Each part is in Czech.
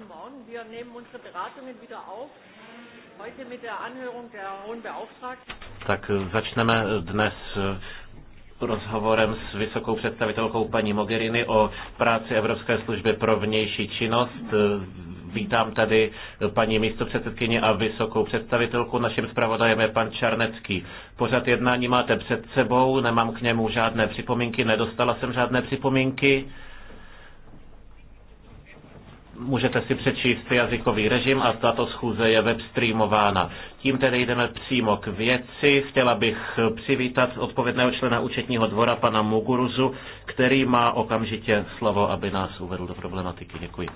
guten Morgen. Wir nehmen unsere Beratungen wieder auf. Heute mit der Anhörung der Hohen Beauftragten. Tak eh, začneme eh, dnes eh, rozhovorem s vysokou představitelkou paní Mogherini o práci Evropské služby pro vnější činnost. Vítám tady paní místopředsedkyně a vysokou představitelku. Naším zpravodajem je pan Čarnecký. Pořad jednání máte před sebou, nemám k němu žádné připomínky, nedostala jsem žádné připomínky. Můžete si přečíst jazykový režim a tato schůze je webstreamována. Tím tedy jdeme přímo k věci. Chtěla bych přivítat odpovědného člena účetního dvora, pana Muguruzu, který má okamžitě slovo, aby nás uvedl do problematiky. Děkuji.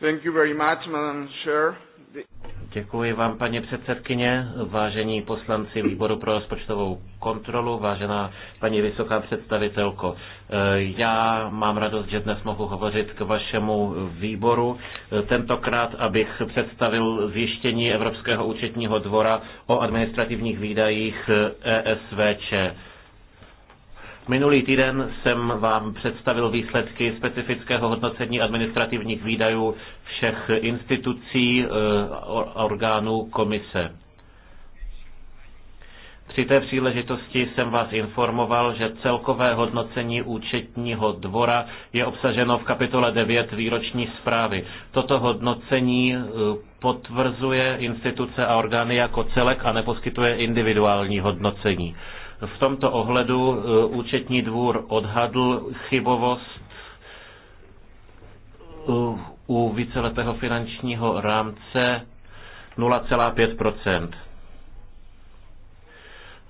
Thank you very much, Madam Chair. Děkuji vám, paní předsedkyně, vážení poslanci výboru pro rozpočtovou kontrolu, vážená paní vysoká představitelko. Já mám radost, že dnes mohu hovořit k vašemu výboru. Tentokrát, abych představil zjištění Evropského účetního dvora o administrativních výdajích ESVČ. Minulý týden jsem vám představil výsledky specifického hodnocení administrativních výdajů všech institucí eh, orgánů komise. Při té příležitosti jsem vás informoval, že celkové hodnocení účetního dvora je obsaženo v kapitole 9 výroční zprávy. Toto hodnocení eh, potvrzuje instituce a orgány jako celek a neposkytuje individuální hodnocení. V tomto ohledu eh, účetní dvůr odhadl chybovost eh, u víceletého finančního rámce 0,5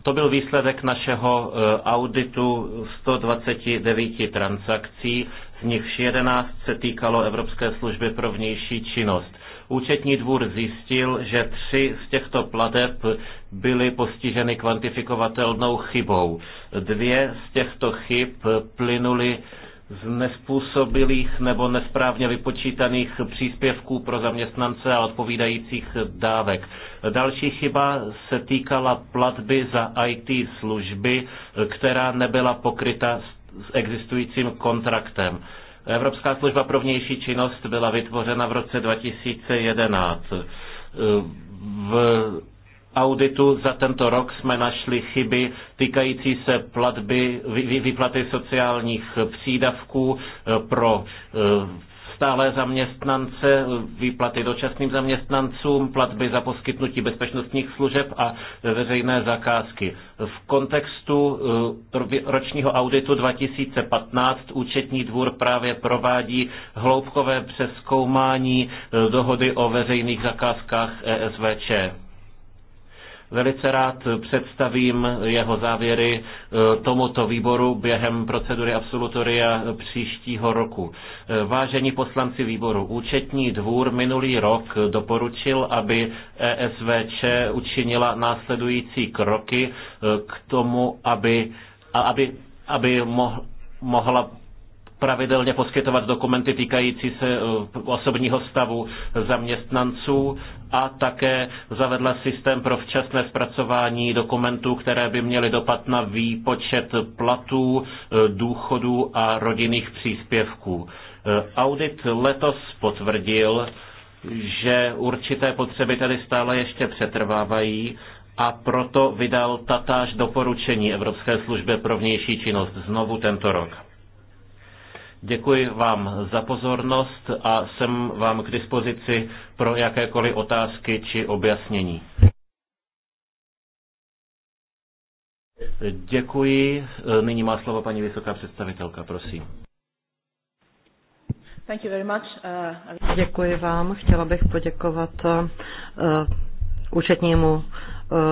To byl výsledek našeho eh, auditu 129 transakcí, z nichž 11 se týkalo Evropské služby pro vnější činnost. Účetní dvůr zjistil, že tři z těchto plateb byly postiženy kvantifikovatelnou chybou. Dvě z těchto chyb plynuly z nespůsobilých nebo nesprávně vypočítaných příspěvků pro zaměstnance a odpovídajících dávek. Další chyba se týkala platby za IT služby, která nebyla pokryta s existujícím kontraktem. Evropská služba pro vnější činnost byla vytvořena v roce 2011. V auditu za tento rok jsme našli chyby týkající se platby, výplaty sociálních přídavků pro eh, stále zaměstnance, výplaty dočasným zaměstnancům, platby za poskytnutí bezpečnostních služeb a veřejné zakázky. V kontextu eh, ročního auditu 2015 účetní dvůr právě provádí hloubkové přeskoumání eh, dohody o veřejných zakázkách ESVČ. Velice rád představím jeho závěry eh, tomuto výboru během procedury absolutoria příštího roku. Eh, vážení poslanci výboru, účetní dvůr minulý rok doporučil, aby ESVČ učinila následující kroky eh, k tomu, aby, aby, aby mohla pravidelně poskytovat dokumenty týkající se eh, osobního stavu zaměstnanců a také zavedla systém pro včasné zpracování dokumentů, které by měly dopad na výpočet platů, eh, důchodů a rodinných příspěvků. Eh, audit letos potvrdil, že určité potřeby tady stále ještě přetrvávají a proto vydal tatáž doporučení Evropské službě pro vnější činnost znovu tento rok. Děkuji vám za pozornost a jsem vám k dispozici pro jakékoliv otázky či objasnění. Děkuji. Nyní má slovo paní vysoká představitelka, prosím. Thank you very much. Uh, Děkuji vám. Chtěla bych poděkovat uh, účetnímu uh,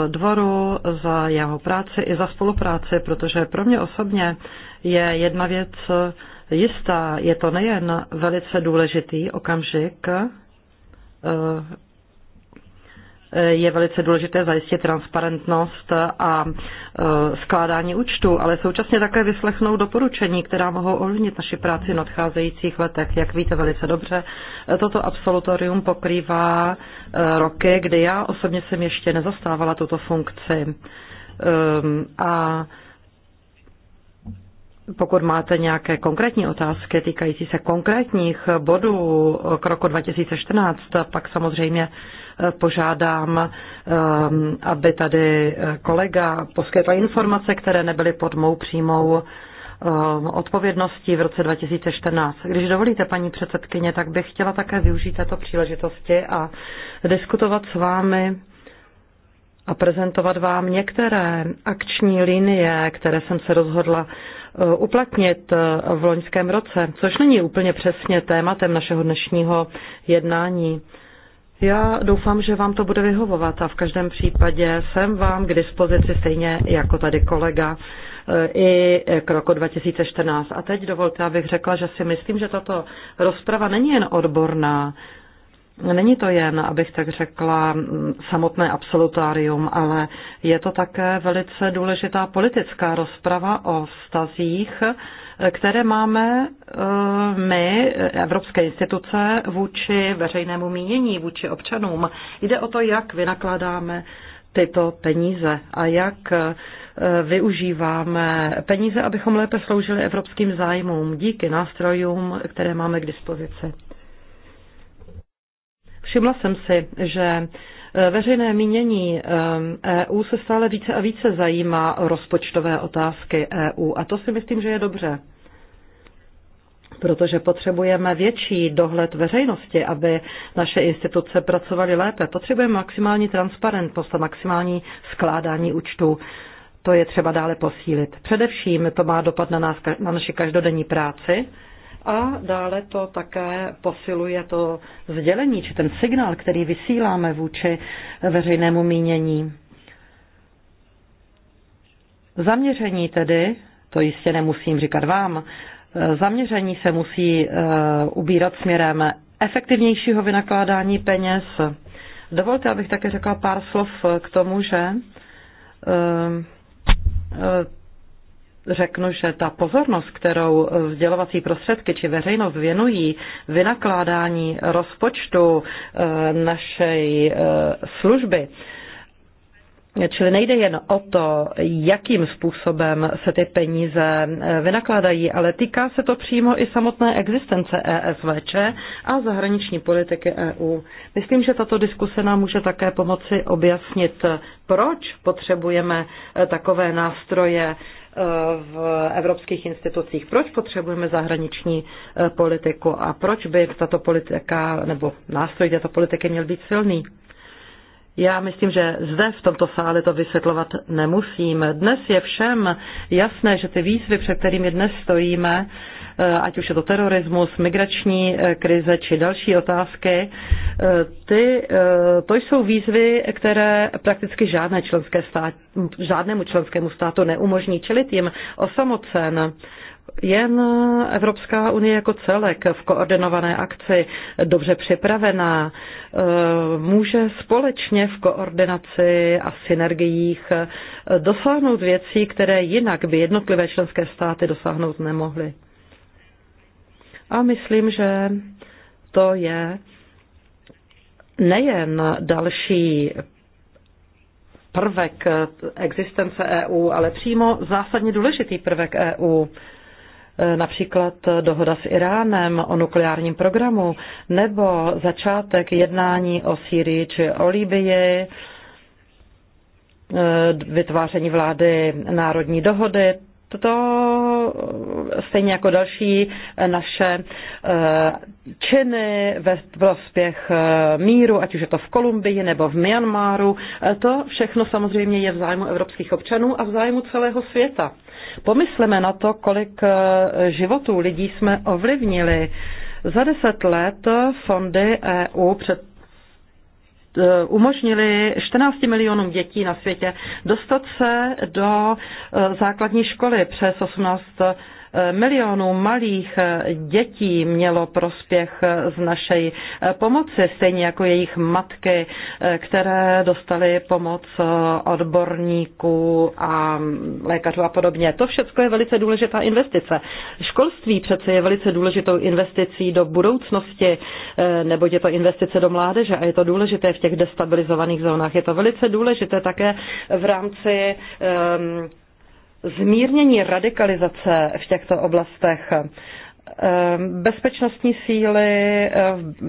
dvoru za jeho práci i za spolupráci, protože pro mě osobně je jedna věc, uh, jistá. Je to nejen velice důležitý okamžik, eh, je velice důležité zajistit transparentnost a eh, skládání účtu, ale současně také vyslechnout doporučení, která mohou ovlivnit naši práci v nadcházejících letech. Jak víte velice dobře, eh, toto absolutorium pokrývá roky, kdy já osobně jsem ještě nezastávala tuto funkci. Ehm, a pokud máte nějaké konkrétní otázky týkající se konkrétních bodů k roku 2014, pak samozřejmě eh, požádám, eh, aby tady kolega poskytl informace, které nebyly pod mou přímou eh, odpovědností v roce 2014. Když dovolíte, paní předsedkyně, tak bych chtěla také využít této příležitosti a diskutovat s vámi a prezentovat vám některé akční linie, které jsem se rozhodla Eh, uplatnit eh, v loňském roce, což není úplně přesně tématem našeho dnešního jednání. Já doufám, že vám to bude vyhovovat a v každém případě jsem vám k dispozici stejně jako tady kolega eh, i k roku 2014. A teď dovolte, abych řekla, že si myslím, že tato rozprava není jen odborná, Není to jen, abych tak řekla, samotné absolutárium, ale je to také velice důležitá politická rozprava o vztazích, které máme eh, my, evropské instituce, vůči veřejnému mínění, vůči občanům. Jde o to, jak vynakládáme tyto peníze a jak eh, využíváme peníze, abychom lépe sloužili evropským zájmům díky nástrojům, které máme k dispozici. Všimla jsem si, že eh, veřejné mínění EU eh, e se stále více a více zajímá rozpočtové otázky EU a to si myslím, že je dobře protože potřebujeme větší dohled veřejnosti, aby naše instituce pracovaly lépe. Potřebujeme maximální transparentnost a maximální skládání účtů. To je třeba dále posílit. Především to má dopad na, nás, na naši každodenní práci, a dále to také posiluje to sdělení, či ten signál, který vysíláme vůči veřejnému mínění. Zaměření tedy, to jistě nemusím říkat vám, zaměření se musí eh, ubírat směrem efektivnějšího vynakládání peněz. Dovolte, abych také řekla pár slov k tomu, že eh, eh, řeknu, že ta pozornost, kterou vzdělovací prostředky či veřejnost věnují vynakládání rozpočtu eh, naší eh, služby, Čili nejde jen o to, jakým způsobem se ty peníze eh, vynakládají, ale týká se to přímo i samotné existence ESVČ a zahraniční politiky EU. Myslím, že tato diskuse nám může také pomoci objasnit, proč potřebujeme takové nástroje v evropských institucích. Proč potřebujeme zahraniční e, politiku a proč by tato politika nebo nástroj této politiky měl být silný? Já myslím, že zde v tomto sále to vysvětlovat nemusím. Dnes je všem jasné, že ty výzvy, před kterými dnes stojíme, Eh, ať už je to terorismus, migrační eh, krize či další otázky, eh, ty, to jsou výzvy, které prakticky žádné členské stát, žádnému členskému státu neumožní čelit jim osamocen. Jen Evropská unie jako celek v koordinované akci, dobře připravená, může společně v koordinaci a synergiích dosáhnout věcí, které jinak by jednotlivé členské státy dosáhnout nemohly. A myslím, že to je nejen další prvek existence EU, ale přímo zásadně důležitý prvek EU. Například dohoda s Iránem o nukleárním programu nebo začátek jednání o Sýrii či o Libii, vytváření vlády národní dohody to stejně jako další eh, naše eh, činy ve prospěch eh, míru, ať už je to v Kolumbii nebo v Myanmaru, to všechno samozřejmě je v zájmu evropských občanů a v zájmu celého světa. Pomysleme na to, kolik životů lidí jsme ovlivnili. Za deset let fondy EU před Eh, umožnili 14 milionům dětí na světě dostat se do eh, základní školy přes 18 milionů malých eh, dětí mělo prospěch eh, z naší eh, pomoci, stejně jako jejich matky, které dostaly pomoc odborníků a lékařů a podobně. To všechno je velice důležitá investice. Školství přece je velice důležitou investicí do budoucnosti, nebo je to investice do mládeže a je to důležité v těch destabilizovaných zónách. Je to velice důležité také v rámci um, zmírnění radikalizace v těchto oblastech ehm, bezpečnostní síly eh,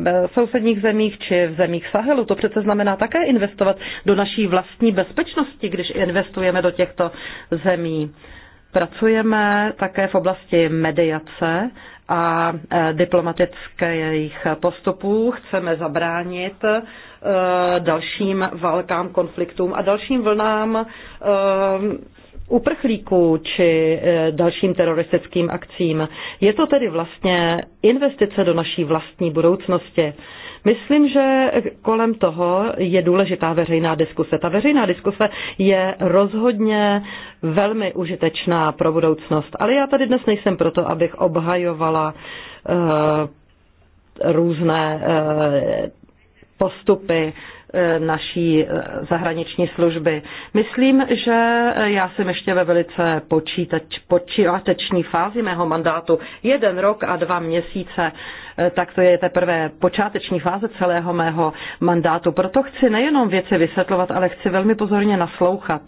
eh, v sousedních zemích či v zemích Sahelu. To přece znamená také investovat do naší vlastní bezpečnosti, když investujeme do těchto zemí. Pracujeme také v oblasti mediace a eh, diplomatických postupů. Chceme zabránit dalším válkám, konfliktům a dalším vlnám ehm, uprchlíků či e, dalším teroristickým akcím. Je to tedy vlastně investice do naší vlastní budoucnosti. Myslím, že kolem toho je důležitá veřejná diskuse. Ta veřejná diskuse je rozhodně velmi užitečná pro budoucnost, ale já tady dnes nejsem proto, abych obhajovala uh, různé uh, postupy E, naší e, zahraniční služby. Myslím, že já jsem ještě ve velice počítač, fázi mého mandátu. Jeden rok a dva měsíce, e, tak to je teprve počáteční fáze celého mého mandátu. Proto chci nejenom věci vysvětlovat, ale chci velmi pozorně naslouchat,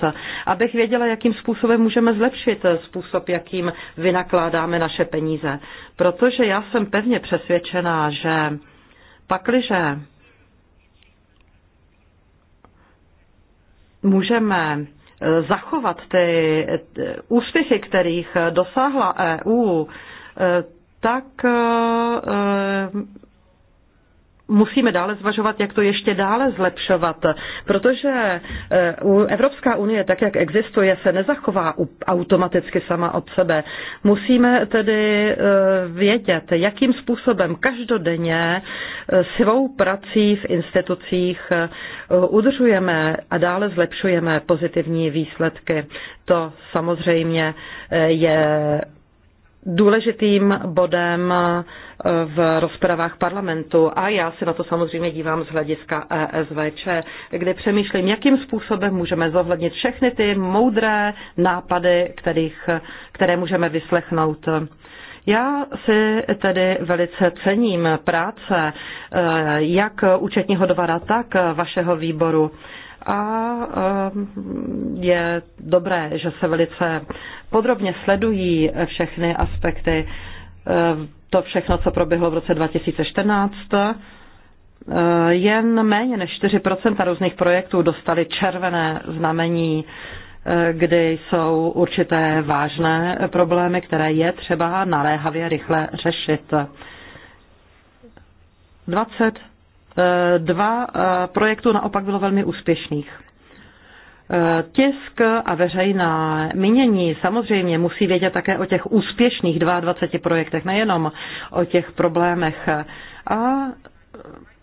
abych věděla, jakým způsobem můžeme zlepšit způsob, jakým vynakládáme naše peníze. Protože já jsem pevně přesvědčená, že pakliže můžeme eh, zachovat ty eh, úspěchy, kterých dosáhla EU, eh, tak musíme dále zvažovat, jak to ještě dále zlepšovat, protože eh, Evropská unie, tak jak existuje, se nezachová automaticky sama od sebe. Musíme tedy eh, vědět, jakým způsobem každodenně eh, svou prací v institucích udržujeme a dále zlepšujeme pozitivní výsledky. To samozřejmě je důležitým bodem v rozpravách parlamentu a já se na to samozřejmě dívám z hlediska ESVČ, kde přemýšlím, jakým způsobem můžeme zohlednit všechny ty moudré nápady, kterých, které můžeme vyslechnout. Já si tedy velice cením práce eh, jak účetního dvora, tak vašeho výboru a eh, je dobré, že se velice podrobně sledují všechny aspekty eh, to všechno, co proběhlo v roce 2014, eh, jen méně než 4% různých projektů dostali červené znamení, eh, kdy jsou určité vážné problémy, které je třeba naléhavě rychle řešit. 22 eh, projektů naopak bylo velmi úspěšných. Eh, tisk a veřejná mínění samozřejmě musí vědět také o těch úspěšných 22 projektech, nejenom o těch problémech. A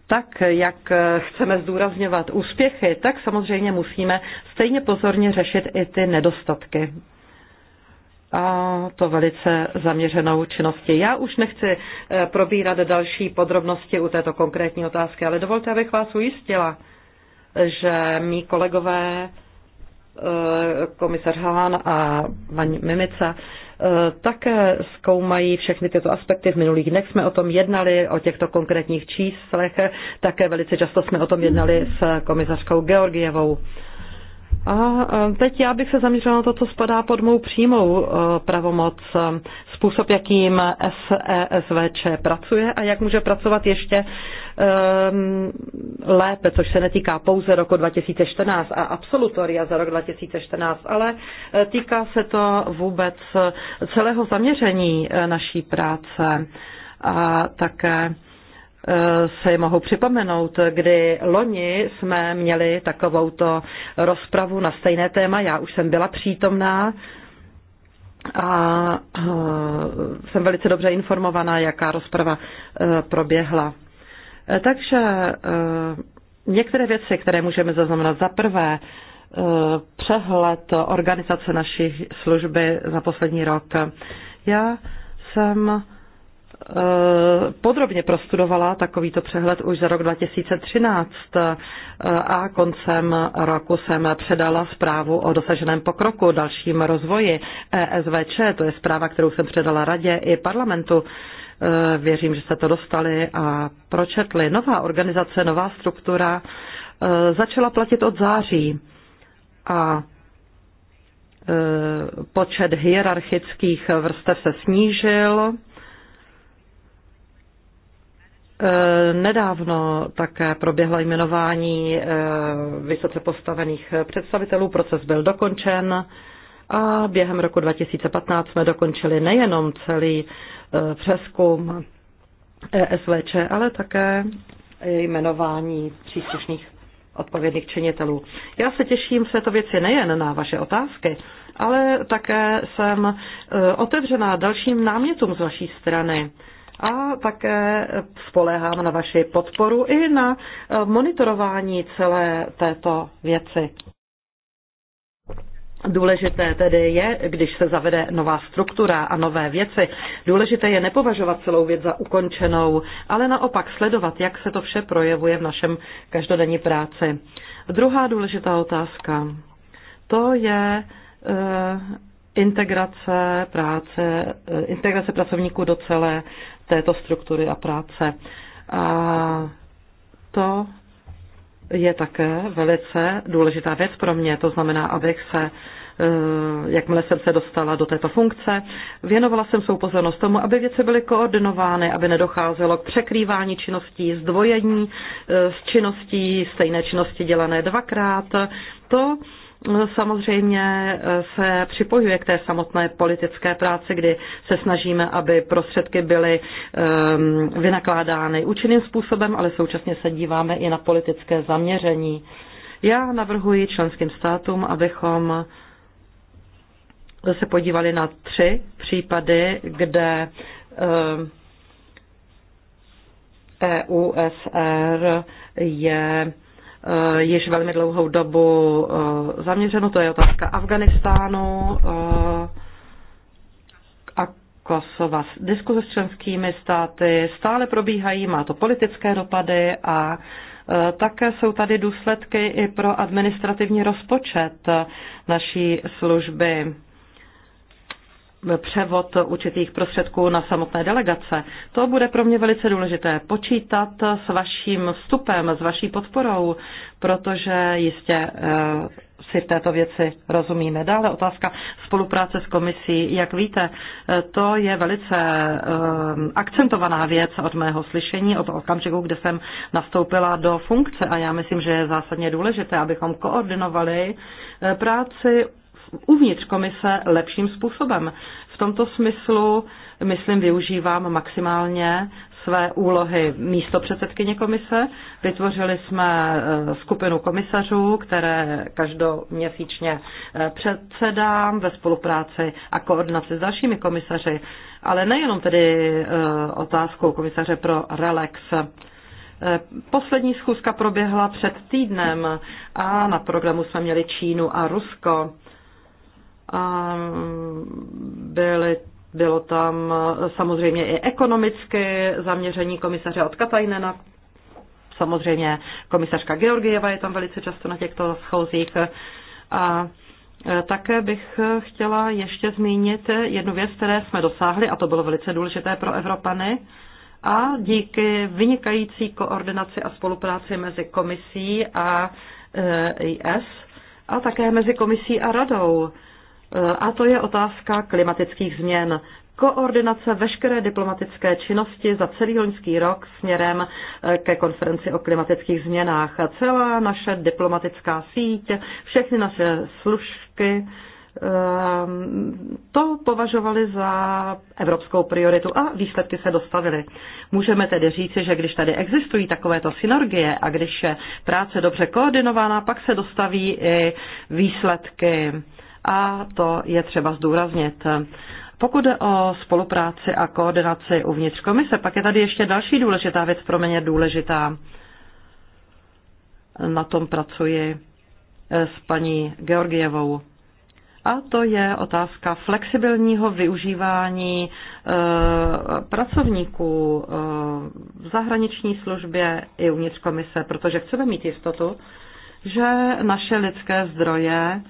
tak, jak chceme zdůrazňovat úspěchy, tak samozřejmě musíme stejně pozorně řešit i ty nedostatky. A to velice zaměřenou činnosti. Já už nechci eh, probírat další podrobnosti u této konkrétní otázky, ale dovolte, abych vás ujistila, že mý kolegové Eh, komisař Hahn a paní Mimica eh, také zkoumají všechny tyto aspekty. V minulých dnech jsme o tom jednali, o těchto konkrétních číslech, také velice často jsme o tom jednali s komisařkou Georgievou. A e, teď já bych se zaměřila na to, co spadá pod mou přímou e, pravomoc, e, způsob, jakým SESVČ pracuje a jak může pracovat ještě lépe, což se netýká pouze roku 2014 a absolutoria za rok 2014, ale týká se to vůbec celého zaměření naší práce a také Eh, si mohu připomenout, kdy loni jsme měli takovouto rozpravu na stejné téma. Já už jsem byla přítomná a eh, jsem velice dobře informovaná, jaká rozprava eh, proběhla. Takže některé věci, které můžeme zaznamenat. Za prvé, přehled organizace naší služby za poslední rok. Já jsem Eh, podrobně prostudovala takovýto přehled už za rok 2013 eh, a koncem roku jsem předala zprávu o dosaženém pokroku, dalším rozvoji ESVČ, to je zpráva, kterou jsem předala radě i parlamentu. Eh, věřím, že se to dostali a pročetli. Nová organizace, nová struktura začala platit od září a počet hierarchických vrstev se snížil Eh, nedávno také proběhlo jmenování eh, vysoce postavených představitelů, proces byl dokončen a během roku 2015 jsme dokončili nejenom celý eh, přeskum ESVČ, ale také jmenování příslušných odpovědných činitelů. Já se těším v této věci nejen na vaše otázky, ale také jsem otevřená dalším námětům z vaší strany a také spoléhám na vaši podporu i na eh, monitorování celé této věci. Důležité tedy je, když se zavede nová struktura a nové věci, důležité je nepovažovat celou věc za ukončenou, ale naopak sledovat, jak se to vše projevuje v našem každodenní práci. Druhá důležitá otázka, to je eh, integrace práce, eh, integrace pracovníků do celé této struktury a práce. A to je také velice důležitá věc pro mě. To znamená, abych se, e, jakmile jsem se dostala do této funkce, věnovala jsem svou pozornost tomu, aby věci byly koordinovány, aby nedocházelo k překrývání činností, zdvojení e, s činností, stejné činnosti dělané dvakrát. To samozřejmě eh, se připojuje k té samotné politické práci, kdy se snažíme, aby prostředky byly ehm, vynakládány účinným způsobem, ale současně se díváme i na politické zaměření. Já navrhuji členským státům, abychom se podívali na tři případy, kde EUSR ehm, e je Eh, již velmi dlouhou dobu eh, zaměřeno. To je otázka Afganistánu eh, a Kosova. Diskuze s členskými státy stále probíhají, má to politické dopady a také jsou tady důsledky i pro administrativní rozpočet naší služby převod určitých prostředků na samotné delegace. To bude pro mě velice důležité. Počítat s vaším vstupem, s vaší podporou, protože jistě eh, si v této věci rozumíme. Dále otázka spolupráce s komisí. Jak víte, eh, to je velice eh, akcentovaná věc od mého slyšení, od okamžiku, kde jsem nastoupila do funkce a já myslím, že je zásadně důležité, abychom koordinovali práci uvnitř komise lepším způsobem. V tomto smyslu, myslím, využívám maximálně své úlohy místo předsedkyně komise. Vytvořili jsme eh, skupinu komisařů, které každoměsíčně eh, předsedám ve spolupráci a koordinaci s dalšími komisaři, ale nejenom tedy eh, otázkou komisaře pro RELEX. Poslední schůzka proběhla před týdnem a na programu jsme měli Čínu a Rusko. A byly bylo tam samozřejmě i ekonomické zaměření komisaře od Katajnena. Samozřejmě komisařka Georgieva je tam velice často na těchto schouzích. A e, také bych chtěla ještě zmínit jednu věc, které jsme dosáhli, a to bylo velice důležité pro Evropany, a díky vynikající koordinaci a spolupráci mezi komisí a e, IS a také mezi komisí a radou a to je otázka klimatických změn. Koordinace veškeré diplomatické činnosti za celý loňský rok směrem eh, ke konferenci o klimatických změnách. Celá naše diplomatická síť, všechny naše služky, eh, to považovali za evropskou prioritu a výsledky se dostavily. Můžeme tedy říci, že když tady existují takovéto synergie a když je práce dobře koordinována, pak se dostaví i výsledky a to je třeba zdůraznit. Pokud jde o spolupráci a koordinaci uvnitř komise, pak je tady ještě další důležitá věc, pro mě důležitá. Na tom pracuji eh, s paní Georgievou. A to je otázka flexibilního využívání e, pracovníků e, v zahraniční službě i uvnitř komise, protože chceme mít jistotu, že naše lidské zdroje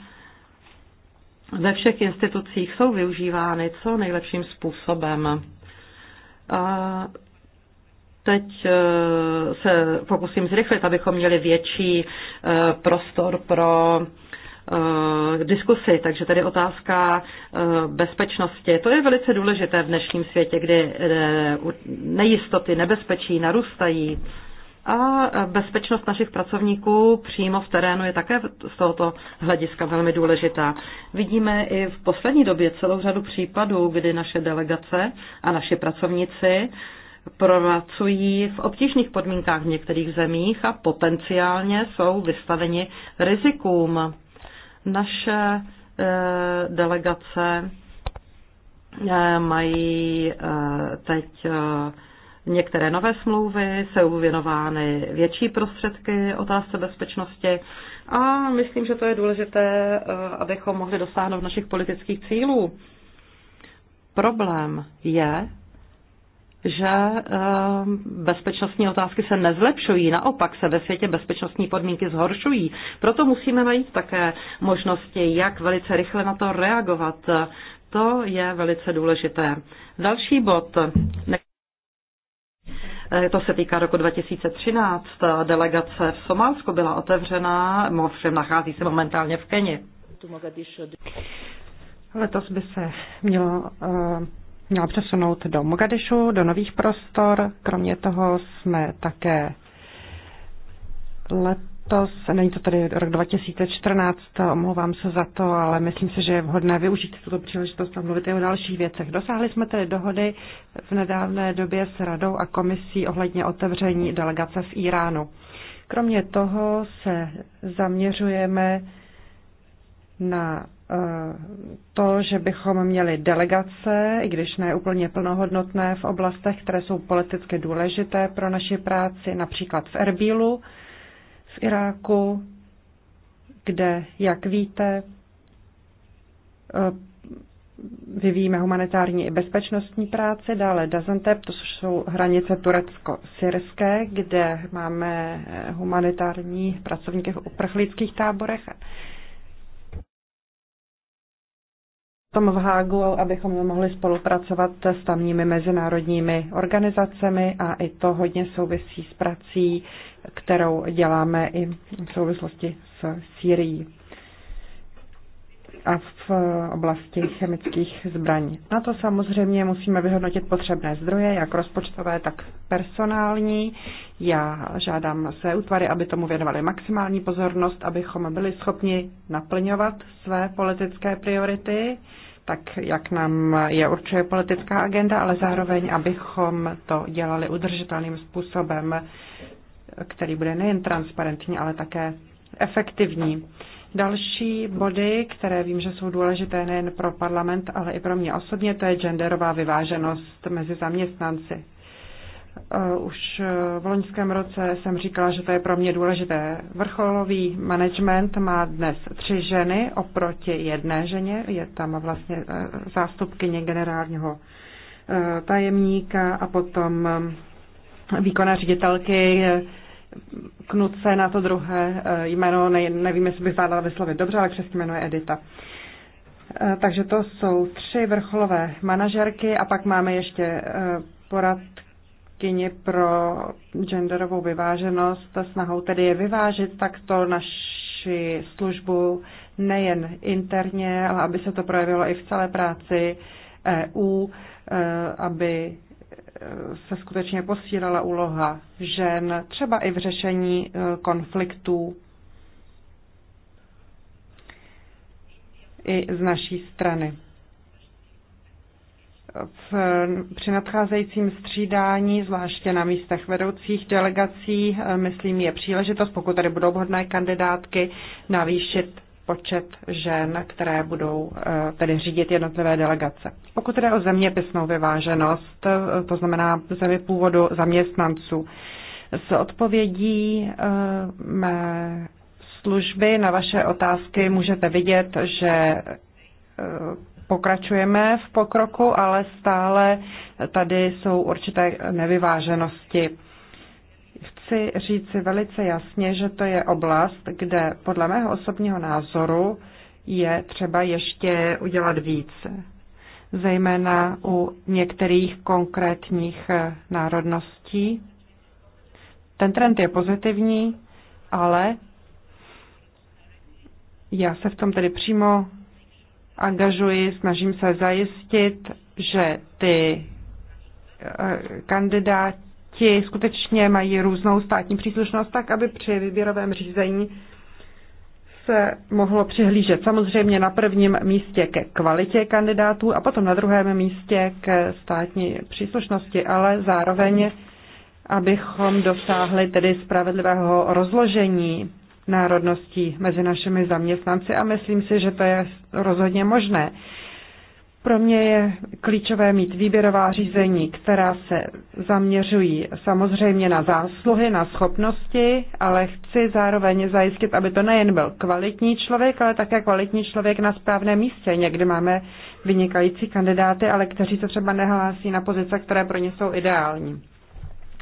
ve všech institucích jsou využívány co nejlepším způsobem. A teď e, se pokusím zrychlit, abychom měli větší e, prostor pro e, diskusy, takže tady otázka bezpečnosti. To je velice důležité v dnešním světě, kdy nejistoty, nebezpečí narůstají. A bezpečnost našich pracovníků přímo v terénu je také z tohoto hlediska velmi důležitá. Vidíme i v poslední době celou řadu případů, kdy naše delegace a naši pracovníci pracují v obtížných podmínkách v některých zemích a potenciálně jsou vystaveni rizikům. Naše eh, delegace eh, mají eh, teď Některé nové smlouvy jsou věnovány větší prostředky otázce bezpečnosti a myslím, že to je důležité, eh, abychom mohli dosáhnout našich politických cílů. Problém je, že eh, bezpečnostní otázky se nezlepšují, naopak se ve světě bezpečnostní podmínky zhoršují. Proto musíme najít také možnosti, jak velice rychle na to reagovat. To je velice důležité. Další bod. Eh, to se týká roku 2013. Eh, delegace v Somálsku byla otevřená, ovšem nachází se momentálně v Keni. Letos by se mělo, eh, mělo přesunout do Mogadišu, do nových prostor. Kromě toho jsme také let to, není to tady rok 2014, omlouvám se za to, ale myslím si, že je vhodné využít tuto příležitost a mluvit i o dalších věcech. Dosáhli jsme tedy dohody v nedávné době s radou a komisí ohledně otevření delegace v Iránu. Kromě toho se zaměřujeme na eh, to, že bychom měli delegace, i když ne úplně plnohodnotné, v oblastech, které jsou politicky důležité pro naši práci, například v Erbílu, v Iráku, kde, jak víte, eh, vyvíjíme humanitární i bezpečnostní práci, dále Dazantep, to jsou hranice turecko-syrské, kde máme eh, humanitární pracovníky v uprchlických táborech. Tom v Hágu, abychom mohli spolupracovat s tamními mezinárodními organizacemi a i to hodně souvisí s prací kterou děláme i v souvislosti s Syrií a v oblasti chemických zbraní. Na to samozřejmě musíme vyhodnotit potřebné zdroje, jak rozpočtové, tak personální. Já žádám své útvary, aby tomu věnovali maximální pozornost, abychom byli schopni naplňovat své politické priority, tak jak nám je určuje politická agenda, ale zároveň, abychom to dělali udržitelným způsobem který bude nejen transparentní, ale také efektivní. Další body, které vím, že jsou důležité nejen pro parlament, ale i pro mě osobně, to je genderová vyváženost mezi zaměstnanci. Eh, už eh, v loňském roce jsem říkala, že to je pro mě důležité. Vrcholový management má dnes tři ženy oproti jedné ženě. Je tam vlastně eh, zástupkyně generálního tajemníka a potom výkona ředitelky se na to druhé eh, jméno, ne, nevím, jestli bych zvládala vyslovit dobře, ale křesní jméno je Edita. Eh, takže to jsou tři vrcholové manažerky a pak máme ještě eh, poradkyni pro genderovou vyváženost. Snahou tedy je vyvážit takto naši službu nejen interně, ale aby se to projevilo i v celé práci EU, aby se skutečně posílila úloha žen, třeba i v řešení eh, konfliktů. i z naší strany. V, při nadcházejícím střídání, zvláště na místech vedoucích delegací, eh, myslím, je příležitost, pokud tady budou vhodné kandidátky, navýšit počet žen, které budou eh, tedy řídit jednotlivé delegace. Pokud jde o zeměpisnou vyváženost, eh, to znamená zemi původu zaměstnanců, s odpovědí eh, mé služby na vaše otázky můžete vidět, že pokračujeme v pokroku, ale stále tady jsou určité nevyváženosti chci říci velice jasně, že to je oblast, kde podle mého osobního názoru je třeba ještě udělat více, zejména u některých konkrétních eh, národností. Ten trend je pozitivní, ale já se v tom tedy přímo angažuji, snažím se zajistit, že ty eh, kandidáti ti skutečně mají různou státní příslušnost, tak aby při výběrovém řízení se mohlo přihlížet samozřejmě na prvním místě ke kvalitě kandidátů a potom na druhém místě k státní příslušnosti, ale zároveň, abychom dosáhli tedy spravedlivého rozložení národností mezi našimi zaměstnanci a myslím si, že to je rozhodně možné. Pro mě je klíčové mít výběrová řízení, která se zaměřují samozřejmě na zásluhy, na schopnosti, ale chci zároveň zajistit, aby to nejen byl kvalitní člověk, ale také kvalitní člověk na správném místě. Někdy máme vynikající kandidáty, ale kteří se třeba nehlásí na pozice, které pro ně jsou ideální.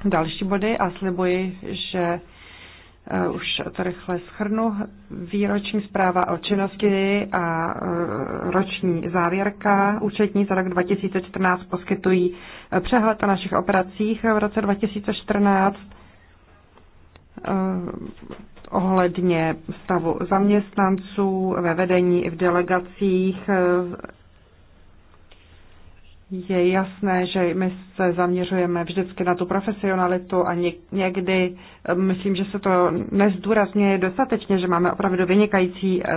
Další body a slibuji, že Eh, už to rychle schrnu. Výroční zpráva o činnosti a eh, roční závěrka účetní za rok 2014 poskytují eh, přehled o našich operacích v roce 2014 ohledně stavu zaměstnanců ve vedení i v delegacích je jasné, že my se zaměřujeme vždycky na tu profesionalitu a někdy eh, myslím, že se to nezdůrazňuje dostatečně, že máme opravdu vynikající eh,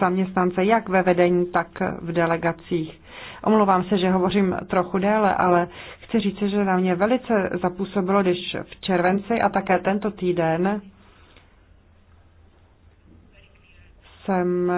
zaměstnance jak ve vedení, tak v delegacích. Omlouvám se, že hovořím trochu déle, ale chci říct, že na mě velice zapůsobilo, když v červenci a také tento týden jsem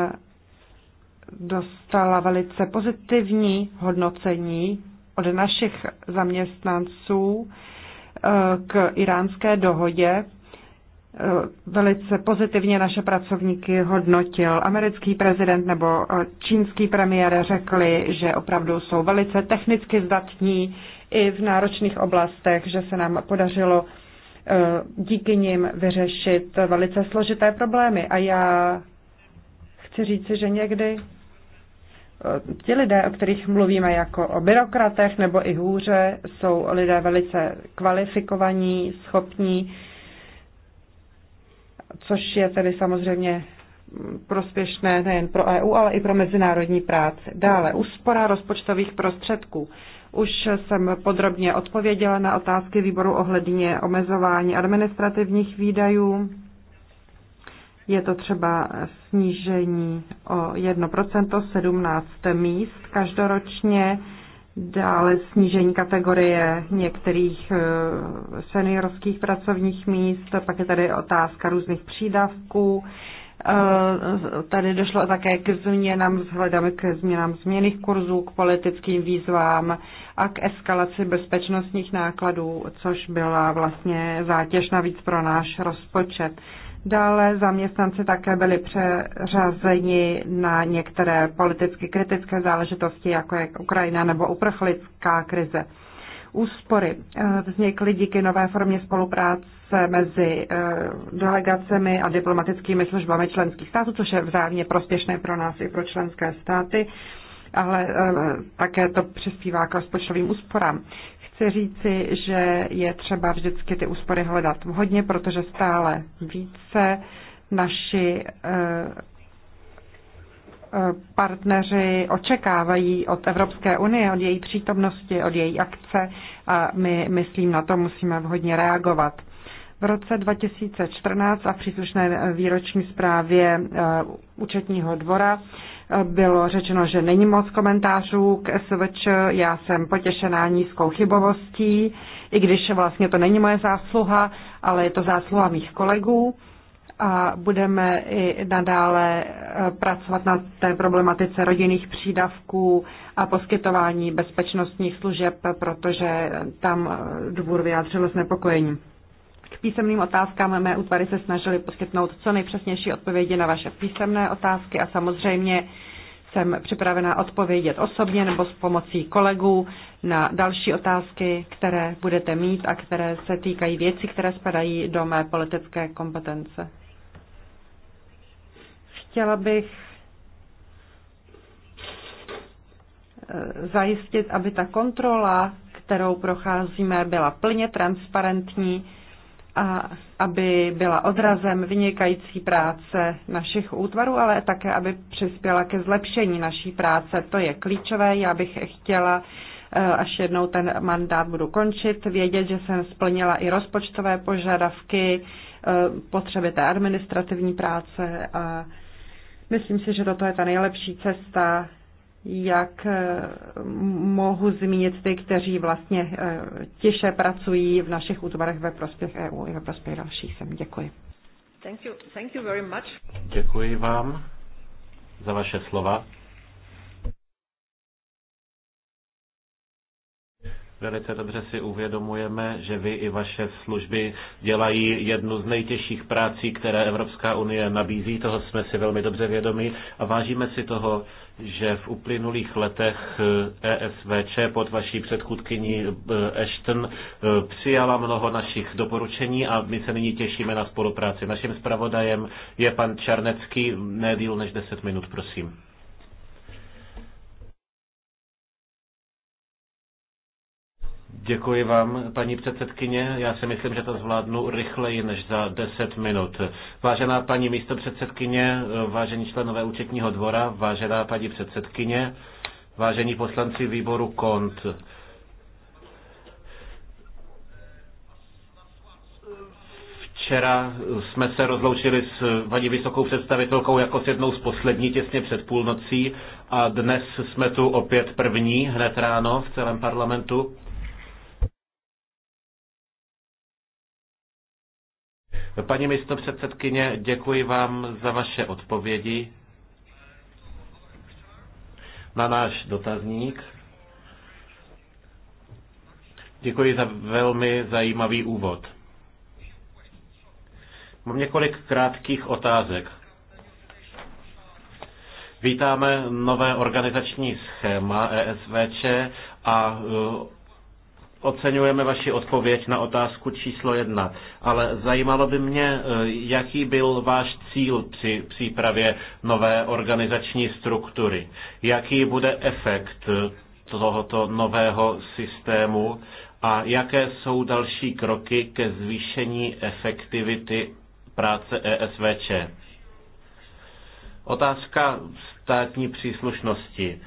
dostala velice pozitivní hodnocení od našich zaměstnanců eh, k iránské dohodě. Eh, velice pozitivně naše pracovníky hodnotil americký prezident nebo eh, čínský premiér řekli, že opravdu jsou velice technicky zdatní i v náročných oblastech, že se nám podařilo díky nim vyřešit velice složité problémy. A já chci říci, že někdy ti lidé, o kterých mluvíme jako o byrokratech nebo i hůře, jsou lidé velice kvalifikovaní, schopní, což je tedy samozřejmě prospěšné nejen pro EU, ale i pro mezinárodní práci. Dále úspora rozpočtových prostředků. Už jsem podrobně odpověděla na otázky výboru ohledně omezování administrativních výdajů. Je to třeba snížení o 1%, 17 míst každoročně, dále snížení kategorie některých eh, seniorských pracovních míst, pak je tady otázka různých přídavků. Eh, tady došlo také k změnám, vzhledem k změnám změných kurzů, k politickým výzvám a k eskalaci bezpečnostních nákladů, což byla vlastně zátěž navíc pro náš rozpočet. Dále zaměstnanci také byli přeřazeni na některé politicky kritické záležitosti, jako je Ukrajina nebo uprchlická krize. Úspory eh, vznikly díky nové formě spolupráce mezi eh, delegacemi a diplomatickými službami členských států, což je vzájemně prospěšné pro nás i pro členské státy ale eh, také to přispívá k rozpočtovým úsporám chci říci, že je třeba vždycky ty úspory hledat vhodně, protože stále více naši eh, eh, partneři očekávají od Evropské unie, od její přítomnosti, od její akce a my, myslím, na to musíme vhodně reagovat. V roce 2014 a příslušné výroční zprávě eh, účetního dvora bylo řečeno, že není moc komentářů k SVČ. Já jsem potěšená nízkou chybovostí, i když vlastně to není moje zásluha, ale je to zásluha mých kolegů. A budeme i nadále e, pracovat na té problematice rodinných přídavků a poskytování bezpečnostních služeb, protože tam dvůr vyjádřil znepokojení. K písemným otázkám mé útvary se snažili poskytnout co nejpřesnější odpovědi na vaše písemné otázky a samozřejmě jsem připravena odpovědět osobně nebo s pomocí kolegů na další otázky, které budete mít a které se týkají věcí, které spadají do mé politické kompetence. Chtěla bych eh, zajistit, aby ta kontrola, kterou procházíme, byla plně transparentní a aby byla odrazem vynikající práce našich útvarů, ale také, aby přispěla ke zlepšení naší práce. To je klíčové. Já bych chtěla, eh, až jednou ten mandát budu končit, vědět, že jsem splnila i rozpočtové požadavky, eh, potřeby té administrativní práce a myslím si, že toto je ta nejlepší cesta, jak eh, mohu zmínit ty, kteří vlastně eh, tiše pracují v našich útvarech ve prospěch EU i ve prospěch dalších sem. Děkuji. Thank you. Thank you very much. Děkuji vám za vaše slova. Velice dobře si uvědomujeme, že vy i vaše služby dělají jednu z nejtěžších prací, které Evropská unie nabízí. Toho jsme si velmi dobře vědomi a vážíme si toho, že v uplynulých letech ESVČ eh, e pod vaší předchůdkyní eh, Ashton eh, přijala mnoho našich doporučení a my se nyní těšíme na spolupráci. Naším zpravodajem je pan Čarnecký, ne díl než 10 minut, prosím. Děkuji vám, paní předsedkyně. Já si myslím, že to zvládnu rychleji než za 10 minut. Vážená paní místopředsedkyně, vážení členové účetního dvora, vážená paní předsedkyně, vážení poslanci výboru KONT. Včera jsme se rozloučili s paní vysokou představitelkou jako s jednou z poslední těsně před půlnocí a dnes jsme tu opět první hned ráno v celém parlamentu. Paní místo předsedkyně, děkuji vám za vaše odpovědi na náš dotazník. Děkuji za velmi zajímavý úvod. Mám několik krátkých otázek. Vítáme nové organizační schéma ESVČ a e, Oceňujeme vaši odpověď na otázku číslo jedna, ale zajímalo by mě, eh, jaký byl váš cíl při přípravě nové organizační struktury. Jaký bude efekt eh, tohoto nového systému a jaké jsou další kroky ke zvýšení efektivity práce ESVČ? Otázka státní příslušnosti.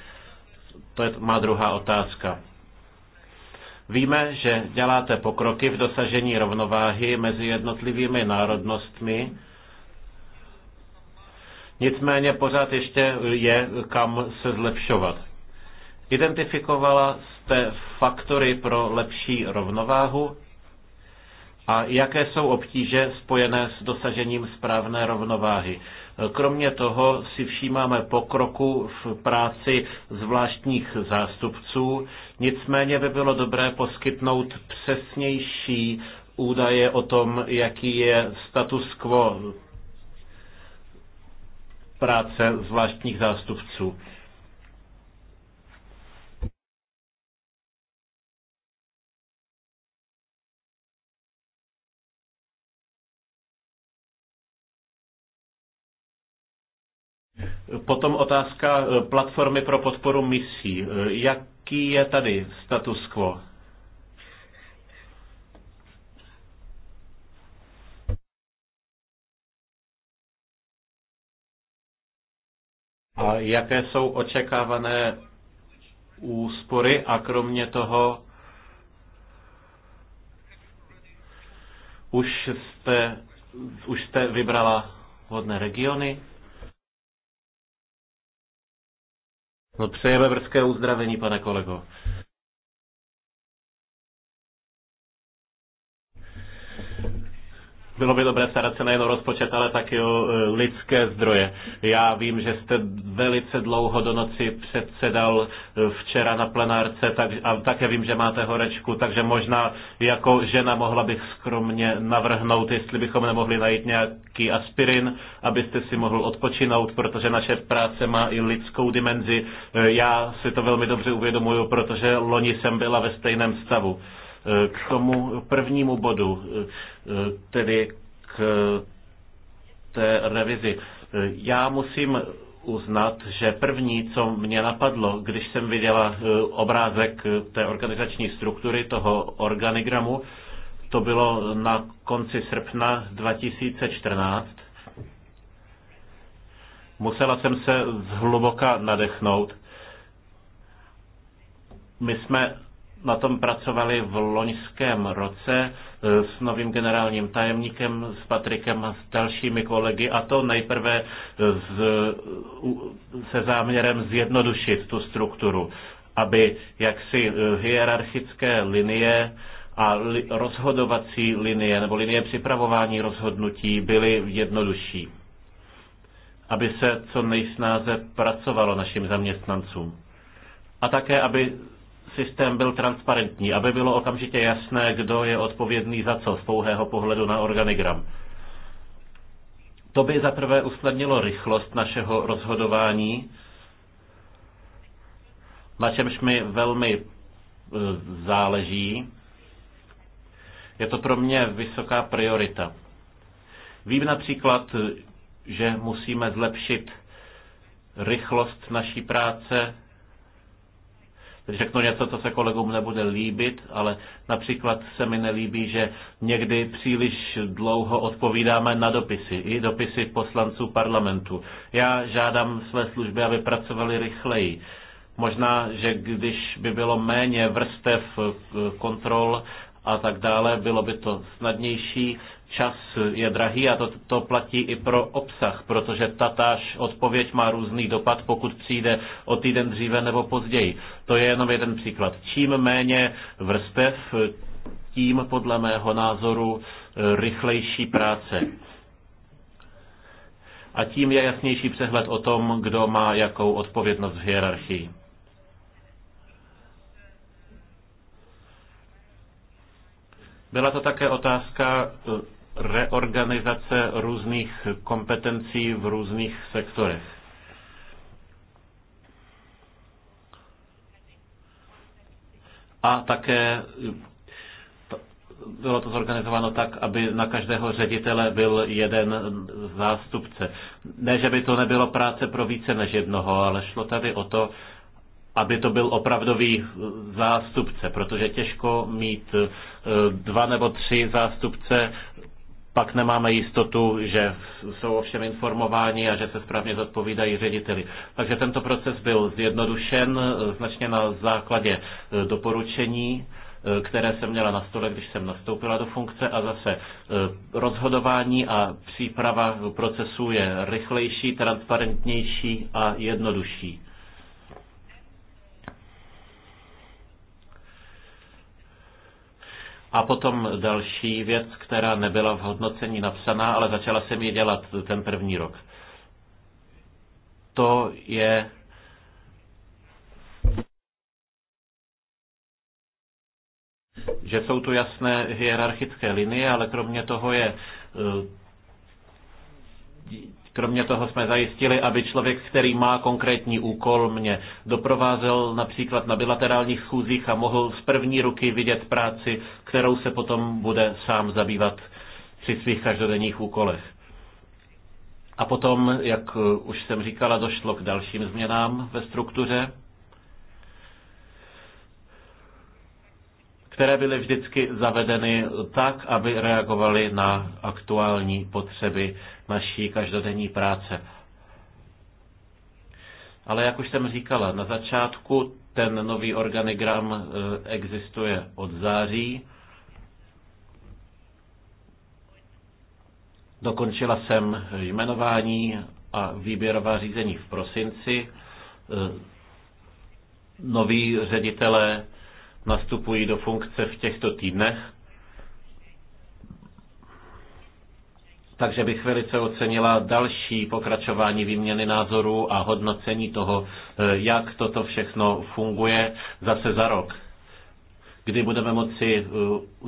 To je má druhá otázka. Víme, že děláte pokroky v dosažení rovnováhy mezi jednotlivými národnostmi, nicméně pořád ještě je kam se zlepšovat. Identifikovala jste faktory pro lepší rovnováhu a jaké jsou obtíže spojené s dosažením správné rovnováhy. Kromě toho si všímáme pokroku v práci zvláštních zástupců, nicméně by bylo dobré poskytnout přesnější údaje o tom, jaký je status quo práce zvláštních zástupců. Potom otázka eh, platformy pro podporu misí. Eh, jaký je tady status quo? A jaké jsou očekávané úspory a kromě toho už jste, už jste vybrala vhodné regiony? No Přejeme brzké uzdravení, pane kolego. bylo by dobré starat se nejen o rozpočet, ale taky o e, lidské zdroje. Já vím, že jste velice dlouho do noci předsedal e, včera na plenárce tak, a také vím, že máte horečku, takže možná jako žena mohla bych skromně navrhnout, jestli bychom nemohli najít nějaký aspirin, abyste si mohl odpočinout, protože naše práce má i lidskou dimenzi. E, já si to velmi dobře uvědomuju, protože loni jsem byla ve stejném stavu. K tomu prvnímu bodu, e, tedy k té revizi. Já musím uznat, že první, co mě napadlo, když jsem viděla e, obrázek té organizační struktury, toho organigramu, to bylo na konci srpna 2014. Musela jsem se zhluboka nadechnout. My jsme na tom pracovali v loňském roce e, s novým generálním tajemníkem, s Patrikem a s dalšími kolegy, a to nejprve e, z, se záměrem zjednodušit tu strukturu, aby jaksi e, hierarchické linie a li, rozhodovací linie nebo linie připravování rozhodnutí byly jednodušší, aby se co nejsnáze pracovalo našim zaměstnancům. A také, aby systém byl transparentní, aby bylo okamžitě jasné, kdo je odpovědný za co z pouhého pohledu na organigram. To by zaprvé usnadnilo rychlost našeho rozhodování, na čemž mi velmi e, záleží. Je to pro mě vysoká priorita. Vím například, že musíme zlepšit rychlost naší práce, řeknu něco, co se kolegům nebude líbit, ale například se mi nelíbí, že někdy příliš dlouho odpovídáme na dopisy, i dopisy poslanců parlamentu. Já žádám své služby, aby pracovali rychleji. Možná, že když by bylo méně vrstev eh, kontrol a tak dále, bylo by to snadnější čas je drahý a to, to platí i pro obsah, protože tatáž odpověď má různý dopad, pokud přijde o týden dříve nebo později. To je jenom jeden příklad. Čím méně vrstev, tím podle mého názoru eh, rychlejší práce. A tím je jasnější přehled o tom, kdo má jakou odpovědnost v hierarchii. Byla to také otázka eh, reorganizace různých kompetencí v různých sektorech. A také bylo to zorganizováno tak, aby na každého ředitele byl jeden zástupce. Ne, že by to nebylo práce pro více než jednoho, ale šlo tady o to, aby to byl opravdový zástupce, protože těžko mít eh, dva nebo tři zástupce pak nemáme jistotu, že jsou ovšem informováni a že se správně zodpovídají řediteli. Takže tento proces byl zjednodušen e, značně na základě e, doporučení e, které jsem měla na stole, když jsem nastoupila do funkce a zase rozhodování a příprava procesu je rychlejší, transparentnější a jednodušší. A potom další věc, která nebyla v hodnocení napsaná, ale začala jsem ji dělat ten první rok. To je že jsou tu jasné hierarchické linie, ale kromě toho je eh, Kromě toho jsme zajistili, aby člověk, který má konkrétní úkol, mě doprovázel například na bilaterálních schůzích a mohl z první ruky vidět práci, kterou se potom bude sám zabývat při svých každodenních úkolech. A potom, jak už jsem říkala, došlo k dalším změnám ve struktuře. které byly vždycky zavedeny tak, aby reagovaly na aktuální potřeby naší každodenní práce. Ale jak už jsem říkala, na začátku ten nový organigram eh, existuje od září. Dokončila jsem jmenování a výběrová řízení v prosinci. Eh, Noví ředitelé nastupují do funkce v těchto týdnech. Takže bych velice ocenila další pokračování výměny názorů a hodnocení toho, eh, jak toto všechno funguje zase za rok, kdy budeme moci eh,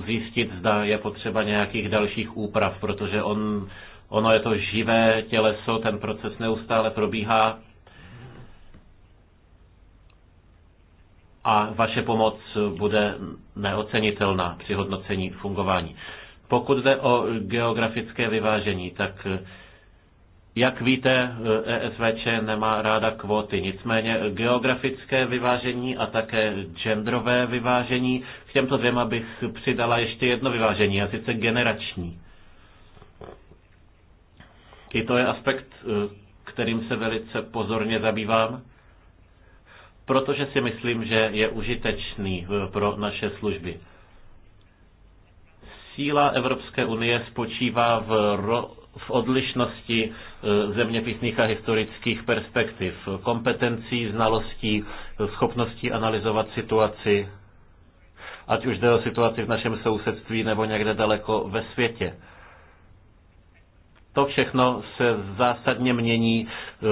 zjistit, zda je potřeba nějakých dalších úprav, protože on, ono je to živé těleso, ten proces neustále probíhá a vaše pomoc bude neocenitelná při hodnocení fungování. Pokud jde o geografické vyvážení, tak jak víte, ESVČ nemá ráda kvóty, nicméně geografické vyvážení a také genderové vyvážení, k těmto dvěma bych přidala ještě jedno vyvážení, a sice generační. I to je aspekt, kterým se velice pozorně zabývám protože si myslím, že je užitečný eh, pro naše služby. Síla Evropské unie spočívá v, ro, v odlišnosti eh, zeměpisných a historických perspektiv, kompetencí, znalostí, schopností analyzovat situaci, ať už jde o situaci v našem sousedství nebo někde daleko ve světě. To všechno se zásadně mění eh,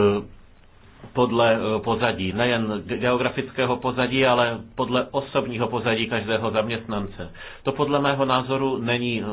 podle eh, pozadí, nejen geografického pozadí, ale podle osobního pozadí každého zaměstnance. To podle mého názoru není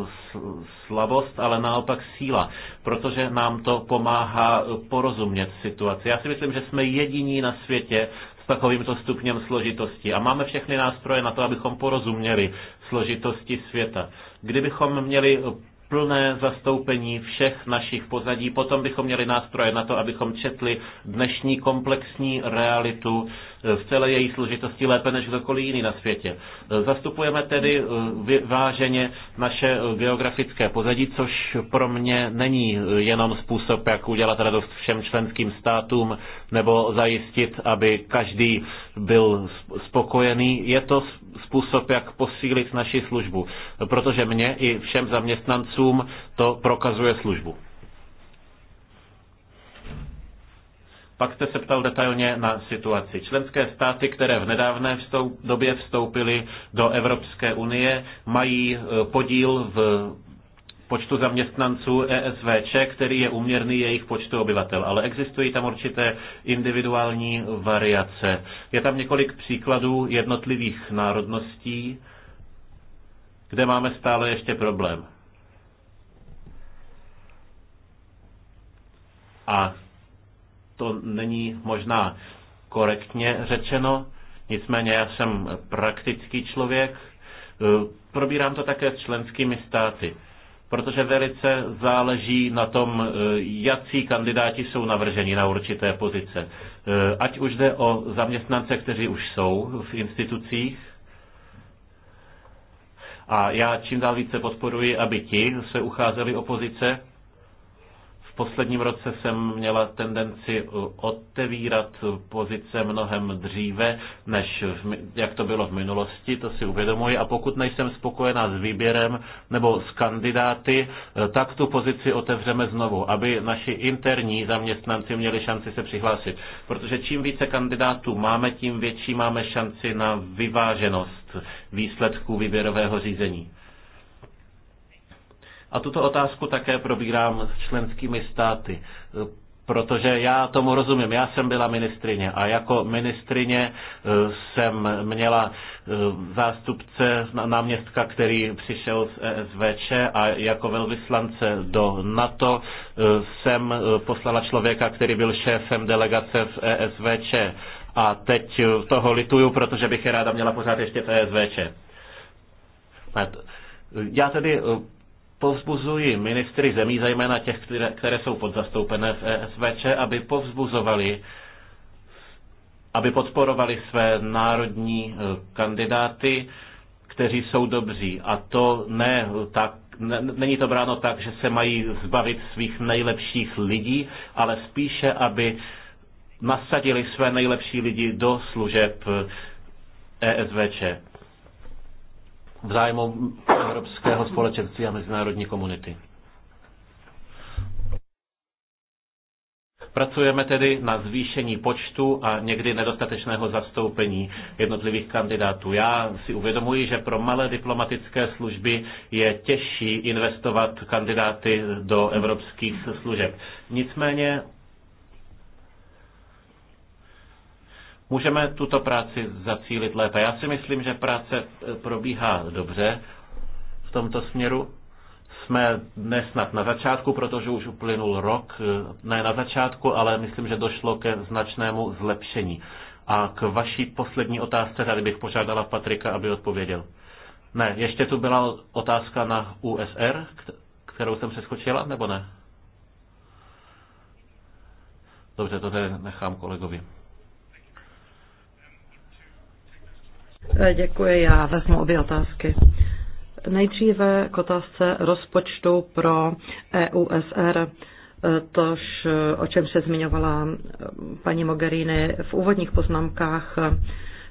slabost, ale naopak síla, protože nám to pomáhá eh, porozumět situaci. Já si myslím, že jsme jediní na světě s takovýmto stupněm složitosti a máme všechny nástroje na to, abychom porozuměli složitosti světa. Kdybychom měli eh, plné zastoupení všech našich pozadí. Potom bychom měli nástroje na to, abychom četli dnešní komplexní realitu v celé její složitosti lépe než kdokoliv jiný na světě. Zastupujeme tedy eh, váženě naše eh, geografické pozadí, což pro mě není eh, jenom způsob, jak udělat radost všem členským státům nebo zajistit, aby každý byl spokojený. Je to způsob, jak posílit naši službu, protože mě i všem zaměstnancům to prokazuje službu. Pak jste se ptal detailně na situaci. Členské státy, které v nedávné vstoup, době vstoupily do Evropské unie, mají e, podíl v počtu zaměstnanců ESVČ, který je uměrný jejich počtu obyvatel, ale existují tam určité individuální variace. Je tam několik příkladů jednotlivých národností, kde máme stále ještě problém. A to není možná korektně řečeno, nicméně já jsem praktický člověk. E, probírám to také s členskými státy, protože velice záleží na tom, e, jaký kandidáti jsou navrženi na určité pozice. E, ať už jde o zaměstnance, kteří už jsou v institucích, a já čím dál více podporuji, aby ti se ucházeli opozice, posledním roce jsem měla tendenci uh, otevírat uh, pozice mnohem dříve, než v, jak to bylo v minulosti, to si uvědomuji. A pokud nejsem spokojená s výběrem nebo s kandidáty, uh, tak tu pozici otevřeme znovu, aby naši interní zaměstnanci měli šanci se přihlásit. Protože čím více kandidátů máme, tím větší máme šanci na vyváženost výsledků výběrového řízení. A tuto otázku také probírám s členskými státy protože já tomu rozumím. Já jsem byla ministrině a jako ministrině e, jsem měla e, zástupce náměstka, který přišel z ESVČ a jako velvyslance do NATO e, jsem poslala člověka, který byl šéfem delegace v ESVČ. A teď toho lituju, protože bych je ráda měla pořád ještě v ESVČ. Já tedy Povzbuzují ministry zemí, zejména těch, které, které jsou podzastoupené v ESVČ, aby povzbuzovali, aby podporovali své národní eh, kandidáty, kteří jsou dobří. A to ne tak, ne, není to bráno tak, že se mají zbavit svých nejlepších lidí, ale spíše, aby nasadili své nejlepší lidi do služeb ESVČ. Eh, e v zájmu evropského společenství a mezinárodní komunity. Pracujeme tedy na zvýšení počtu a někdy nedostatečného zastoupení jednotlivých kandidátů. Já si uvědomuji, že pro malé diplomatické služby je těžší investovat kandidáty do evropských služeb. Nicméně Můžeme tuto práci zacílit lépe. Já si myslím, že práce eh, probíhá dobře v tomto směru. Jsme dnes snad na začátku, protože už uplynul rok, eh, ne na začátku, ale myslím, že došlo ke značnému zlepšení. A k vaší poslední otázce tady bych požádala Patrika, aby odpověděl. Ne, ještě tu byla otázka na USR, kterou jsem přeskočila, nebo ne? Dobře, to tady nechám kolegovi. Eh, děkuji, já vezmu obě otázky. Nejdříve k otázce rozpočtu pro EUSR, eh, tož eh, o čem se zmiňovala paní Mogherini v úvodních poznámkách,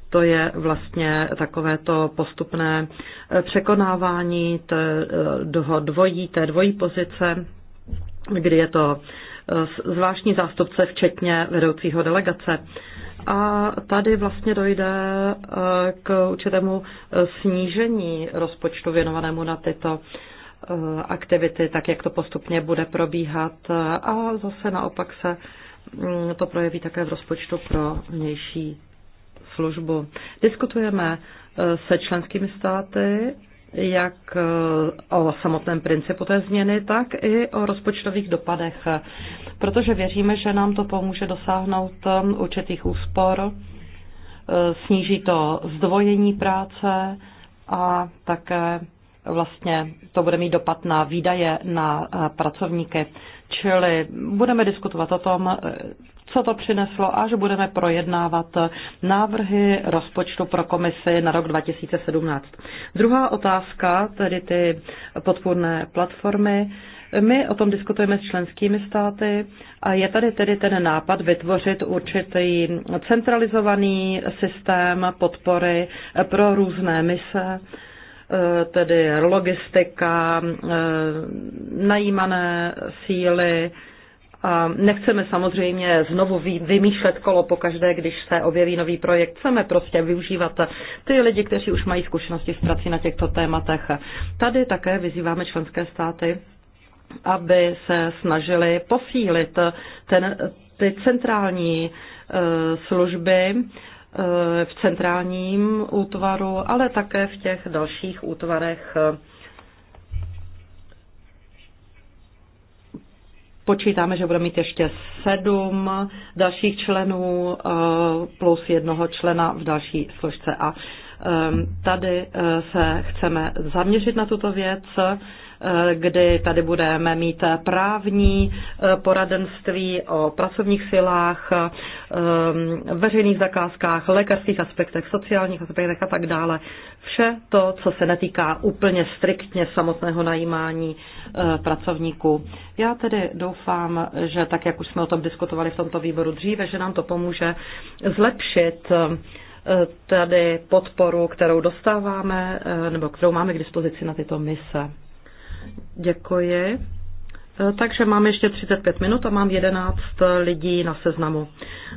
to je vlastně takové to postupné překonávání té dvojí, té dvojí pozice, kdy je to zvláštní zástupce, včetně vedoucího delegace a tady vlastně dojde eh, k určitému eh, snížení rozpočtu věnovanému na tyto eh, aktivity, tak jak to postupně bude probíhat a zase naopak se mm, to projeví také v rozpočtu pro vnější službu. Diskutujeme se členskými státy jak o samotném principu té změny, tak i o rozpočtových dopadech protože věříme, že nám to pomůže dosáhnout um, určitých úspor, uh, sníží to zdvojení práce a také vlastně to bude mít dopad na výdaje na uh, pracovníky. Čili budeme diskutovat o tom, uh, co to přineslo, až budeme projednávat návrhy rozpočtu pro komisi na rok 2017. Druhá otázka, tedy ty podpůrné platformy. My o tom diskutujeme s členskými státy a je tady tedy ten nápad vytvořit určitý centralizovaný systém podpory pro různé mise, eh, tedy logistika, eh, najímané síly, a nechceme samozřejmě znovu vymýšlet kolo po každé, když se objeví nový projekt. Chceme prostě využívat ty lidi, kteří už mají zkušenosti s prací na těchto tématech. Tady také vyzýváme členské státy, aby se snažili posílit ten, ty centrální eh, služby eh, v centrálním útvaru, ale také v těch dalších útvarech eh. Počítáme, že budeme mít ještě sedm dalších členů plus jednoho člena v další složce. A tady se chceme zaměřit na tuto věc Eh, kdy tady budeme mít právní eh, poradenství o pracovních silách, eh, veřejných zakázkách, lékařských aspektech, sociálních aspektech a tak dále. Vše to, co se netýká úplně striktně samotného najímání pracovníků. Já tedy doufám, že tak, jak už jsme o tom diskutovali v tomto výboru dříve, že nám to pomůže zlepšit tady podporu, kterou dostáváme, nebo kterou máme k dispozici na tyto mise. Děkuji. E, takže mám ještě 35 minut a mám 11 lidí na seznamu.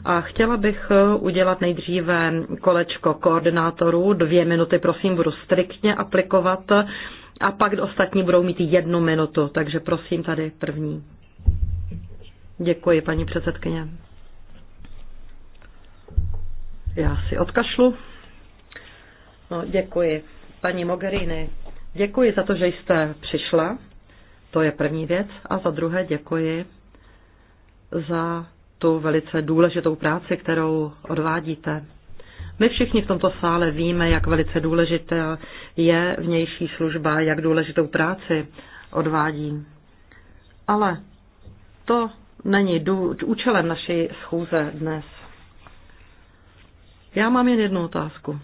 A chtěla bych e, udělat nejdříve kolečko koordinátorů. Dvě minuty, prosím, budu striktně aplikovat a pak ostatní budou mít jednu minutu. Takže prosím tady první. Děkuji, paní předsedkyně. Já si odkašlu. No, děkuji. Paní Mogherini, Děkuji za to, že jste přišla. To je první věc. A za druhé děkuji za tu velice důležitou práci, kterou odvádíte. My všichni v tomto sále víme, jak velice důležitá je vnější služba, jak důležitou práci odvádí. Ale to není dů, účelem naší schůze dnes. Já mám jen jednu otázku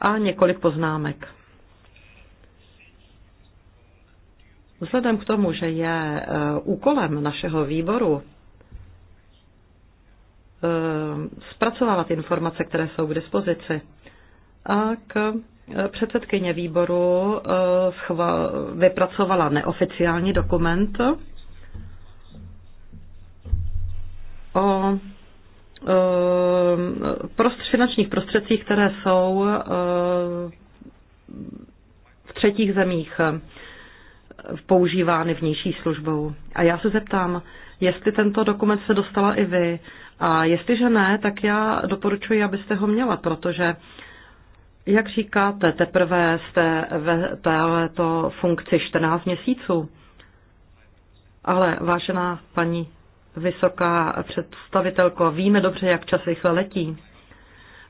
a několik poznámek. Vzhledem k tomu, že je eh, úkolem našeho výboru eh, zpracovávat informace, které jsou k dispozici, a k eh, předsedkyně výboru vypracovala neoficiální dokument o finančních prostředcích, které jsou v třetích zemích používány vnější službou. A já se zeptám, jestli tento dokument se dostala i vy. A jestliže ne, tak já doporučuji, abyste ho měla, protože, jak říkáte, teprve jste ve této funkci 14 měsíců. Ale vážená paní vysoká představitelko, víme dobře, jak čas rychle letí.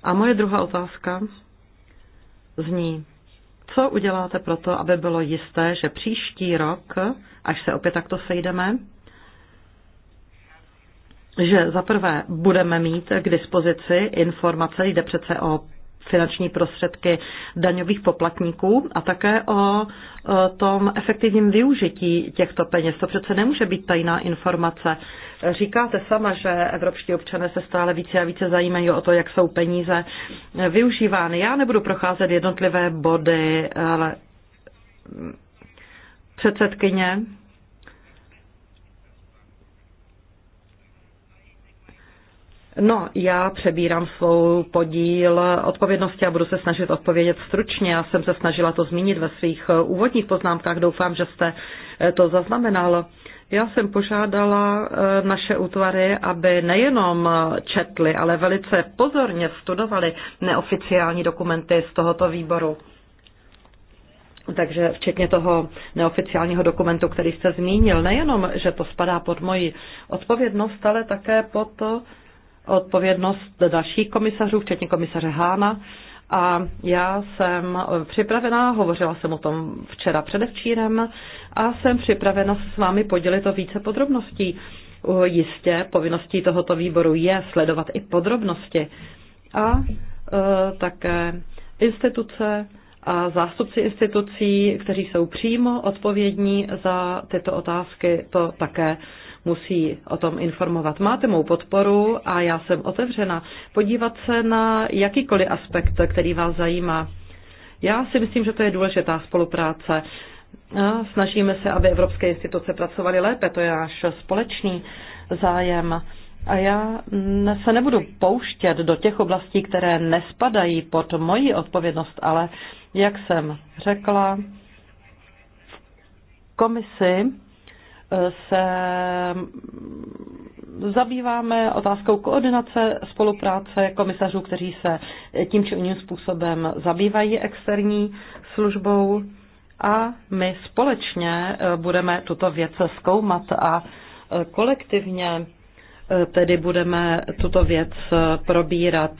A moje druhá otázka zní, co uděláte pro to, aby bylo jisté, že příští rok, až se opět takto sejdeme, že za prvé budeme mít k dispozici informace, jde přece o finanční prostředky daňových poplatníků a také o tom efektivním využití těchto peněz. To přece nemůže být tajná informace. Říkáte sama, že evropští občané se stále více a více zajímají o to, jak jsou peníze využívány. Já nebudu procházet jednotlivé body, ale předsedkyně No, já přebírám svou podíl odpovědnosti a budu se snažit odpovědět stručně. Já jsem se snažila to zmínit ve svých eh, úvodních poznámkách. Doufám, že jste eh, to zaznamenal. Já jsem požádala eh, naše útvary, aby nejenom četli, ale velice pozorně studovali neoficiální dokumenty z tohoto výboru. Takže včetně toho neoficiálního dokumentu, který jste zmínil, nejenom, že to spadá pod moji odpovědnost, ale také pod to, odpovědnost dalších komisařů, včetně komisaře Hána. A já jsem připravená, hovořila jsem o tom včera předevčírem a jsem připravena se s vámi podělit o více podrobností. Jistě povinností tohoto výboru je sledovat i podrobnosti a e, také instituce a zástupci institucí, kteří jsou přímo odpovědní za tyto otázky, to také musí o tom informovat. Máte mou podporu a já jsem otevřena podívat se na jakýkoliv aspekt, který vás zajímá. Já si myslím, že to je důležitá spolupráce. Snažíme se, aby evropské instituce pracovaly lépe, to je náš společný zájem. A já se nebudu pouštět do těch oblastí, které nespadají pod moji odpovědnost, ale jak jsem řekla, v komisi se zabýváme otázkou koordinace spolupráce komisařů, kteří se tím či jiným způsobem zabývají externí službou a my společně eh, budeme tuto věc zkoumat a eh, kolektivně eh, tedy budeme tuto věc probírat,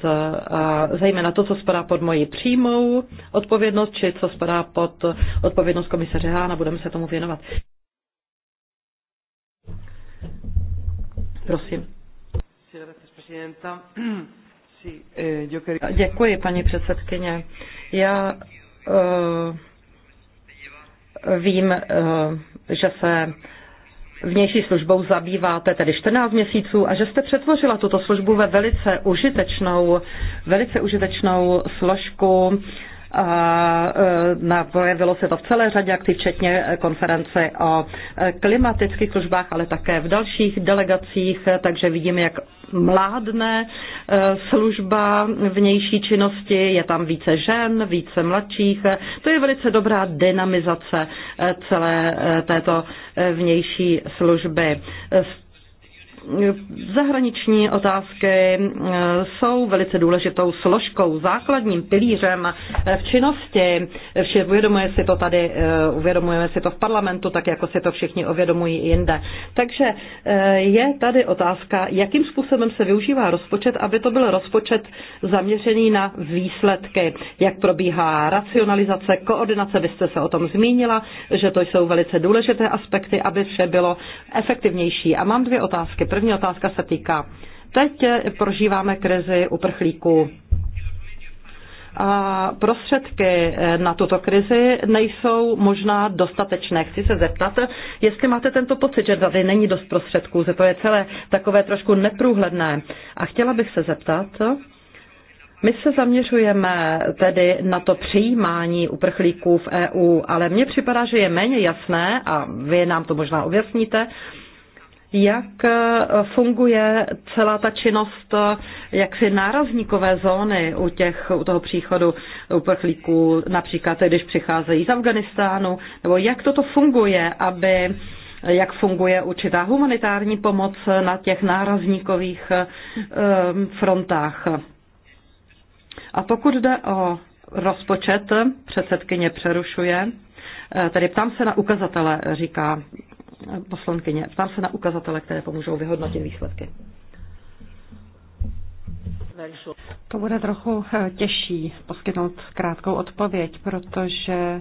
zejména to, co spadá pod moji přímou odpovědnost, či co spadá pod odpovědnost komisaře Hána, budeme se tomu věnovat. Prosím. Eh, Děkuji, paní předsedkyně. Já uh, vím, uh, že se vnější službou zabýváte tedy 14 měsíců a že jste přetvořila tuto službu ve velice užitečnou, velice užitečnou složku a e, projevilo se to v celé řadě aktiv, včetně e, konference o e, klimatických službách, ale také v dalších delegacích, takže vidíme, jak mládne služba vnější činnosti, je tam více žen, více mladších. To je velice dobrá dynamizace celé této vnější služby. Zahraniční otázky eh, jsou velice důležitou složkou, základním pilířem eh, v činnosti. Vše, uvědomuje si to tady, eh, uvědomujeme si to v parlamentu, tak jako si to všichni uvědomují jinde. Takže je tady otázka, jakým způsobem se využívá rozpočet, aby to byl rozpočet zaměřený na výsledky, jak probíhá racionalizace, koordinace, vy jste se o tom zmínila, že to jsou velice důležité aspekty, aby vše bylo efektivnější. A mám dvě otázky První otázka se týká. Teď prožíváme krizi uprchlíků. A prostředky na tuto krizi nejsou možná dostatečné. Chci se zeptat, jestli máte tento pocit, že tady není dost prostředků, že to je celé takové trošku neprůhledné. A chtěla bych se zeptat, my se zaměřujeme tedy na to přijímání uprchlíků v EU, ale mně připadá, že je méně jasné, a vy nám to možná objasníte, jak eh, funguje celá ta činnost eh, jaksi nárazníkové zóny u, těch, u toho příchodu uprchlíků, například eh, když přicházejí z Afganistánu, nebo jak toto funguje, aby jak funguje určitá humanitární pomoc na těch nárazníkových frontách. A pokud jde o rozpočet, předsedkyně přerušuje, tedy ptám se na ukazatele, říká poslankyně. Ptám se na ukazatele, které pomůžou vyhodnotit výsledky. To bude trochu eh, těžší poskytnout krátkou odpověď, protože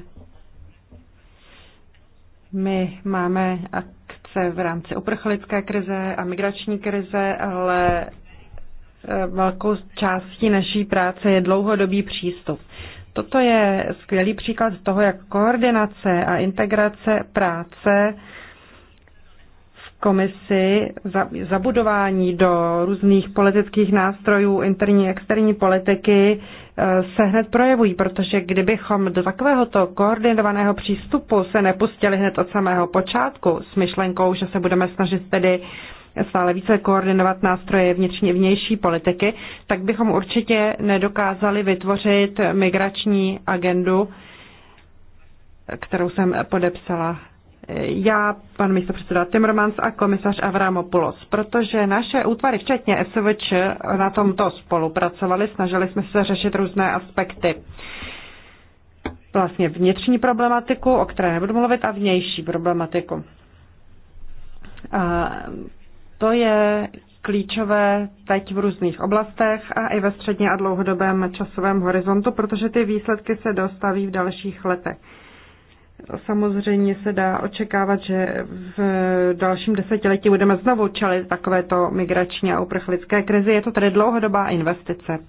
my máme akce v rámci uprchlické krize a migrační krize, ale eh, velkou částí naší práce je dlouhodobý přístup. Toto je skvělý příklad toho, jak koordinace a integrace práce komisi za, zabudování do různých politických nástrojů interní a externí politiky eh, se hned projevují, protože kdybychom do takovéhoto koordinovaného přístupu se nepustili hned od samého počátku s myšlenkou, že se budeme snažit tedy stále více koordinovat nástroje vnitřní vnější politiky, tak bychom určitě nedokázali vytvořit migrační agendu, kterou jsem podepsala já, pan předseda Timmermans a komisař Avramopoulos, protože naše útvary, včetně SVČ, na tomto spolupracovali, snažili jsme se řešit různé aspekty. Vlastně vnitřní problematiku, o které nebudu mluvit, a vnější problematiku. A to je klíčové teď v různých oblastech a i ve středně a dlouhodobém časovém horizontu, protože ty výsledky se dostaví v dalších letech. Samozřejmě se dá očekávat, že v dalším desetiletí budeme znovu čelit takovéto migrační a uprchlické krizi. Je to tedy dlouhodobá investice.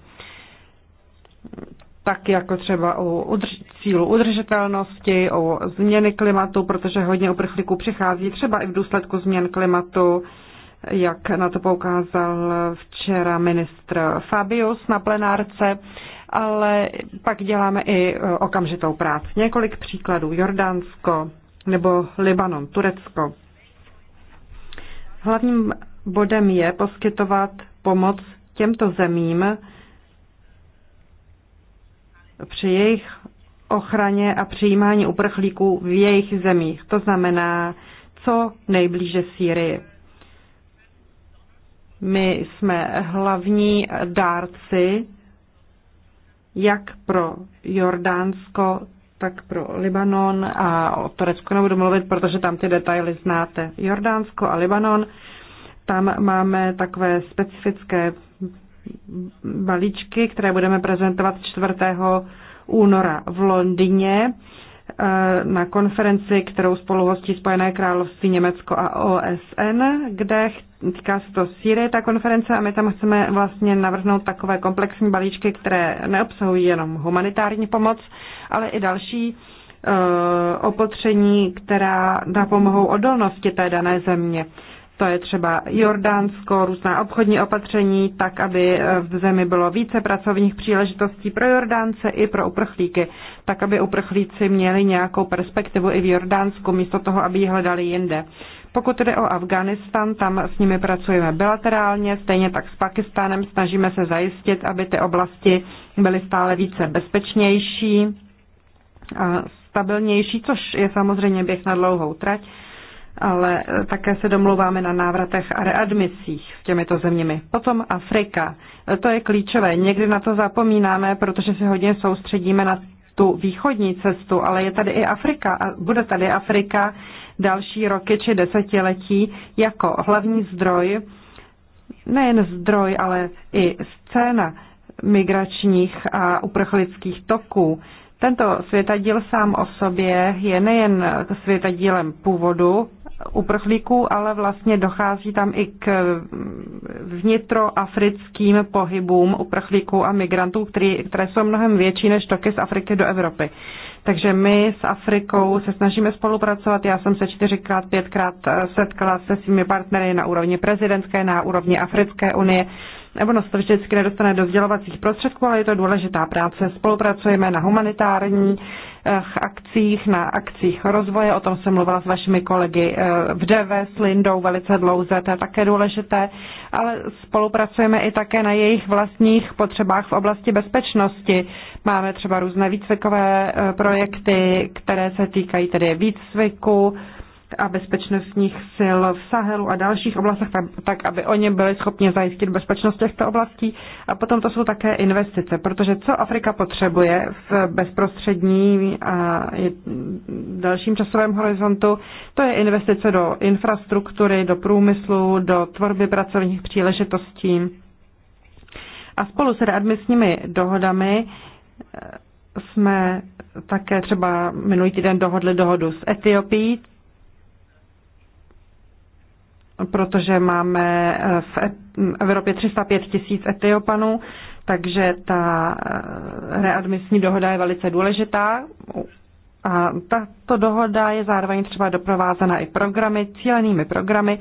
Tak jako třeba o udrž- cílu udržitelnosti, o změny klimatu, protože hodně uprchlíků přichází třeba i v důsledku změn klimatu, jak na to poukázal včera ministr Fabius na plenárce ale pak děláme i e, okamžitou práci. Několik příkladů. Jordánsko nebo Libanon, Turecko. Hlavním bodem je poskytovat pomoc těmto zemím při jejich ochraně a přijímání uprchlíků v jejich zemích. To znamená, co nejblíže Sýrii. My jsme hlavní dárci jak pro Jordánsko, tak pro Libanon a o Turecku nebudu mluvit, protože tam ty detaily znáte. Jordánsko a Libanon, tam máme takové specifické balíčky, které budeme prezentovat 4. února v Londýně eh, na konferenci, kterou spolu hostí Spojené království Německo a OSN, kde týká se to Syrie, ta konference, a my tam chceme vlastně navrhnout takové komplexní balíčky, které neobsahují jenom humanitární pomoc, ale i další e, opatření, která napomohou odolnosti té dané země. To je třeba Jordánsko, různá obchodní opatření, tak, aby v zemi bylo více pracovních příležitostí pro Jordánce i pro uprchlíky, tak, aby uprchlíci měli nějakou perspektivu i v Jordánsku, místo toho, aby ji hledali jinde. Pokud jde o Afganistan, tam s nimi pracujeme bilaterálně, stejně tak s Pakistánem snažíme se zajistit, aby ty oblasti byly stále více bezpečnější a stabilnější, což je samozřejmě běh na dlouhou trať, ale eh, také se domluváme na návratech a readmisích s těmito zeměmi. Potom Afrika. To je klíčové. Někdy na to zapomínáme, protože se hodně soustředíme na tu východní cestu, ale je tady i Afrika a bude tady Afrika další roky či desetiletí jako hlavní zdroj, nejen zdroj, ale i scéna migračních a uprchlických toků. Tento světadíl sám o sobě je nejen světadílem původu, uprchlíků, ale vlastně dochází tam i k vnitroafrickým pohybům uprchlíků a migrantů, který, které jsou mnohem větší než toky z Afriky do Evropy. Takže my s Afrikou se snažíme spolupracovat. Já jsem se čtyřikrát, pětkrát setkala se svými partnery na úrovni prezidentské, na úrovni Africké unie. Nebo no, to vždycky nedostane do vzdělovacích prostředků, ale je to důležitá práce. Spolupracujeme na humanitární Eh, akcích, na akcích rozvoje, o tom jsem mluvila s vašimi kolegy eh, v DV s Lindou velice dlouze, to je také důležité, ale spolupracujeme i také na jejich vlastních potřebách v oblasti bezpečnosti. Máme třeba různé výcvikové eh, projekty, které se týkají tedy výcviku, a bezpečnostních sil v Sahelu a dalších oblastech, tak aby oni byli schopni zajistit bezpečnost těchto oblastí. A potom to jsou také investice, protože co Afrika potřebuje v bezprostředním a dalším časovém horizontu, to je investice do infrastruktury, do průmyslu, do tvorby pracovních příležitostí. A spolu s readmisními dohodami eh, jsme také třeba minulý týden dohodli dohodu s Etiopií, protože máme eh, v Evropě 305 tisíc Etiopanů, takže ta eh, readmisní dohoda je velice důležitá. A tato dohoda je zároveň třeba doprovázena i programy, cílenými programy,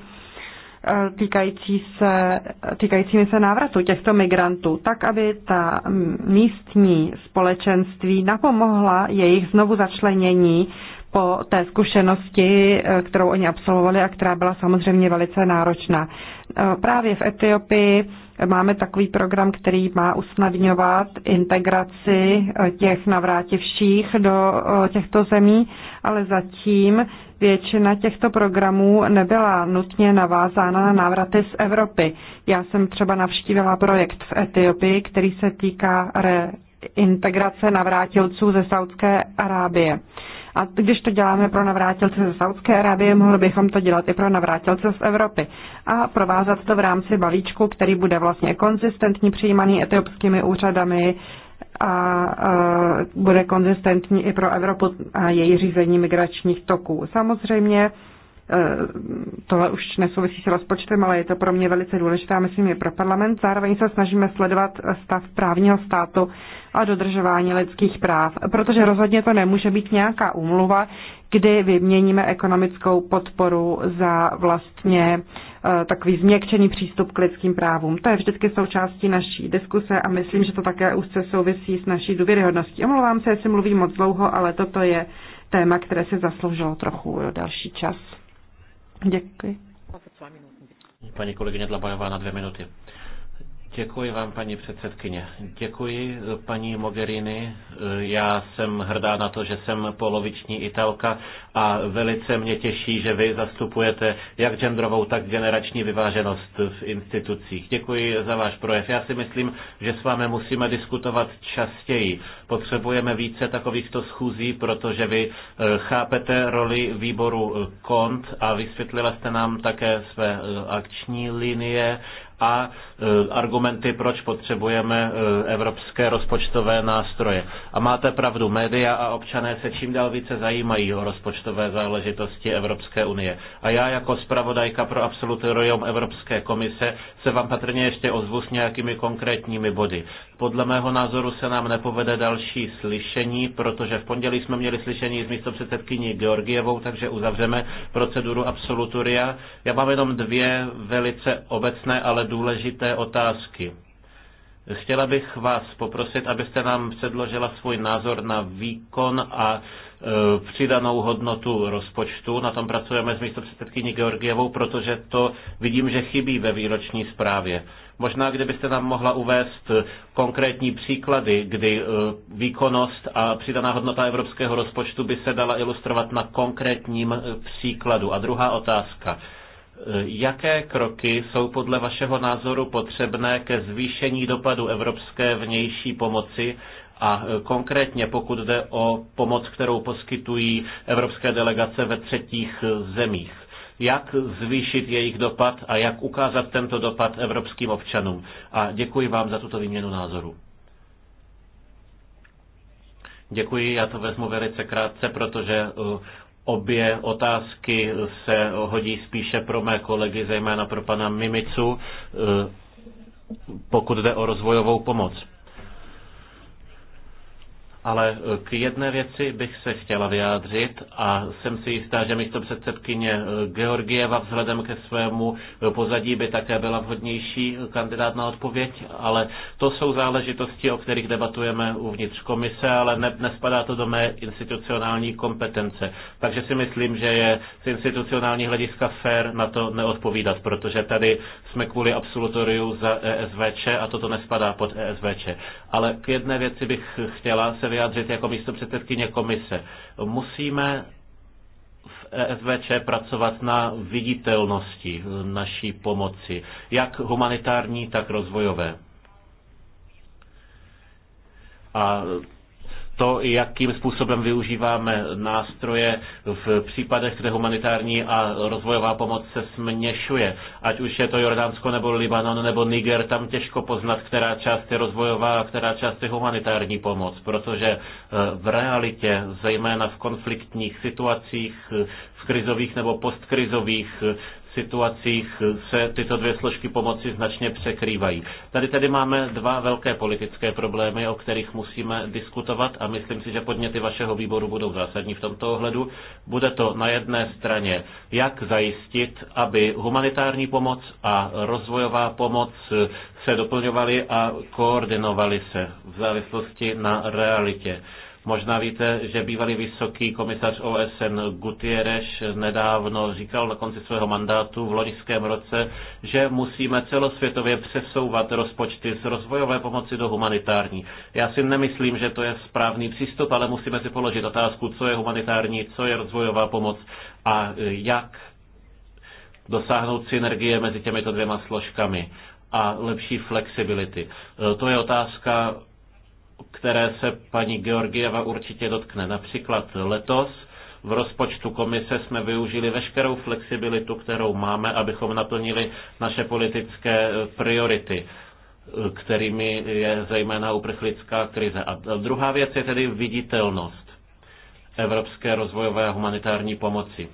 eh, týkající se, týkajícími se návratu těchto migrantů, tak aby ta místní společenství napomohla jejich znovu začlenění po té zkušenosti, eh, kterou oni absolvovali a která byla samozřejmě velice náročná. Eh, právě v Etiopii máme takový program, který má usnadňovat integraci eh, těch navrátivších do těchto zemí, ale zatím většina těchto programů nebyla nutně navázána na návraty z Evropy. Já jsem třeba navštívila projekt v Etiopii, který se týká integrace navrátilců ze Saudské Arábie. A když to děláme pro navrátilce ze Saudské Arábie, mohli bychom to dělat i pro navrátilce z Evropy a provázat to v rámci balíčku, který bude vlastně konzistentní, přijímaný etiopskými úřadami a bude konzistentní i pro Evropu a její řízení migračních toků. Samozřejmě Eh, tohle už nesouvisí s rozpočtem, ale je to pro mě velice důležité a myslím je pro parlament. Zároveň se snažíme sledovat stav právního státu a dodržování lidských práv, protože rozhodně to nemůže být nějaká úmluva, kdy vyměníme ekonomickou podporu za vlastně eh, takový změkčený přístup k lidským právům. To je vždycky součástí naší diskuse a myslím, že to také úzce souvisí s naší důvěryhodností. Omlouvám se, jestli mluvím moc dlouho, ale toto je téma, které se zasloužilo trochu další čas. Děkuji. Paní kolegyně Dlabajová na dvě minuty. Děkuji vám, paní předsedkyně. Děkuji, paní Mogherini. Já jsem hrdá na to, že jsem poloviční Italka a velice mě těší, že vy zastupujete jak genderovou, tak generační vyváženost v institucích. Děkuji za váš projev. Já si myslím, že s vámi musíme diskutovat častěji. Potřebujeme více takovýchto schůzí, protože vy eh, chápete roli výboru eh, KONT a vysvětlila jste nám také své eh, akční linie a e, argumenty, proč potřebujeme e, evropské rozpočtové nástroje. A máte pravdu, média a občané se čím dál více zajímají o rozpočtové záležitosti Evropské unie. A já jako zpravodajka pro absolutorium Evropské komise se vám patrně ještě ozvu s nějakými konkrétními body. Podle mého názoru se nám nepovede další slyšení, protože v pondělí jsme měli slyšení s místopředsedkyní Georgievou, takže uzavřeme proceduru absoluturia. Já mám jenom dvě velice obecné, ale důležité otázky. Chtěla bych vás poprosit, abyste nám předložila svůj názor na výkon a e, přidanou hodnotu rozpočtu. Na tom pracujeme s místopředsedkyní Georgievou, protože to vidím, že chybí ve výroční zprávě. Možná, kdybyste nám mohla uvést konkrétní příklady, kdy e, výkonnost a přidaná hodnota evropského rozpočtu by se dala ilustrovat na konkrétním e, příkladu. A druhá otázka. Jaké kroky jsou podle vašeho názoru potřebné ke zvýšení dopadu evropské vnější pomoci a e, konkrétně pokud jde o pomoc, kterou poskytují evropské delegace ve třetích e, zemích? jak zvýšit jejich dopad a jak ukázat tento dopad evropským občanům. A děkuji vám za tuto výměnu názoru. Děkuji, já to vezmu velice krátce, protože e, Obě otázky se hodí spíše pro mé kolegy, zejména pro pana Mimicu, eh, pokud jde o rozvojovou pomoc. Ale eh, k jedné věci bych se chtěla vyjádřit a jsem si jistá, že místo předsedkyně eh, Georgieva vzhledem ke svému eh, pozadí by také byla vhodnější kandidát na odpověď, ale to jsou záležitosti, o kterých debatujeme uvnitř komise, ale ne, nespadá to do mé institucionální kompetence. Takže si myslím, že je z institucionální hlediska fér na to neodpovídat, protože tady jsme kvůli absolutoriu za ESVČ a toto nespadá pod ESVČ. Ale k jedné věci bych chtěla se vyjádřit jako místo předsedkyně komise. Musíme v ESVČ pracovat na viditelnosti naší pomoci, jak humanitární, tak rozvojové. A to, jakým způsobem využíváme nástroje v případech, kde humanitární a rozvojová pomoc se směšuje. Ať už je to Jordánsko nebo Libanon nebo Niger, tam těžko poznat, která část je rozvojová a která část je humanitární pomoc, protože eh, v realitě, zejména v konfliktních situacích, eh, v krizových nebo postkrizových eh, situacích se tyto dvě složky pomoci značně překrývají. Tady tedy máme dva velké politické problémy, o kterých musíme diskutovat a myslím si, že podněty vašeho výboru budou zásadní v tomto ohledu. Bude to na jedné straně, jak zajistit, aby humanitární pomoc a rozvojová pomoc se doplňovaly a koordinovaly se v závislosti na realitě. Možná víte, že bývalý vysoký komisař OSN Gutierrez nedávno říkal na konci svého mandátu v loňském roce, že musíme celosvětově přesouvat rozpočty z rozvojové pomoci do humanitární. Já si nemyslím, že to je správný přístup, ale musíme si položit otázku, co je humanitární, co je rozvojová pomoc a jak dosáhnout synergie mezi těmito dvěma složkami a lepší flexibility. E, to je otázka, které se paní Georgieva určitě dotkne. Například letos v rozpočtu komise jsme využili veškerou flexibilitu, kterou máme, abychom naplnili naše politické eh, priority eh, kterými je zejména uprchlická krize. A druhá věc je tedy viditelnost evropské rozvojové a humanitární pomoci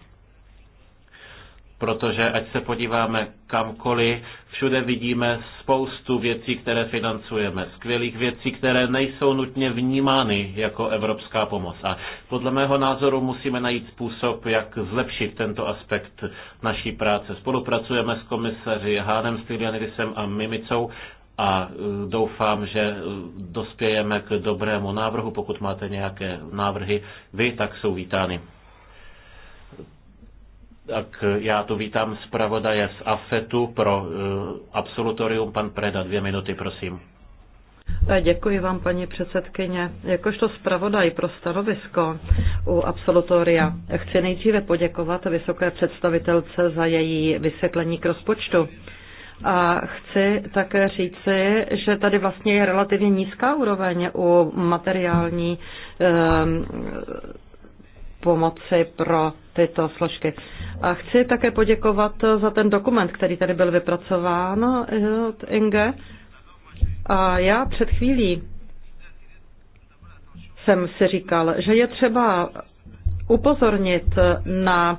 protože ať se podíváme kamkoliv, všude vidíme spoustu věcí, které financujeme, skvělých věcí, které nejsou nutně vnímány jako evropská pomoc. A podle mého názoru musíme najít způsob, jak zlepšit tento aspekt naší práce. Spolupracujeme s komisaři Hánem Stylianidisem a Mimicou a e, doufám, že e, dospějeme k dobrému návrhu. Pokud máte nějaké návrhy vy, tak jsou vítány. Tak eh, já tu vítám zpravodaje z AFETu pro uh, absolutorium. Pan Preda, dvě minuty, prosím. E, děkuji vám, paní předsedkyně. Jakožto zpravodaj pro stanovisko u absolutoria chci nejdříve poděkovat vysoké představitelce za její vysvětlení k rozpočtu. A chci také říci, že tady vlastně je relativně nízká úroveň u materiální um, pomoci pro tyto složky. A chci také poděkovat za ten dokument, který tady byl vypracován eh, od Inge. A já před chvílí jsem si říkal, že je třeba upozornit na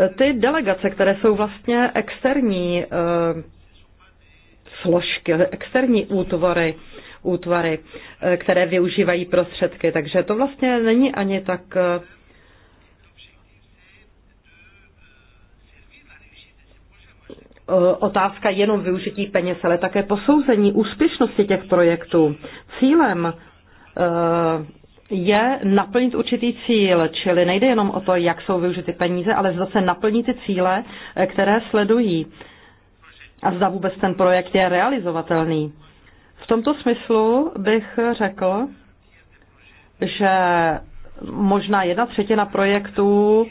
eh, ty delegace, které jsou vlastně externí eh, složky, externí útvory útvary, eh, které využívají prostředky. Takže to vlastně není ani tak eh, otázka jenom využití peněz, ale také posouzení úspěšnosti těch projektů. Cílem eh, je naplnit určitý cíl, čili nejde jenom o to, jak jsou využity peníze, ale zase naplnit ty cíle, které sledují a zda vůbec ten projekt je realizovatelný. V tomto smyslu bych řekl, že možná jedna třetina projektů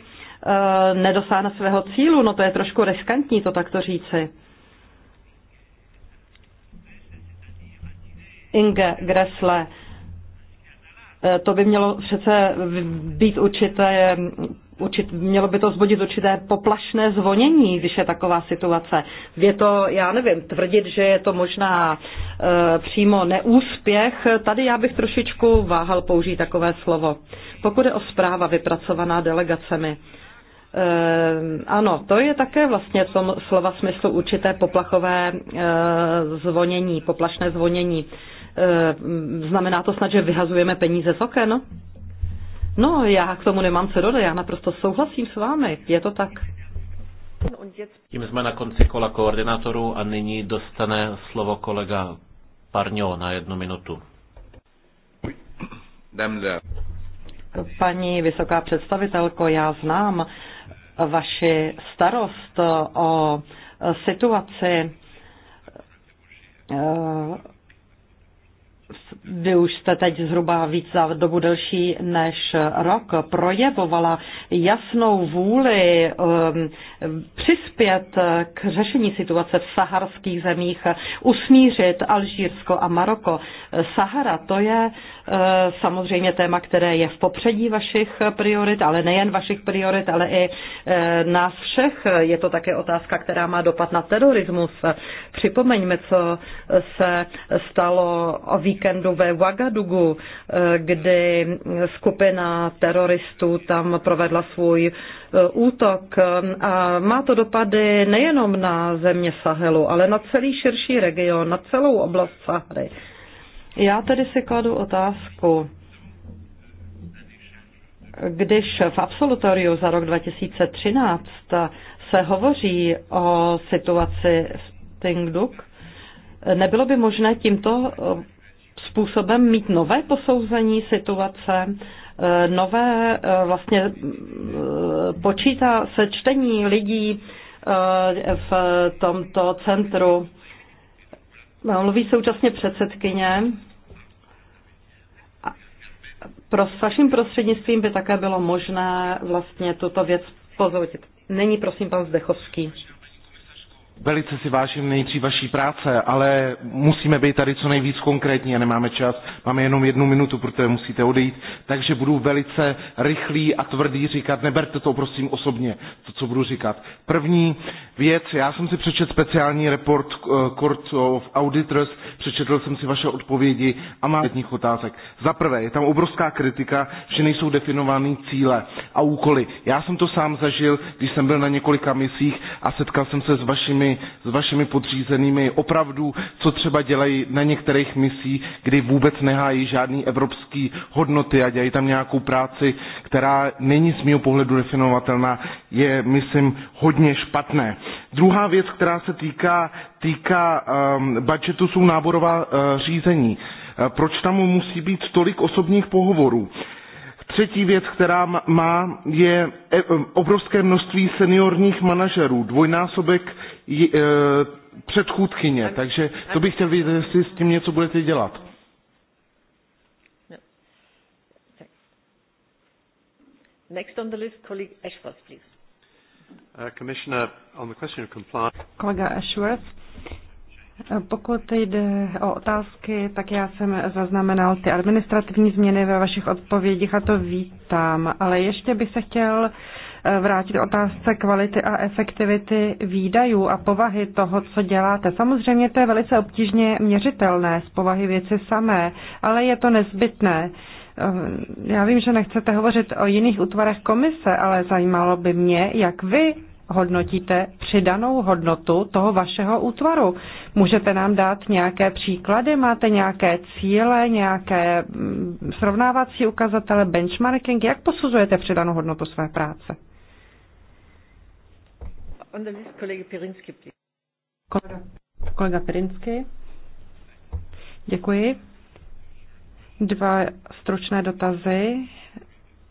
eh, nedosáhne svého cílu, no to je trošku riskantní to takto říci. Inge Gressle, eh, to by mělo přece být určité určit, mělo by to vzbudit určité poplašné zvonění, když je taková situace. Je to, já nevím, tvrdit, že je to možná e, přímo neúspěch, tady já bych trošičku váhal použít takové slovo. Pokud je o zpráva vypracovaná delegacemi, e, ano, to je také vlastně v tom slova smyslu určité poplachové e, zvonění, poplašné zvonění. E, znamená to snad, že vyhazujeme peníze z oken? No, já k tomu nemám co dodat, já naprosto souhlasím s vámi, je to tak. Tím jsme na konci kola koordinátorů a nyní dostane slovo kolega Parňo na jednu minutu. Paní vysoká představitelko, já znám vaši starost o situaci eh, vy už jste teď zhruba víc za dobu delší než rok projevovala jasnou vůli um, přispět k řešení situace v saharských zemích, usmířit Alžírsko a Maroko. Sahara to je Eh, samozřejmě téma, které je v popředí vašich priorit, ale nejen vašich priorit, ale i eh, nás všech. Je to také otázka, která má dopad na terorismus. Připomeňme, co se stalo o víkendu ve Wagadugu, eh, kdy skupina teroristů tam provedla svůj útok a má to dopady nejenom na země Sahelu, ale na celý širší region, na celou oblast Sahary. Já tedy si kladu otázku, když v absolutoriu za rok 2013 se hovoří o situaci v Tingduk, nebylo by možné tímto eh, způsobem mít nové posouzení situace, eh, nové eh, vlastně počítá se čtení lidí v tomto centru. Mluví současně předsedkyně pro s vaším prostřednictvím by také bylo možné vlastně tuto věc pozoutit. Není prosím pan Zdechovský. Velice si vážím nejdřív vaší práce, ale musíme být tady co nejvíc konkrétní a nemáme čas. Máme jenom jednu minutu, protože musíte odejít, takže budu velice rychlý a tvrdý říkat, neberte to prosím osobně, to, co budu říkat. První věc, já jsem si přečetl speciální report eh, Court of Auditors, přečetl jsem si vaše odpovědi a mám jedních otázek. Za prvé, je tam obrovská kritika, že nejsou definovány cíle a úkoly. Já jsem to sám zažil, když jsem byl na několika misích a setkal jsem se s vašimi vašimi, s vašimi podřízenými opravdu, co třeba dělají na některých misích, kdy vůbec nehájí žádný evropský hodnoty a dělají tam nějakou práci, která není z mého pohledu definovatelná, je, myslím, hodně špatné. Druhá věc, která se týká, týká um, ehm, budžetu, jsou náborová uh, řízení. Uh, proč tam musí být tolik osobních pohovorů? Třetí věc, která má, je eh, obrovské množství seniorních manažerů, dvojnásobek E, předchůdkyně, takže to bych chtěl vědět, jestli s tím něco budete dělat. No. Next on the list, colleague Ashworth, please. Uh, Commissioner, on the question of compliance. Kolega Ashworth, pokud jde o otázky, tak já jsem zaznamenal ty administrativní změny ve vašich odpovědích a to vítám, ale ještě bych se chtěl vrátit otázce kvality a efektivity výdajů a povahy toho, co děláte. Samozřejmě to je velice obtížně měřitelné z povahy věci samé, ale je to nezbytné. Eh, já vím, že nechcete hovořit o jiných útvarech komise, ale zajímalo by mě, jak vy hodnotíte přidanou hodnotu toho vašeho útvaru. Můžete nám dát nějaké příklady, máte nějaké cíle, nějaké mm, srovnávací ukazatele, benchmarking, jak posuzujete přidanou hodnotu své práce? on the list kolega Pirinsky, please. Kolega, kolega Pirinsky. Děkuji. Dva stručné dotazy.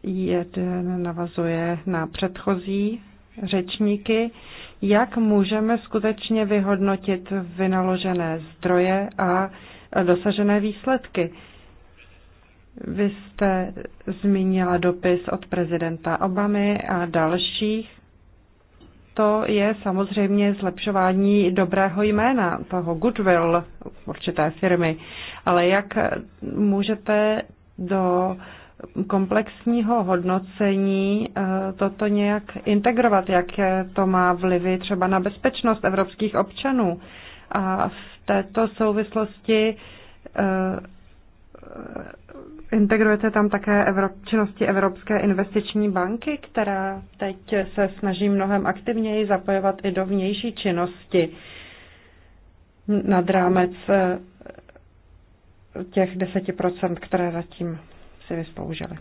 Jeden navazuje na předchozí řečníky. Jak můžeme skutečně vyhodnotit vynaložené zdroje a dosažené výsledky? Vy jste zmínila dopis od prezidenta Obamy a dalších to je samozřejmě zlepšování dobrého jména, toho goodwill určité firmy. Ale jak můžete do komplexního hodnocení eh, toto nějak integrovat, jak to má vlivy třeba na bezpečnost evropských občanů. A v této souvislosti eh, Integrujete tam také Evrop, činnosti Evropské investiční banky, která teď se snaží mnohem aktivněji zapojovat i do vnější činnosti nad rámec eh, těch 10%, které zatím si vysloužili.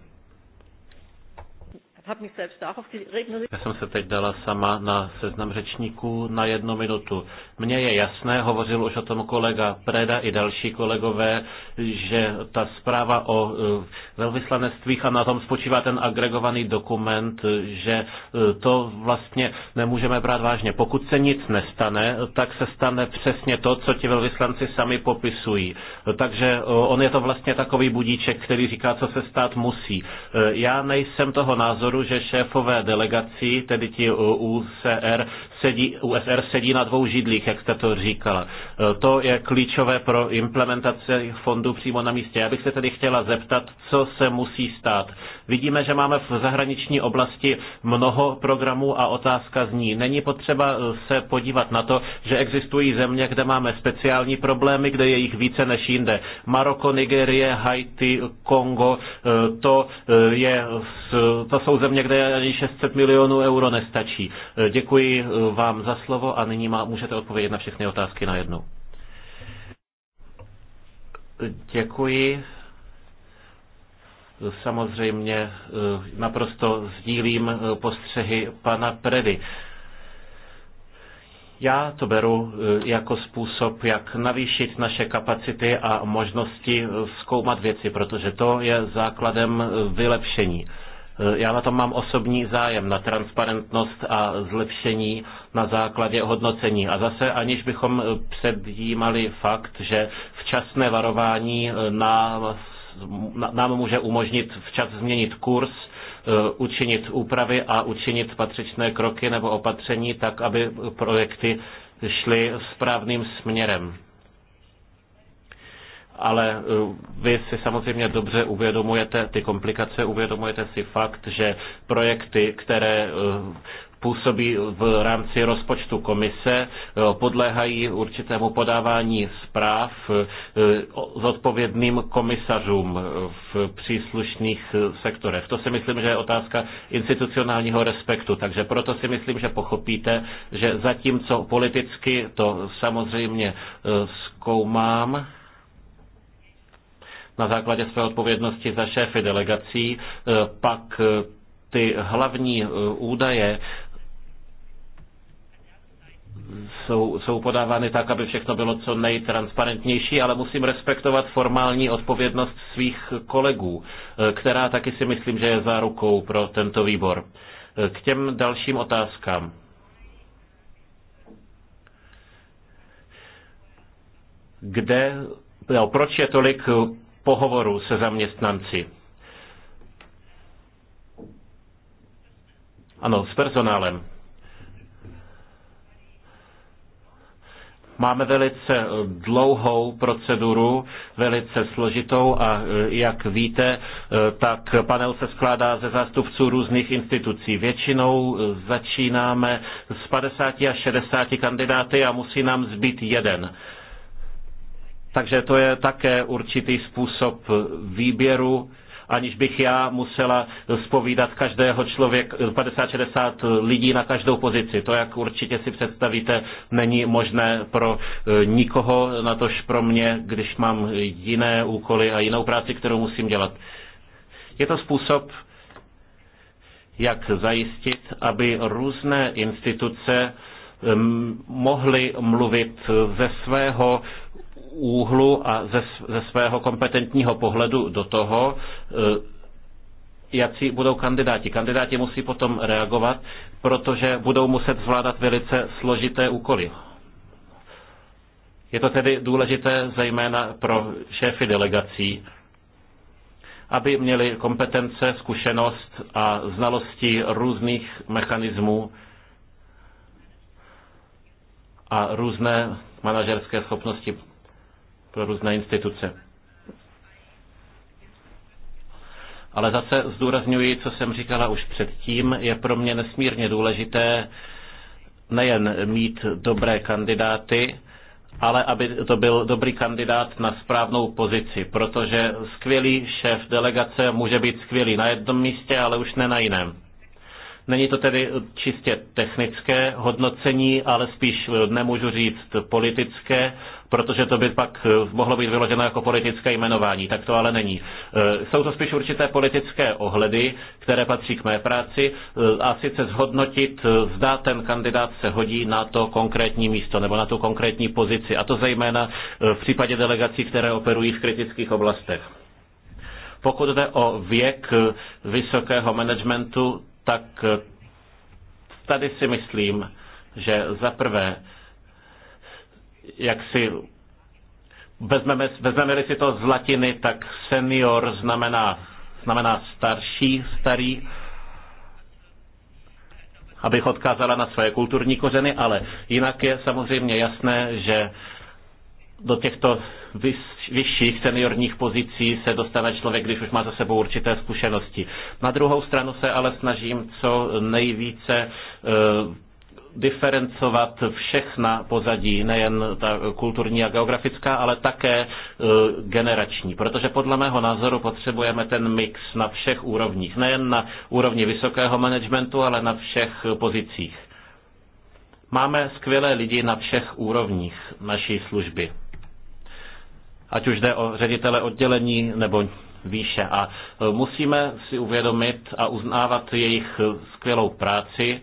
Já jsem se teď dala sama na seznam řečníků na jednu minutu. Mně je jasné, hovořil už o tom kolega Preda i další kolegové, že ta zpráva o e, velvyslanectvích a na tom spočívá ten agregovaný dokument, že e, to vlastně nemůžeme brát vážně. Pokud se nic nestane, tak se stane přesně to, co ti velvyslanci sami popisují. Takže e, on je to vlastně takový budíček, který říká, co se stát musí. Já nejsem toho názoru, názoru, že šéfové delegací, tedy ti UCR, sedí, USR sedí na dvou židlích, jak jste to říkala. E, to je klíčové pro implementaci fondu přímo na místě. Já bych se tedy chtěla zeptat, co se musí stát. Vidíme, že máme v zahraniční oblasti mnoho programů a otázka zní. Není potřeba e, se podívat na to, že existují země, kde máme speciální problémy, kde je jich více než jinde. Maroko, Nigerie, Haiti, Kongo, e, to, je, to jsou země, kde ani 600 milionů euro nestačí. Děkuji vám za slovo a nyní má, můžete odpovědět na všechny otázky na jednu. Děkuji. Samozřejmě eh, naprosto sdílím eh, postřehy pana Predy. Já to beru eh, jako způsob, jak navýšit naše kapacity a možnosti zkoumat věci, protože to je základem vylepšení. Eh, já na tom mám osobní zájem, na transparentnost a zlepšení na základě hodnocení. A zase, aniž bychom eh, předjímali fakt, že včasné varování eh, nám, nám může umožnit včas změnit kurz, učinit úpravy a učinit patřičné kroky nebo opatření tak, aby projekty šly správným směrem ale eh, vy si samozřejmě dobře uvědomujete ty komplikace, uvědomujete si fakt, že projekty, které eh, působí v rámci rozpočtu komise, eh, podléhají určitému podávání zpráv zodpovědným komisařům v příslušných sektorech. To si myslím, že je otázka institucionálního respektu, takže proto si myslím, že pochopíte, že zatímco politicky to samozřejmě zkoumám, na základě své odpovědnosti za šéfy delegací, e, pak e, ty hlavní e, údaje jsou, jsou podávány tak, aby všechno bylo co nejtransparentnější, ale musím respektovat formální odpovědnost svých kolegů, která taky si myslím, že je zárukou pro tento výbor. K těm dalším otázkám. Kde, no, proč je tolik pohovoru se zaměstnanci. Ano, s personálem. Máme velice eh, dlouhou proceduru, velice složitou a eh, jak víte, eh, tak panel se skládá ze zástupců různých institucí. Většinou začínáme s 50 až 60 kandidáty a musí nám zbyt jeden. Takže to je také určitý způsob výběru, aniž bych já musela spovídat každého člověk, 50-60 lidí na každou pozici. To, jak určitě si představíte, není možné pro e, nikoho, natož pro mě, když mám jiné úkoly a jinou práci, kterou musím dělat. Je to způsob, jak zajistit, aby různé instituce mohly mluvit ze svého úhlu a ze, ze svého kompetentního pohledu do toho, e, jaký budou kandidáti. Kandidáti musí potom reagovat, protože budou muset zvládat velice složité úkoly. Je to tedy důležité zejména pro šéfy delegací, aby měli kompetence, zkušenost a znalosti různých mechanismů a různé manažerské schopnosti pro různé instituce. Ale zase zdůrazňuji, co jsem říkala už předtím, je pro mě nesmírně důležité nejen mít dobré kandidáty, ale aby to byl dobrý kandidát na správnou pozici, protože skvělý šéf delegace může být skvělý na jednom místě, ale už ne na jiném. Není to tedy čistě technické hodnocení, ale spíš eh, nemůžu říct politické, protože to by pak eh, mohlo být vyloženo jako politické jmenování, tak to ale není. Eh, jsou to spíš určité politické ohledy, které patří k mé práci, a sice zhodnotit, zda ten kandidát se hodí na to konkrétní místo nebo na tu konkrétní pozici, a to zejména v případě delegací, které operují v kritických oblastech. Pokud jde o věk vysokého managementu, tak eh, tady si myslím, že za prvé, jak si vezmeme, vezmeme si to z latiny, tak senior znamená, znamená starší, starý, abych odkázala na své kulturní kořeny, ale jinak je samozřejmě jasné, že do těchto vyšších seniorních pozicí se dostane člověk, když už má za sebou určité zkušenosti. Na druhou stranu se ale snažím co nejvíce e, diferencovat všechna pozadí, nejen ta kulturní a geografická, ale také e, generační. Protože podle mého názoru potřebujeme ten mix na všech úrovních. Nejen na úrovni vysokého managementu, ale na všech pozicích. Máme skvělé lidi na všech úrovních naší služby ať už jde o ředitele oddělení nebo výše. A e, musíme si uvědomit a uznávat jejich skvělou práci,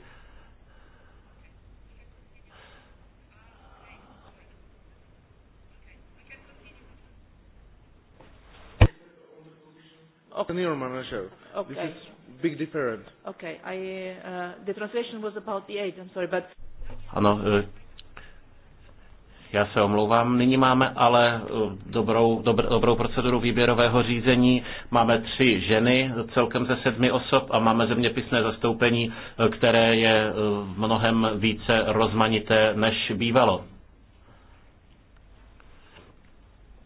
Okay. Okay. I, uh, the translation was about the I'm sorry, but. Ano, e, já se omlouvám, nyní máme ale eh, dobrou, dobr, dobrou proceduru výběrového řízení. Máme tři ženy celkem ze sedmi osob a máme zeměpisné zastoupení, eh, které je eh, mnohem více rozmanité, než bývalo.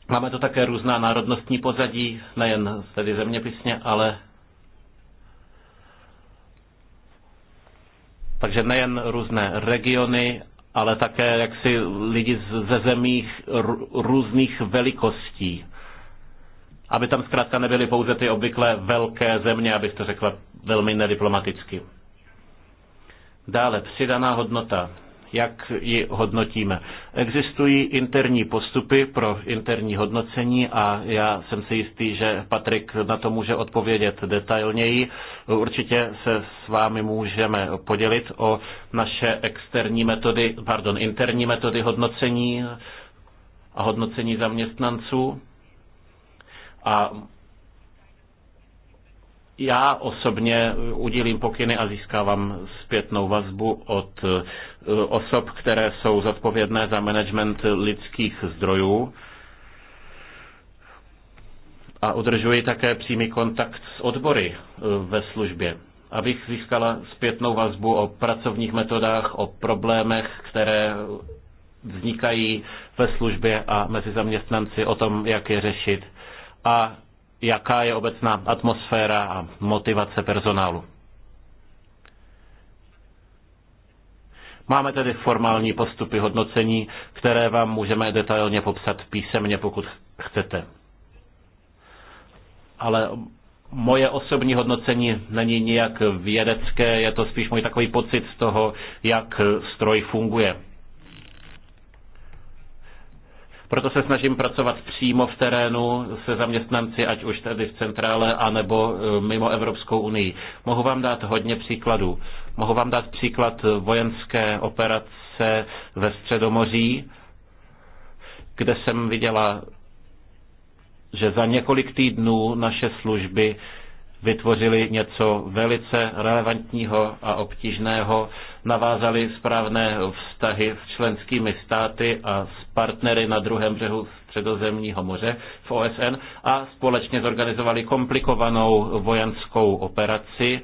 Máme to také různá národnostní pozadí, nejen tedy zeměpisně, ale takže nejen různé regiony, ale také jaksi lidi ze zemích různých velikostí. Aby tam zkrátka nebyly pouze ty obvykle velké země, abych to řekla velmi nediplomaticky. Dále, přidaná hodnota jak ji hodnotíme. Existují interní postupy pro interní hodnocení a já jsem si jistý, že Patrik na to může odpovědět detailněji. Určitě se s vámi můžeme podělit o naše externí metody, pardon, interní metody hodnocení a hodnocení zaměstnanců. A já osobně udělím pokyny a získávám zpětnou vazbu od eh, osob, které jsou zodpovědné za management lidských zdrojů a udržuji také přímý kontakt s odbory eh, ve službě, abych získala zpětnou vazbu o pracovních metodách, o problémech, které vznikají ve službě a mezi zaměstnanci, o tom, jak je řešit. A jaká je obecná atmosféra a motivace personálu. Máme tedy formální postupy hodnocení, které vám můžeme detailně popsat písemně, pokud chcete. Ale moje osobní hodnocení není nijak vědecké, je to spíš můj takový pocit z toho, jak stroj funguje. Proto se snažím pracovat přímo v terénu se zaměstnanci, ať už tedy v centrále, anebo e, mimo Evropskou unii. Mohu vám dát hodně příkladů. Mohu vám dát příklad vojenské operace ve Středomoří, kde jsem viděla, že za několik týdnů naše služby vytvořili něco velice relevantního a obtížného, navázali správné vztahy s členskými státy a s partnery na druhém břehu Středozemního moře v OSN a společně zorganizovali komplikovanou vojenskou operaci,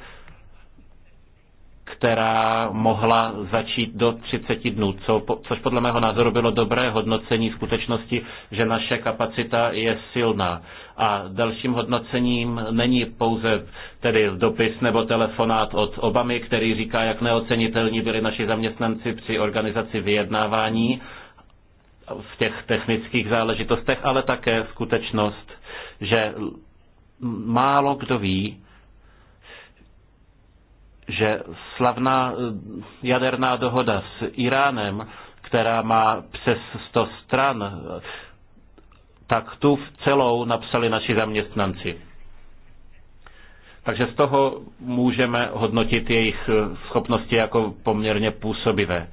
která mohla začít do 30 dnů, co, což podle mého názoru bylo dobré hodnocení skutečnosti, že naše kapacita je silná. A dalším hodnocením není pouze tedy dopis nebo telefonát od Obamy, který říká, jak neocenitelní byli naši zaměstnanci při organizaci vyjednávání v těch technických záležitostech, ale také skutečnost, že málo kdo ví, že slavná eh, jaderná dohoda s Iránem, která má přes 100 stran, tak tu v celou napsali naši zaměstnanci. Takže z toho můžeme hodnotit jejich eh, schopnosti jako poměrně působivé.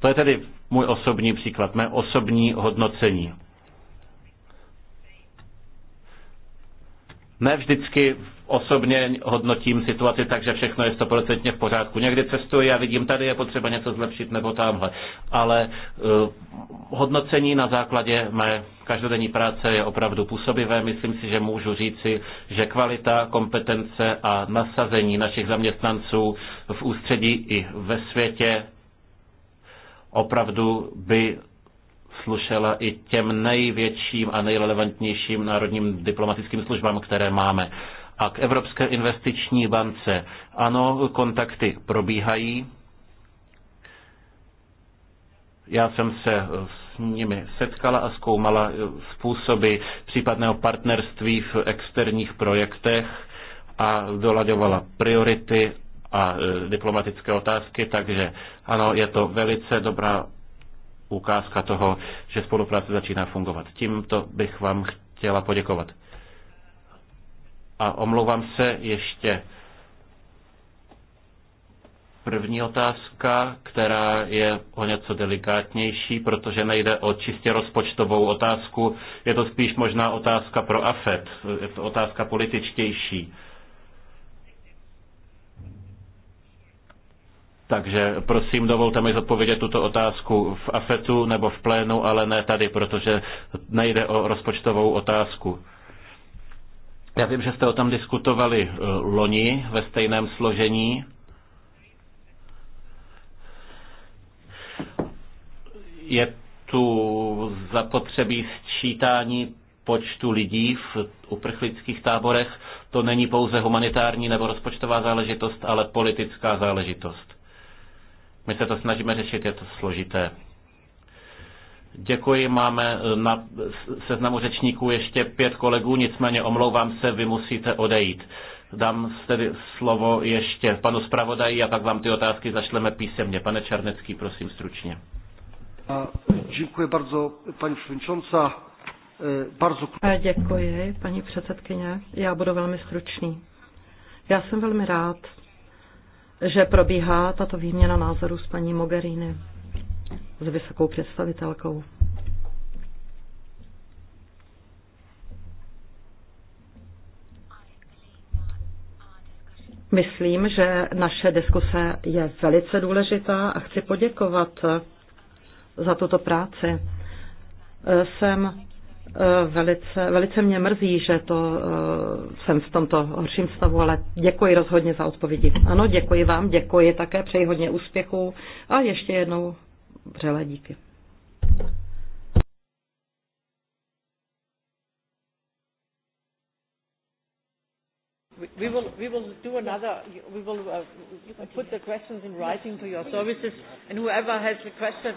To je tedy můj osobní příklad, mé osobní hodnocení. Ne vždycky Osobně hodnotím situaci tak, že všechno je stoprocentně v pořádku. Někdy cestuji a vidím, tady je potřeba něco zlepšit nebo tamhle. Ale uh, hodnocení na základě mé každodenní práce je opravdu působivé. Myslím si, že můžu říci, že kvalita, kompetence a nasazení našich zaměstnanců v ústředí i ve světě opravdu by slušela i těm největším a nejrelevantnějším národním diplomatickým službám, které máme a k Evropské investiční bance. Ano, kontakty probíhají. Já jsem se s nimi setkala a zkoumala způsoby případného partnerství v externích projektech a dolaďovala priority a e, diplomatické otázky, takže ano, je to velice dobrá ukázka toho, že spolupráce začíná fungovat. Tímto bych vám chtěla poděkovat. A omlouvám se ještě první otázka, která je o něco delikátnější, protože nejde o čistě rozpočtovou otázku, je to spíš možná otázka pro AFET, je to otázka političtější. Takže prosím, dovolte mi zodpovědět tuto otázku v AFETu nebo v plénu, ale ne tady, protože nejde o rozpočtovou otázku. Já vím, že jste o tom diskutovali eh, loni ve stejném složení. Je tu zapotřebí sčítání počtu lidí v uprchlických táborech. To není pouze humanitární nebo rozpočtová záležitost, ale politická záležitost. My se to snažíme řešit, je to složité. Děkuji, máme eh, na seznamu řečníků ještě pět kolegů, nicméně omlouvám se, vy musíte odejít. Dám tedy slovo ještě panu zpravodaji a pak vám ty otázky zašleme písemně. Pane Černecký, prosím stručně. Děkuji bardzo, paní Švinčonca. Eh, bardzo... Děkuji, paní předsedkyně. Já budu velmi stručný. Já jsem velmi rád, že probíhá tato výměna názorů s paní Mogherini s vysokou představitelkou. Myslím, že naše diskuse je velice důležitá a chci poděkovat za tuto práci. Jsem eh, velice, velice mě mrzí, že to eh, jsem v tomto horším stavu, ale děkuji rozhodně za odpovědi. Ano, děkuji vám, děkuji také, přeji hodně úspěchů a ještě jednou Vřele díky. we will we will do another we will uh, put the questions in writing to your services and whoever has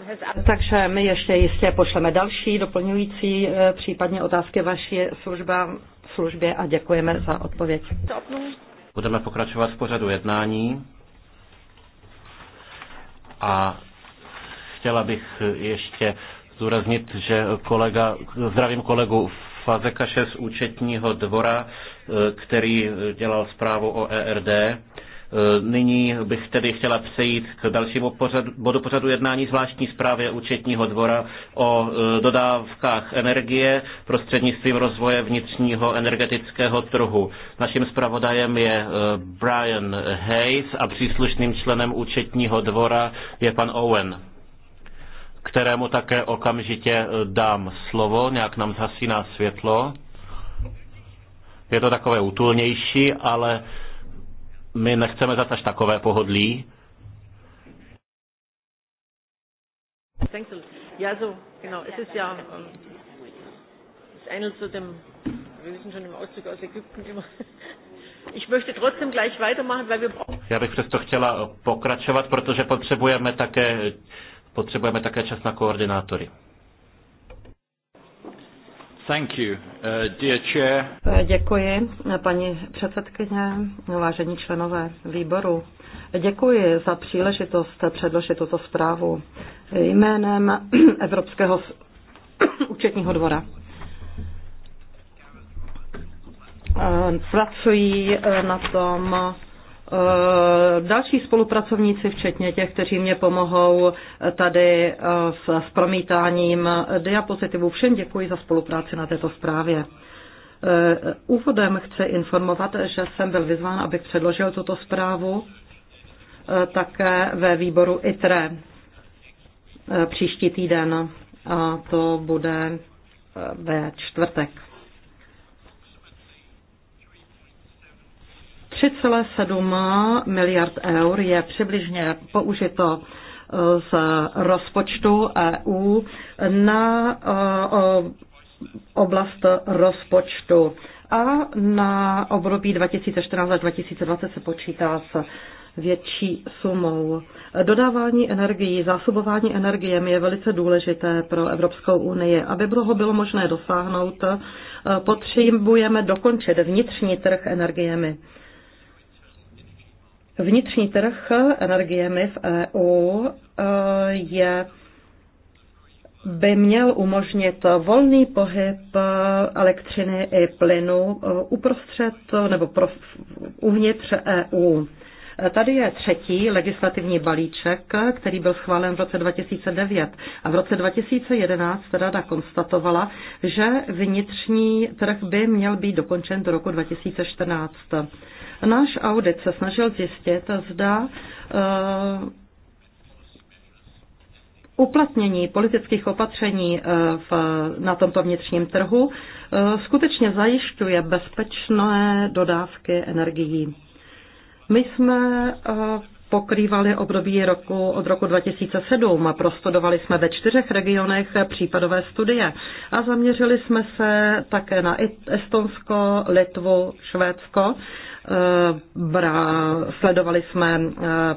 has Takže my ještě jistě pošleme další doplňující eh, případně otázky vaší služba, službě a děkujeme za odpověď. Budeme pokračovat v pořadu jednání. A Chtěla bych ještě zdůraznit, že kolega, zdravím kolegu Fazekaše z účetního dvora, který dělal zprávu o ERD. Nyní bych tedy chtěla přejít k dalšímu pořadu, bodu pořadu jednání zvláštní zprávě účetního dvora o e, dodávkách energie prostřednictvím rozvoje vnitřního energetického trhu. Naším zpravodajem je e, Brian Hayes a příslušným členem účetního dvora je pan Owen kterému také okamžitě eh, dám slovo, nějak nám zhasíná světlo. Je to takové útulnější, ale my nechceme zase takové pohodlí. Ähm, Já bych přesto chtěla pokračovat, protože potřebujeme také Potřebujeme také čas na koordinátory. Thank you, uh, dear chair. Děkuji, paní předsedkyně, vážení členové výboru. Děkuji za příležitost předložit tuto zprávu jménem Evropského účetního dvora. Pracují na tom Eh, další spolupracovníci, včetně těch, kteří mě pomohou eh, tady eh, s, s promítáním diapozitivů. Všem děkuji za spolupráci na této zprávě. Úvodem chci informovat, že jsem byl vyzván, abych předložil tuto zprávu také ve výboru ITRE příští týden. A to bude ve čtvrtek. 3,7 miliard eur je přibližně použito eh, z rozpočtu EU na eh, oblast rozpočtu a na období 2014 až 2020 se počítá s větší sumou. Dodávání energií, zásobování energiemi je velice důležité pro Evropskou unii. Aby ho bylo možné dosáhnout, eh, potřebujeme dokončit vnitřní trh energiemi. Vnitřní trh energiemi v EU e, je by měl umožnit volný pohyb e, elektřiny i plynu e, uprostřed nebo pro, uvnitř EU. Tady je třetí legislativní balíček, který byl schválen v roce 2009. A v roce 2011 rada konstatovala, že vnitřní trh by měl být dokončen do roku 2014. Náš audit se snažil zjistit, zda eh, uplatnění politických opatření eh, v, na tomto vnitřním trhu eh, skutečně zajišťuje bezpečné dodávky energií. My jsme pokrývali období roku, od roku 2007 a prostudovali jsme ve čtyřech regionech případové studie a zaměřili jsme se také na Estonsko, Litvu, Švédsko Eh, sledovali jsme eh,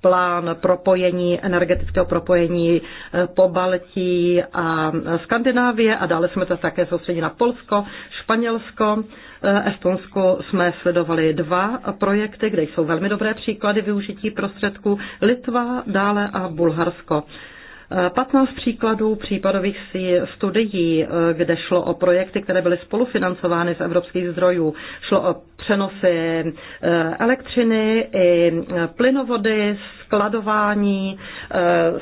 plán propojení, energetického propojení eh, po Baltí a Skandinávie a dále jsme to také soustředili na Polsko, Španělsko. Estonsku jsme sledovali dva projekty, kde jsou velmi dobré příklady využití prostředků Litva, dále a Bulharsko. 15 příkladů případových studií, eh, kde šlo o projekty, které byly spolufinancovány z evropských zdrojů. Šlo o přenosy eh, elektřiny i eh, plynovody, skladování,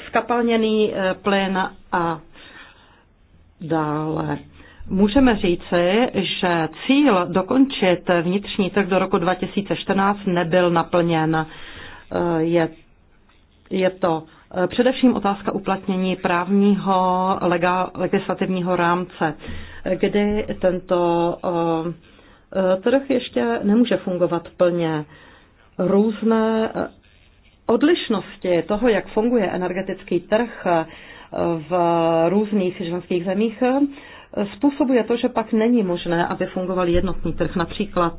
skapalněný plyn a dále. Můžeme říci, že cíl dokončit vnitřní trh do roku 2014 nebyl naplněn. Je, je to Eh, především otázka uplatnění právního legislativního rámce, eh, kdy tento eh, trh ještě nemůže fungovat plně. Různé odlišnosti toho, jak funguje energetický trh v různých ženských zemích, způsobuje to, že pak není možné, aby fungoval jednotný trh. Například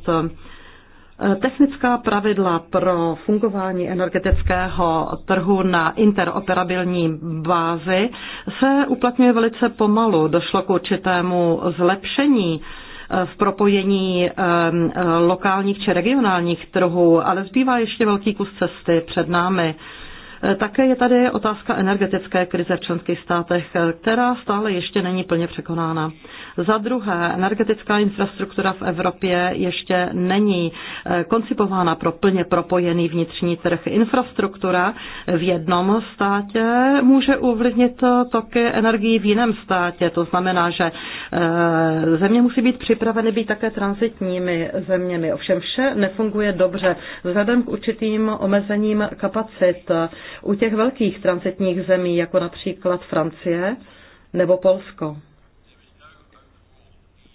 Technická pravidla pro fungování energetického trhu na interoperabilní bázi se uplatňuje velice pomalu. Došlo k určitému zlepšení eh, v propojení ehm, lokálních či regionálních trhů, ale zbývá ještě velký kus cesty před námi. Eh, také je tady otázka energetické krize v členských státech, eh, která stále ještě není plně překonána. Za druhé, energetická infrastruktura v Evropě ještě není eh, koncipována pro plně propojený vnitřní trh. Infrastruktura v jednom státě může ovlivnit toky energii v jiném státě. To znamená, že země musí být připraveny být také transitními zeměmi. Ovšem vše nefunguje dobře vzhledem k určitým omezením kapacit u těch velkých transitních zemí, jako například Francie nebo Polsko.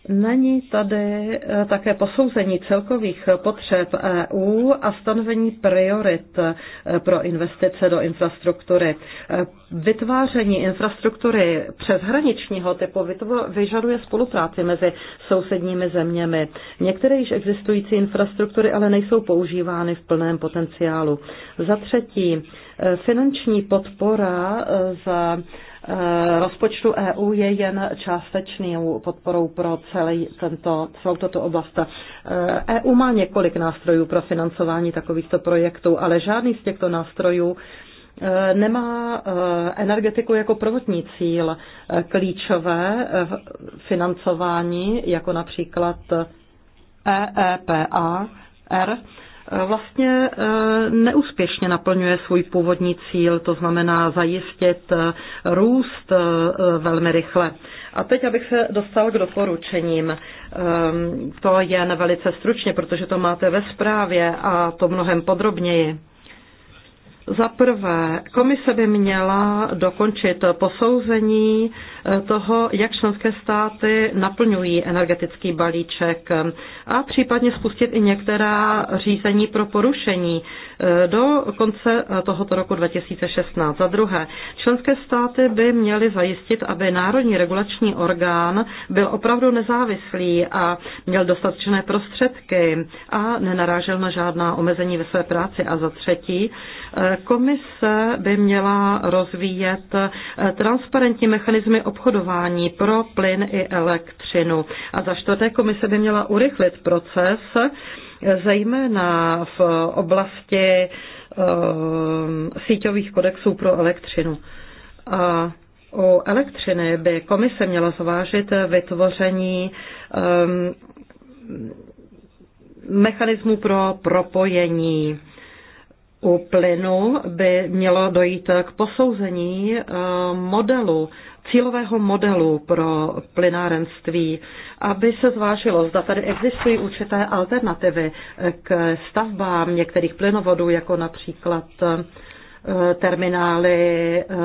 Není tady eh, také posouzení celkových potřeb EU a stanovení priorit eh, pro investice do infrastruktury. Eh, vytváření infrastruktury přeshraničního typu vyžaduje spolupráci mezi sousedními zeměmi. Některé již existující infrastruktury ale nejsou používány v plném potenciálu. Za třetí, finanční podpora za Eh, rozpočtu EU je jen částečnou podporou pro celý tento, celou toto oblast. EU eh, e má několik nástrojů pro financování takovýchto projektů, ale žádný z těchto nástrojů eh, nemá energetiku jako prvotní cíl. Klíčové financování, jako například EEPA, R, vlastně eh, neúspěšně naplňuje svůj původní cíl, to znamená zajistit eh, růst eh, velmi rychle. A teď, abych se dostal k doporučením, to je velice stručně, protože to máte ve zprávě a to mnohem podrobněji. Za prvé, komise by měla dokončit posouzení toho, jak členské státy naplňují energetický balíček a případně spustit i některá řízení pro porušení eh, do konce tohoto roku 2016. Za druhé, členské státy by měly zajistit, aby národní regulační orgán byl opravdu nezávislý a měl dostatečné prostředky a nenarážel na žádná omezení ve své práci. A za třetí, eh, komise by měla rozvíjet eh, transparentní mechanizmy obchodování pro plyn i elektřinu. A za čtvrté komise by měla urychlit proces, zejména v oblasti ehm, síťových kodexů pro elektřinu. A u elektřiny by komise měla zvážit vytvoření um, ehm, mechanismu pro propojení. U plynu by mělo dojít k posouzení ehm, modelu cílového modelu pro plynárenství, aby se zvážilo, zda tady existují určité alternativy k stavbám některých plynovodů, jako například eh, terminály eh,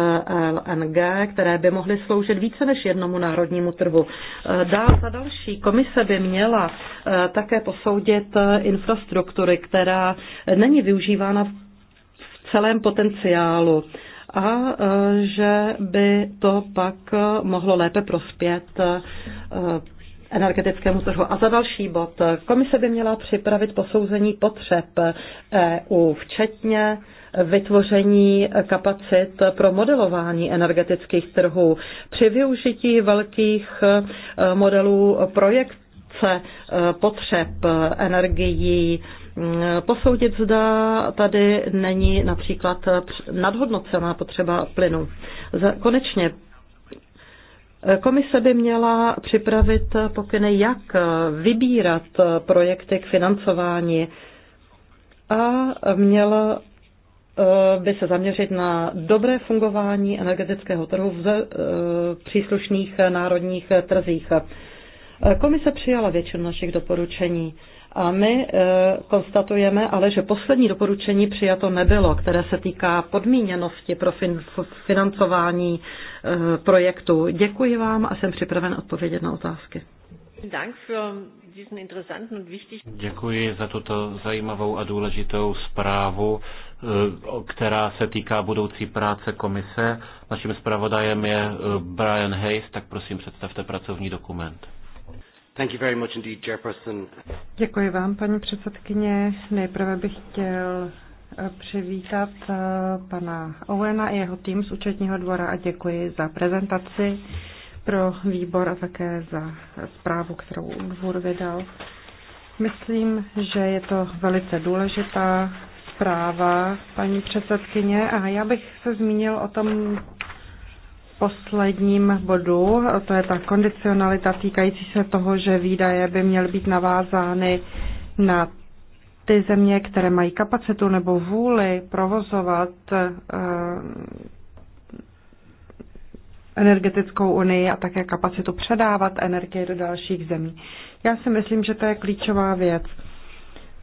LNG, které by mohly sloužit více než jednomu národnímu trhu. Eh, dál za další komise by měla také posoudit infrastruktury, která není využívána v celém potenciálu a e, že by to pak e, mohlo lépe prospět e, energetickému trhu. A za další bod. Komise by měla připravit posouzení potřeb EU, včetně vytvoření kapacit pro modelování energetických trhů při využití velkých modelů projekce potřeb energií posoudit, zda tady není například nadhodnocená potřeba plynu. Konečně Komise by měla připravit pokyny, jak vybírat projekty k financování a měla eh, by se zaměřit na dobré fungování energetického trhu v eh, příslušných národních trzích. Komise přijala většinu našich doporučení. A my e, konstatujeme ale, že poslední doporučení přijato nebylo, které se týká podmíněnosti pro fin, financování e, projektu. Děkuji vám a jsem připraven odpovědět na otázky. Děkuji za tuto zajímavou a důležitou zprávu, eh, která se týká budoucí práce komise. Naším zpravodajem je Brian Hayes, tak prosím představte pracovní dokument. Thank you very much indeed, Děkuji vám, paní předsedkyně. Nejprve bych chtěl eh, přivítat eh, pana Owena i jeho tým z účetního dvora a děkuji za prezentaci pro výbor a také za zprávu, kterou dvůr vydal. Myslím, že je to velice důležitá zpráva, paní předsedkyně, a já bych se zmínil o tom, posledním bodu, to je ta kondicionalita týkající se toho, že výdaje by měly být navázány na ty země, které mají kapacitu nebo vůli provozovat eh, energetickou unii a také kapacitu předávat energie do dalších zemí. Já si myslím, že to je klíčová věc,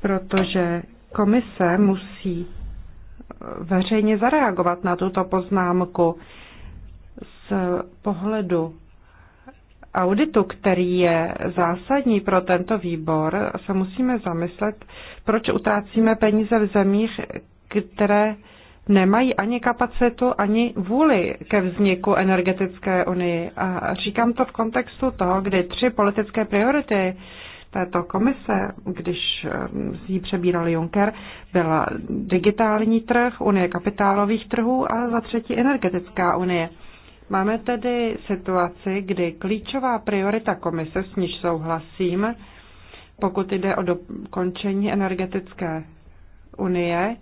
protože komise musí eh, veřejně zareagovat na tuto poznámku pohledu auditu, který je zásadní pro tento výbor, se musíme zamyslet, proč utrácíme peníze v zemích, které nemají ani kapacitu, ani vůli ke vzniku energetické unie. A říkám to v kontextu toho, kdy tři politické priority této komise, když ji hm, přebíral Juncker, byla digitální trh, unie kapitálových trhů a za třetí energetická unie. Máme tedy situaci, kdy klíčová priorita komise, s níž souhlasím, pokud jde o dokončení energetické unie,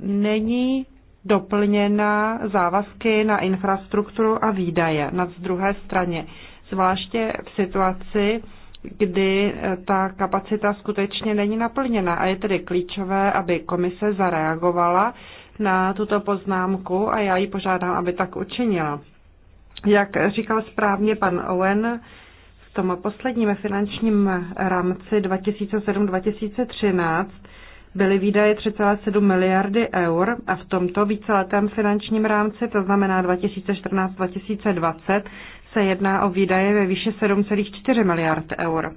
není doplněna závazky na infrastrukturu a výdaje. Na druhé straně, zvláště v situaci, kdy ta kapacita skutečně není naplněna a je tedy klíčové, aby komise zareagovala na tuto poznámku a já ji požádám, aby tak učinila. Jak říkal správně pan Owen, v tom posledním finančním rámci 2007-2013 byly výdaje 3,7 miliardy eur a v tomto víceletém finančním rámci, to znamená 2014-2020, se jedná o výdaje ve výše 7,4 miliard eur.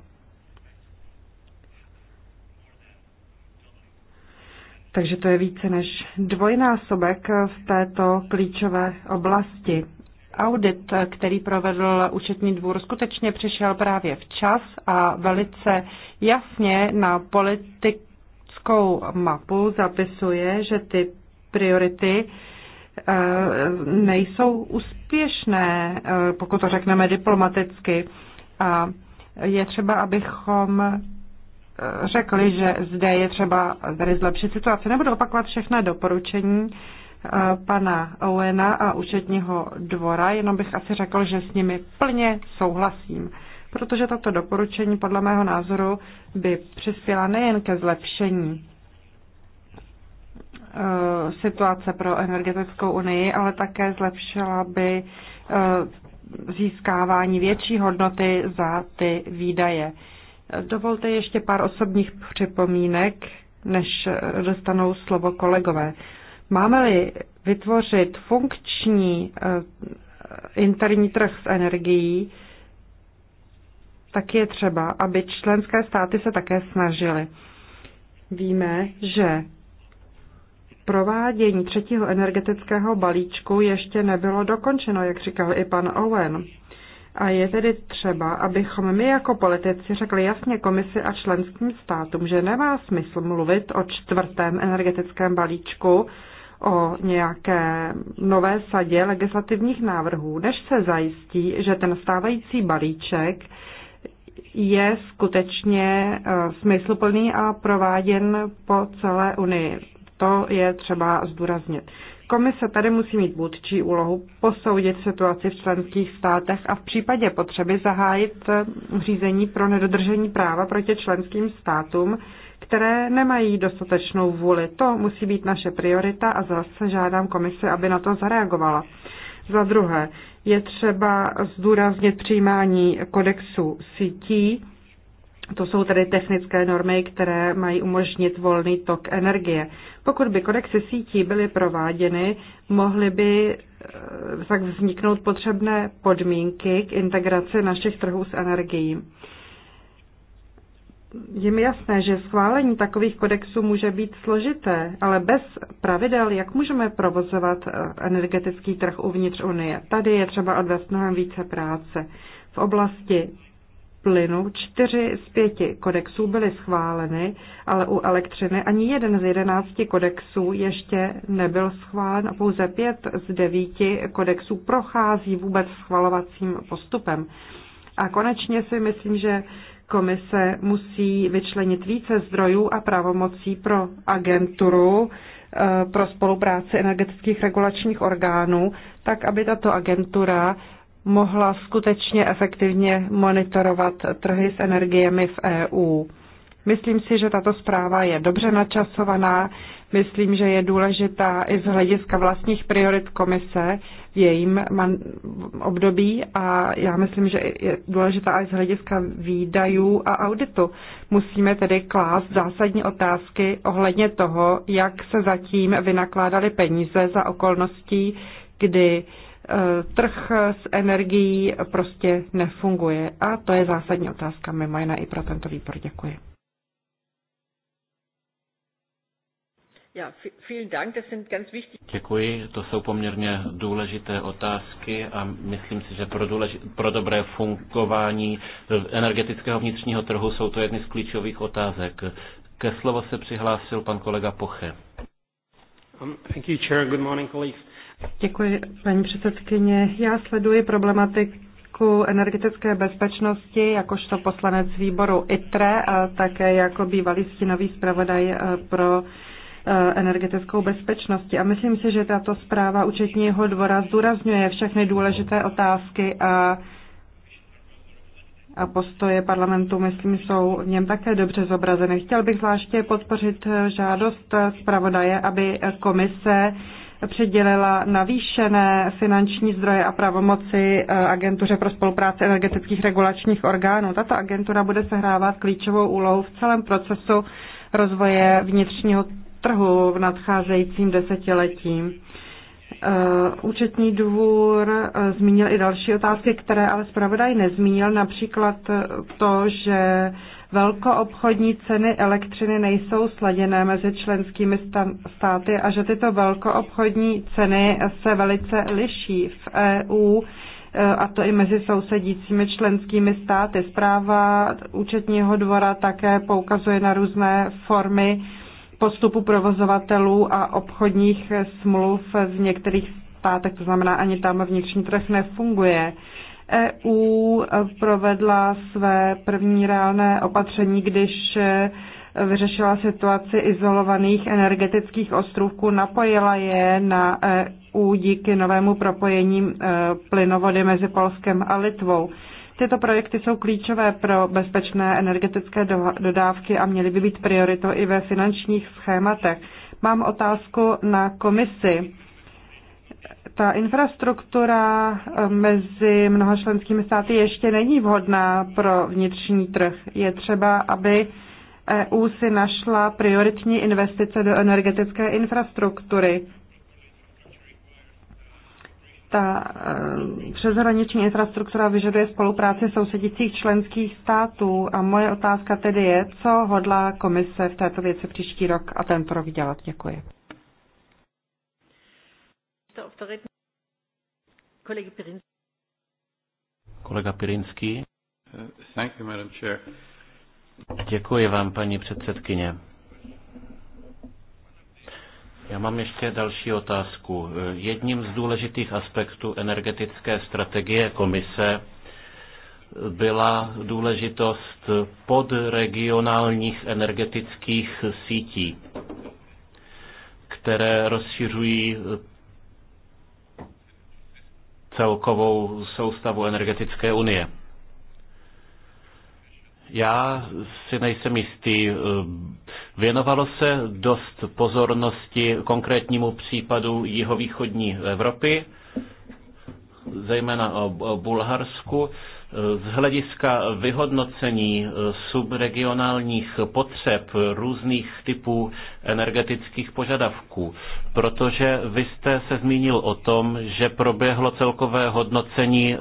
Takže to je více než dvojnásobek v této klíčové oblasti. Audit, který provedl účetní dvůr, skutečně přišel právě včas a velice jasně na politickou mapu zapisuje, že ty priority eh, nejsou úspěšné, eh, pokud to řekneme diplomaticky. A je třeba, abychom řekli, že zde je třeba tady zlepšit situaci. Nebudu opakovat všechna doporučení eh, pana Owena a účetního dvora, jenom bych asi řekl, že s nimi plně souhlasím, protože tato doporučení podle mého názoru by přispěla nejen ke zlepšení eh, situace pro energetickou unii, ale také zlepšila by eh, získávání větší hodnoty za ty výdaje. Dovolte ještě pár osobních připomínek, než dostanou slovo kolegové. Máme-li vytvořit funkční eh, interní trh s energií, tak je třeba, aby členské státy se také snažily. Víme, že provádění třetího energetického balíčku ještě nebylo dokončeno, jak říkal i pan Owen. A je tedy třeba, abychom my jako politici řekli jasně komisi a členským státům, že nemá smysl mluvit o čtvrtém energetickém balíčku, o nějaké nové sadě legislativních návrhů, než se zajistí, že ten stávající balíček je skutečně eh, smysluplný a prováděn po celé Unii. To je třeba zdůraznit. Komise tady musí mít vůdčí úlohu posoudit situaci v členských státech a v případě potřeby zahájit eh, řízení pro nedodržení práva proti členským státům, které nemají dostatečnou vůli. To musí být naše priorita a zase žádám komisi, aby na to zareagovala. Za druhé, je třeba zdůraznit přijímání kodexu sítí, to jsou tedy technické normy, které mají umožnit volný tok energie. Pokud by kodexy sítí byly prováděny, mohly by eh, tak vzniknout potřebné podmínky k integraci našich trhů s energií. Je mi jasné, že schválení takových kodexů může být složité, ale bez pravidel, jak můžeme provozovat eh, energetický trh uvnitř Unie. Tady je třeba odvést mnohem více práce. V oblasti plynu čtyři z pěti kodexů byly schváleny, ale u elektřiny ani jeden z jedenácti kodexů ještě nebyl schválen a pouze pět z devíti kodexů prochází vůbec schvalovacím postupem. A konečně si myslím, že komise musí vyčlenit více zdrojů a pravomocí pro agenturu eh, pro spolupráci energetických regulačních orgánů, tak aby tato agentura mohla skutečně efektivně monitorovat trhy s energiemi v EU. Myslím si, že tato zpráva je dobře načasovaná, myslím, že je důležitá i z hlediska vlastních priorit komise v jejím období a já myslím, že je důležitá i z hlediska výdajů a auditu. Musíme tedy klást zásadní otázky ohledně toho, jak se zatím vynakládaly peníze za okolností, kdy uh, Eh, trh s energií prostě nefunguje. A to je zásadní otázka mimo jiné i pro tento výbor. Děkuji. Děkuji, to jsou poměrně důležité otázky a myslím si, že pro, důležité, pro dobré fungování energetického vnitřního trhu jsou to jedny z klíčových otázek. Ke slovo se přihlásil pan kolega Poche. Um, thank you, Chair. Good morning, colleagues. Děkuji, paní předsedkyně. Já sleduji problematiku energetické bezpečnosti jakožto poslanec výboru ITRE a také jako bývalý stínový zpravodaj eh, pro eh, energetickou bezpečnosti. A myslím si, že tato zpráva účetního dvora zdůrazňuje všechny důležité otázky a a postoje parlamentu, myslím, jsou v něm také dobře zobrazeny. Chtěl bych zvláště podpořit eh, žádost zpravodaje, aby komise přidělila navýšené finanční zdroje a pravomoci eh, Agentuře pro spolupráci energetických regulačních orgánů. Tato agentura bude sehrávat klíčovou úlohu v celém procesu rozvoje vnitřního trhu v nadcházejícím desetiletí. Eh, účetní dvůr eh, zmínil i další otázky, které ale zpravodaj nezmínil, například to, že velkoobchodní ceny elektřiny nejsou sladěné mezi členskými státy a že tyto velkoobchodní ceny se velice liší v EU eh, a to i mezi sousedícími členskými státy. Zpráva účetního dvora také poukazuje na různé formy postupu provozovatelů a obchodních smluv v některých státech, to znamená, ani tam vnitřní trh nefunguje. EU provedla své první reálné opatření, když e, vyřešila situaci izolovaných energetických ostrovků, napojila je na EU díky novému propojení e, plynovody mezi Polskem a Litvou. Tyto projekty jsou klíčové pro bezpečné energetické dodávky a měly by být prioritou i ve finančních schématech. Mám otázku na komisi ta infrastruktura eh, mezi mnoha členskými státy ještě není vhodná pro vnitřní trh. Je třeba, aby EU si našla prioritní investice do energetické infrastruktury. Ta eh, přeshraniční infrastruktura vyžaduje spolupráci sousedících členských států a moje otázka tedy je, co hodlá komise v této věci příští rok a tento rok dělat. Děkuji. Kolega Pirinský. Kolega Thank you, Madam Chair. Děkuji vám, paní předsedkyně. Já mám ještě další otázku. Jedním z důležitých aspektů energetické strategie komise byla důležitost podregionálních energetických sítí, které rozšiřují celkovou soustavu energetické unie. Já si nejsem jistý. Eh, věnovalo se dost pozornosti konkrétnímu případu jihovýchodní Evropy, zejména o Bulharsku. Z hlediska vyhodnocení eh, subregionálních potřeb různých typů energetických požadavků, protože vy jste se zmínil o tom, že proběhlo celkové hodnocení eh,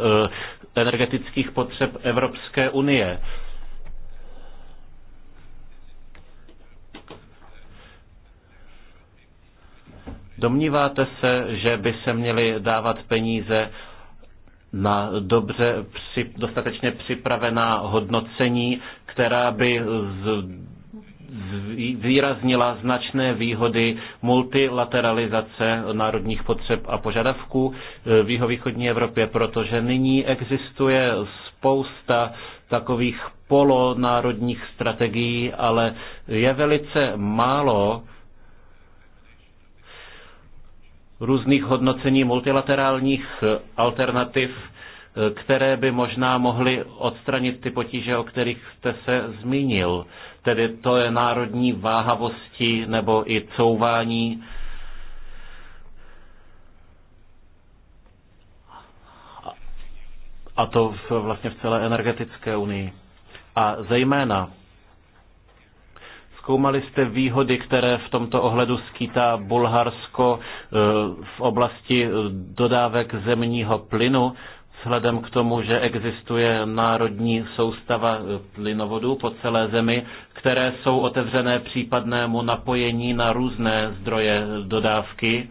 energetických potřeb Evropské unie. Domníváte se, že by se měly dávat peníze na dobře při, dostatečně připravená hodnocení, která by z, výraznila značné výhody multilateralizace národních potřeb a požadavků eh, v jihovýchodní Evropě, protože nyní existuje spousta takových polonárodních strategií, ale je velice málo různých hodnocení multilaterálních eh, alternativ, eh, které by možná mohly odstranit ty potíže, o kterých jste se zmínil. Tedy to je národní váhavosti nebo i couvání. A to v, vlastně v celé energetické unii. A zejména Zkoumali jste výhody, které v tomto ohledu skýtá Bulharsko eh, v oblasti eh, dodávek zemního plynu, vzhledem k tomu, že existuje národní soustava eh, plynovodů po celé zemi, které jsou otevřené případnému napojení na různé zdroje dodávky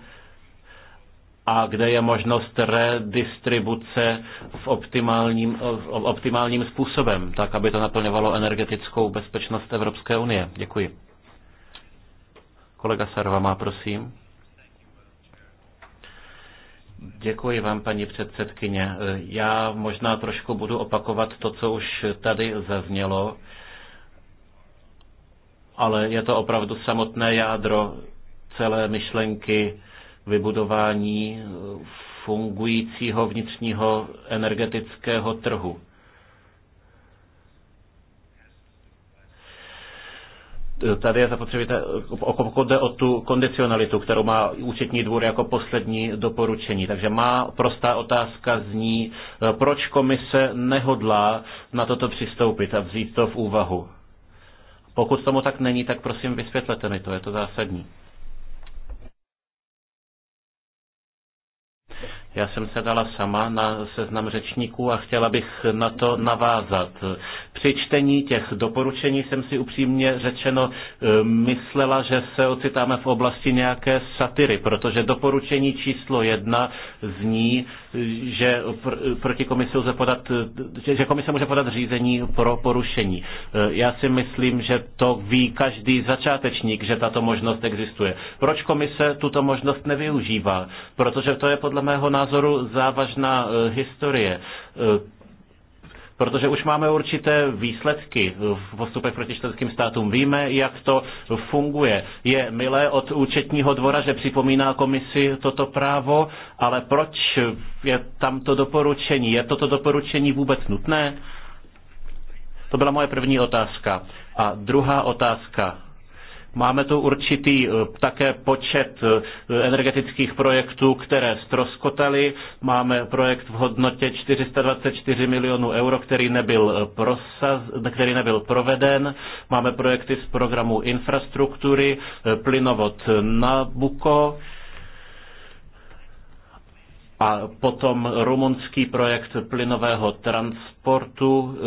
a kde je možnost redistribuce v optimálním, v optimálním způsobem, tak aby to naplňovalo energetickou bezpečnost Evropské unie. Děkuji. Kolega Sarva má, prosím. Děkuji vám, paní předsedkyně. Já možná trošku budu opakovat to, co už tady zaznělo, ale je to opravdu samotné jádro celé myšlenky vybudování eh, fungujícího vnitřního energetického trhu. Eh, tady je zapotřebí, pokud jde o tu kondicionalitu, kterou má účetní dvůr jako poslední doporučení. Takže má prostá otázka zní, eh, proč komise nehodlá na toto přistoupit a vzít to v úvahu. Pokud tomu tak není, tak prosím vysvětlete mi to, je to zásadní. Já jsem se dala sama na seznam řečníků a chtěla bych na to navázat. Při čtení těch doporučení jsem si upřímně řečeno eh, myslela, že se ocitáme v oblasti nějaké satyry, protože doporučení číslo jedna zní, že proti komisi lze podat, že komise může podat řízení pro porušení. Já si myslím, že to ví každý začátečník, že tato možnost existuje. Proč komise tuto možnost nevyužívá? Protože to je podle mého názoru závažná eh, historie eh, protože už máme určité výsledky v postupech proti členským státům. Víme, jak to funguje. Je milé od účetního dvora, že připomíná komisi toto právo, ale proč je tam to doporučení? Je toto doporučení vůbec nutné? To byla moje první otázka. A druhá otázka Máme tu určitý eh, také počet eh, energetických projektů, které ztroskotaly. Máme projekt v hodnotě 424 milionů euro, který nebyl, eh, prosaz, který nebyl proveden. Máme projekty z programu infrastruktury, plynovod Nabuko a potom rumunský projekt plynového transportu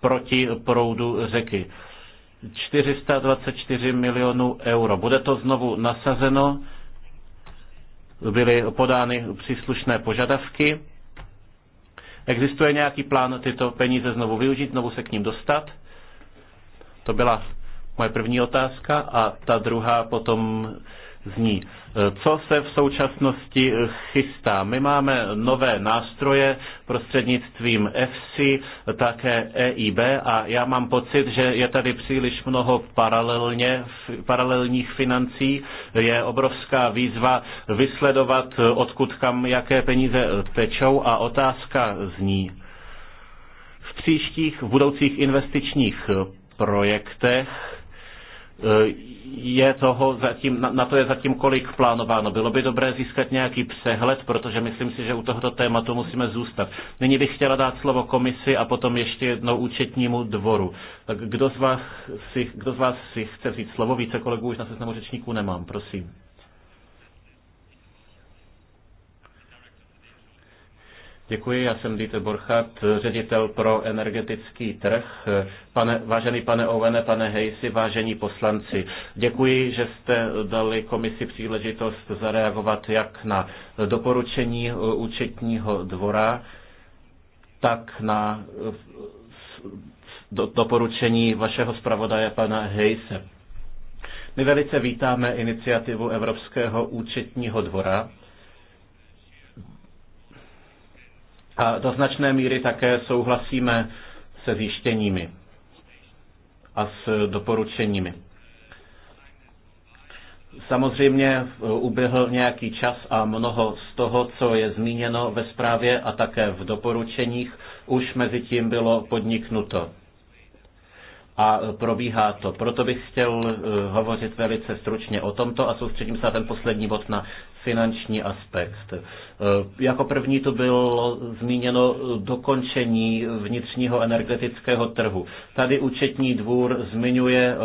proti proudu řeky. 424 milionů euro. Bude to znovu nasazeno, byly podány příslušné požadavky. Existuje nějaký plán tyto peníze znovu využít, znovu se k ním dostat? To byla moje první otázka. A ta druhá potom zní, e, co se v současnosti e, chystá. My máme nové nástroje prostřednictvím EFSI, také EIB a já mám pocit, že je tady příliš mnoho paralelně, paralelních financí. Je obrovská výzva vysledovat, e, odkud kam jaké peníze tečou a otázka zní. V příštích, v budoucích investičních projektech Eh, je toho zatím, na, na to je zatím kolik plánováno. Bylo by dobré získat nějaký přehled, protože myslím si, že u tohoto tématu musíme zůstat. Nyní bych chtěla dát slovo komisi a potom ještě jednou účetnímu dvoru. Tak kdo z vás si, kdo z vás si chce vzít slovo? Více kolegů už na seznamu řečníků nemám, prosím. Děkuji, já jsem Dieter Borchat, ředitel pro energetický trh. Pane, vážený pane Ovene, pane Hejsi, vážení poslanci, děkuji, že jste dali komisi příležitost zareagovat jak na doporučení účetního dvora, tak na doporučení vašeho zpravodaje pana Hejse. My velice vítáme iniciativu Evropského účetního dvora, A do značné míry také souhlasíme se zjištěními a s doporučeními. Samozřejmě eh, uběhl nějaký čas a mnoho z toho, co je zmíněno ve zprávě a také v doporučeních, už mezi tím bylo podniknuto. A eh, probíhá to. Proto bych chtěl eh, hovořit velice stručně o tomto a soustředím se na ten poslední bod na finanční aspekt. E, jako první to bylo zmíněno dokončení vnitřního energetického trhu. Tady účetní dvůr zmiňuje e,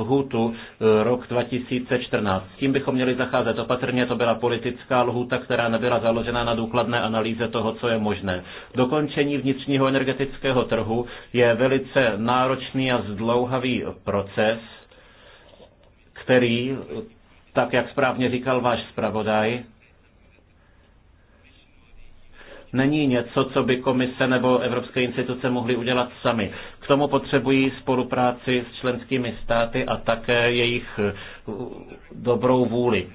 lhůtu e, rok 2014. S tím bychom měli zacházet opatrně, to byla politická lhůta, která nebyla založena na důkladné analýze toho, co je možné. Dokončení vnitřního energetického trhu je velice náročný a zdlouhavý proces, který tak jak správně říkal váš zpravodaj, není něco, co by komise nebo evropské instituce mohly udělat sami. K tomu potřebují spolupráci s členskými státy a také jejich eh, dobrou vůli.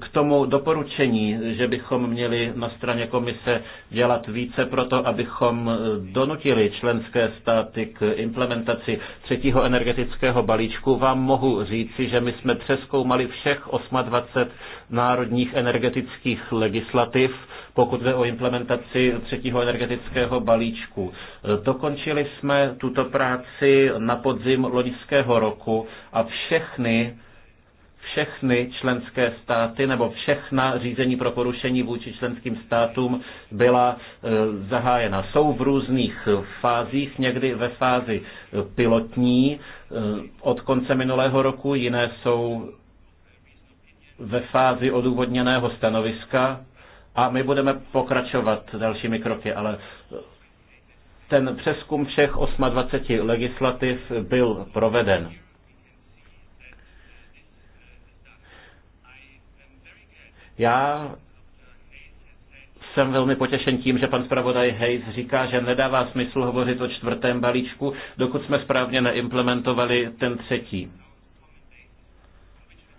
K tomu doporučení, že bychom měli na straně komise dělat více pro to, abychom eh, donutili členské státy k implementaci třetího energetického balíčku, vám mohu říci, že my jsme přeskoumali všech 28 národních energetických legislativ, pokud jde o implementaci třetího energetického balíčku. Eh, dokončili jsme tuto práci na podzim loňského roku a všechny všechny členské státy nebo všechna řízení pro porušení vůči členským státům byla e, zahájena. Jsou v různých fázích, někdy ve fázi pilotní e, od konce minulého roku, jiné jsou ve fázi odůvodněného stanoviska a my budeme pokračovat dalšími kroky, ale ten přeskum všech 28 legislativ byl proveden. Já jsem velmi potěšen tím, že pan zpravodaj Hayes říká, že nedává smysl hovořit o čtvrtém balíčku, dokud jsme správně neimplementovali ten třetí.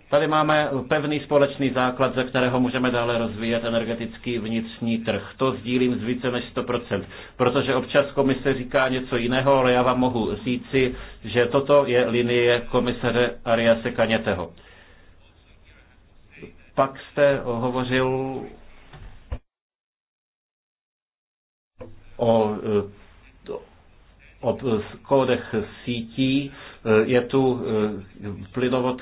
Tady máme pevný společný základ, ze kterého můžeme dále rozvíjet energetický vnitřní trh. To sdílím z více než 100%, protože občas komise říká něco jiného, ale já vám mohu říci, že toto je linie komisaře Ariase Kaněteho. Pak jste hovořil o, eh, o kódech sítí. Eh, je tu eh, plynovod,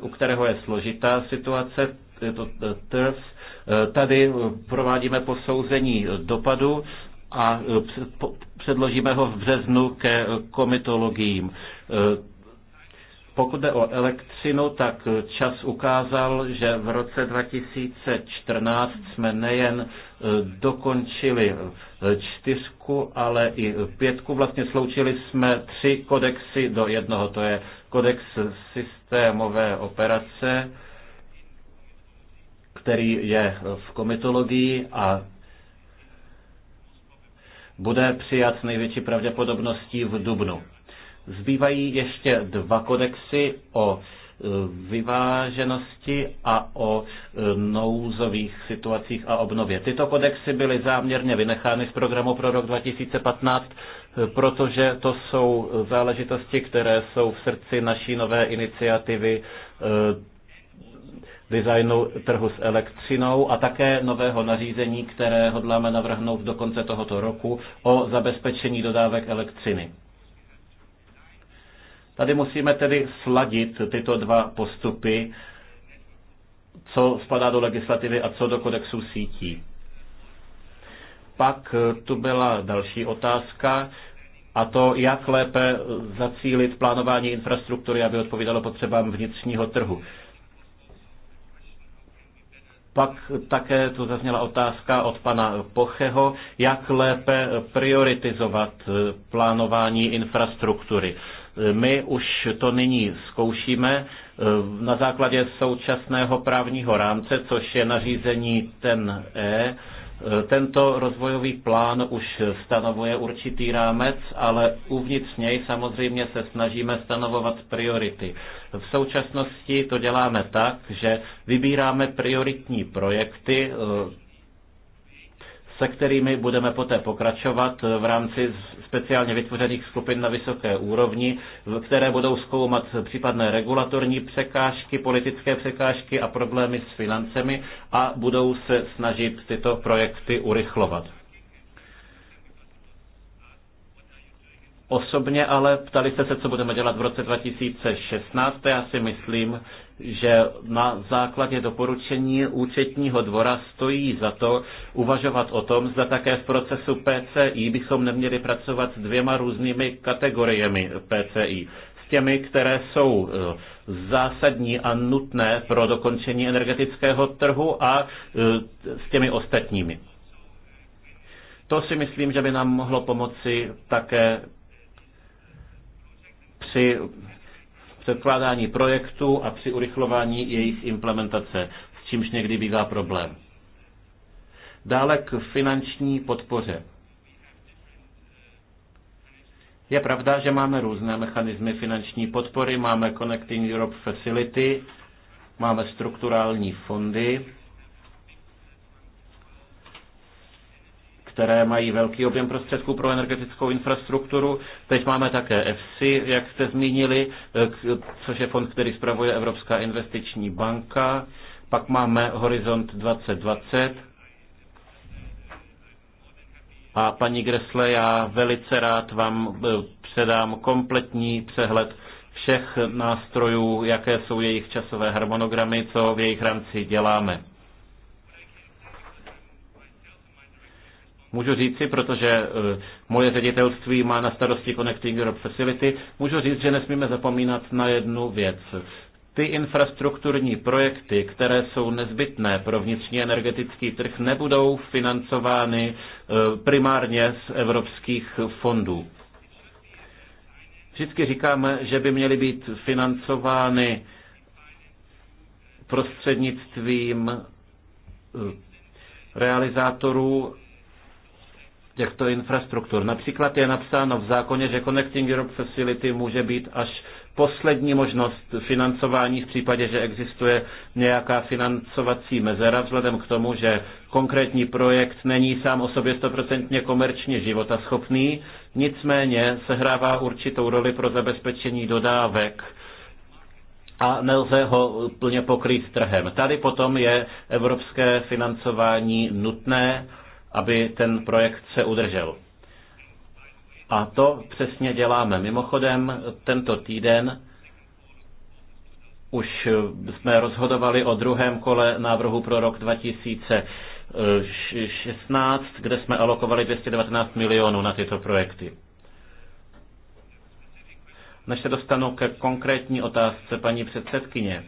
u kterého je složitá situace, je to TERF. Tady provádíme posouzení dopadu a předložíme ho v březnu ke komitologiím. Pokud jde o elektřinu, tak čas ukázal, že v roce 2014 jsme nejen e, dokončili čtyřku, ale i pětku. Vlastně sloučili jsme tři kodexy do jednoho. To je kodex systémové operace, který je v komitologii a bude přijat s největší pravděpodobností v Dubnu. Zbývají ještě dva kodexy o e, vyváženosti a o e, nouzových situacích a obnově. Tyto kodexy byly záměrně vynechány z programu pro rok 2015, e, protože to jsou záležitosti, které jsou v srdci naší nové iniciativy designu trhu s elektřinou a také nového nařízení, které hodláme navrhnout do konce tohoto roku o zabezpečení dodávek elektřiny. Tady musíme tedy sladit tyto dva postupy, co spadá do legislativy a co do kodexu sítí. Pak eh, tu byla další otázka, a to, jak lépe zacílit plánování infrastruktury, aby odpovídalo potřebám vnitřního trhu. Pak také tu zazněla otázka od pana Pocheho, jak lépe prioritizovat eh, plánování infrastruktury. My už to nyní zkoušíme eh, na základě současného právního rámce, což je nařízení ten E. Eh, tento rozvojový plán už stanovuje určitý rámec, ale uvnitř něj samozřejmě se snažíme stanovovat priority. V současnosti to děláme tak, že vybíráme prioritní projekty, eh, se kterými budeme poté pokračovat v rámci speciálně vytvořených skupin na vysoké úrovni, které budou zkoumat případné regulatorní překážky, politické překážky a problémy s financemi a budou se snažit tyto projekty urychlovat. osobně, ale ptali jste se, co budeme dělat v roce 2016. Já si myslím, že na základě doporučení účetního dvora stojí za to uvažovat o tom, zda také v procesu PCI bychom neměli pracovat s dvěma různými kategoriemi PCI. S těmi, které jsou eh, zásadní a nutné pro dokončení energetického trhu a eh, s těmi ostatními. To si myslím, že by nám mohlo pomoci také při předkládání projektů a při urychlování jejich implementace, s čímž někdy bývá problém. Dále k finanční podpoře. Je pravda, že máme různé mechanismy finanční podpory, máme Connecting Europe Facility, máme strukturální fondy, které mají velký objem prostředků pro energetickou infrastrukturu. Teď máme také EFSI, jak jste zmínili, což je fond, který spravuje Evropská investiční banka. Pak máme Horizont 2020. A paní Gresle, já velice rád vám e, předám kompletní přehled všech nástrojů, jaké jsou jejich časové harmonogramy, co v jejich rámci děláme. Můžu říci, protože eh, moje ředitelství má na starosti Connecting Europe Facility, můžu říct, že nesmíme zapomínat na jednu věc. Ty infrastrukturní projekty, které jsou nezbytné pro vnitřní energetický trh, nebudou financovány eh, primárně z evropských fondů. Vždycky říkáme, že by měly být financovány prostřednictvím eh, realizátorů těchto infrastruktur. Například je napsáno v zákoně, že Connecting Europe Facility může být až poslední možnost financování v případě, že existuje nějaká financovací mezera, vzhledem k tomu, že konkrétní projekt není sám o sobě stoprocentně komerčně životaschopný, nicméně sehrává určitou roli pro zabezpečení dodávek a nelze ho plně pokrýt trhem. Tady potom je evropské financování nutné aby ten projekt se udržel. A to přesně děláme. Mimochodem, tento týden už jsme rozhodovali o druhém kole návrhu pro rok 2016, kde jsme alokovali 219 milionů na tyto projekty. Než se dostanu ke konkrétní otázce paní předsedkyně,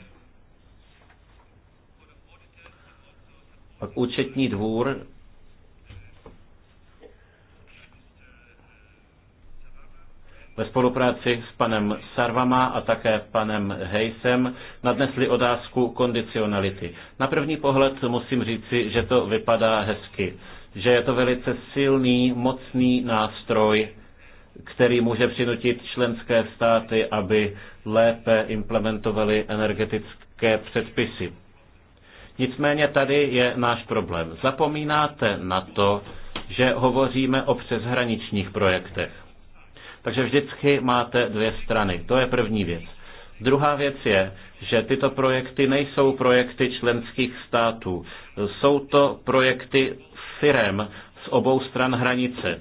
účetní dvůr ve spolupráci s panem Sarvama a také panem Hejsem nadnesli otázku kondicionality. Na první pohled musím říci, že to vypadá hezky, že je to velice silný, mocný nástroj, který může přinutit členské státy, aby lépe implementovali energetické předpisy. Nicméně tady je náš problém. Zapomínáte na to, že hovoříme o přeshraničních projektech. Takže vždycky máte dvě strany. To je první věc. Druhá věc je, že tyto projekty nejsou projekty členských států. Jsou to projekty firem z obou stran hranice.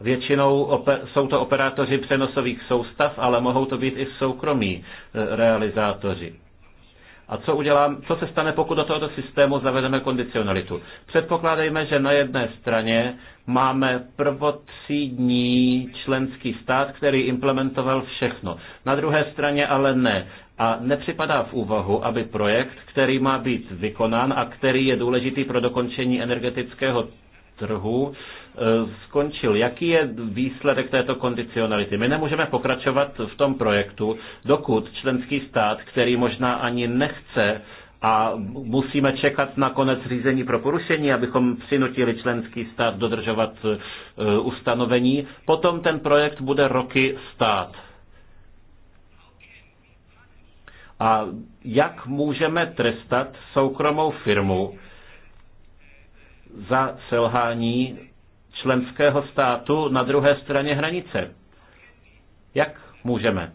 Většinou jsou to operátoři přenosových soustav, ale mohou to být i soukromí eh, realizátoři. A co, udělám, co se stane, pokud do tohoto systému zavedeme kondicionalitu? Předpokládejme, že na jedné straně máme prvotřídní členský stát, který implementoval všechno. Na druhé straně ale ne. A nepřipadá v úvahu, aby projekt, který má být vykonán a který je důležitý pro dokončení energetického trhu, Eh, skončil. Jaký je výsledek této kondicionality? My nemůžeme pokračovat v tom projektu, dokud členský stát, který možná ani nechce a musíme čekat na konec řízení pro porušení, abychom přinutili členský stát dodržovat eh, ustanovení, potom ten projekt bude roky stát. A jak můžeme trestat soukromou firmu za selhání členského státu na druhé straně hranice. Jak můžeme?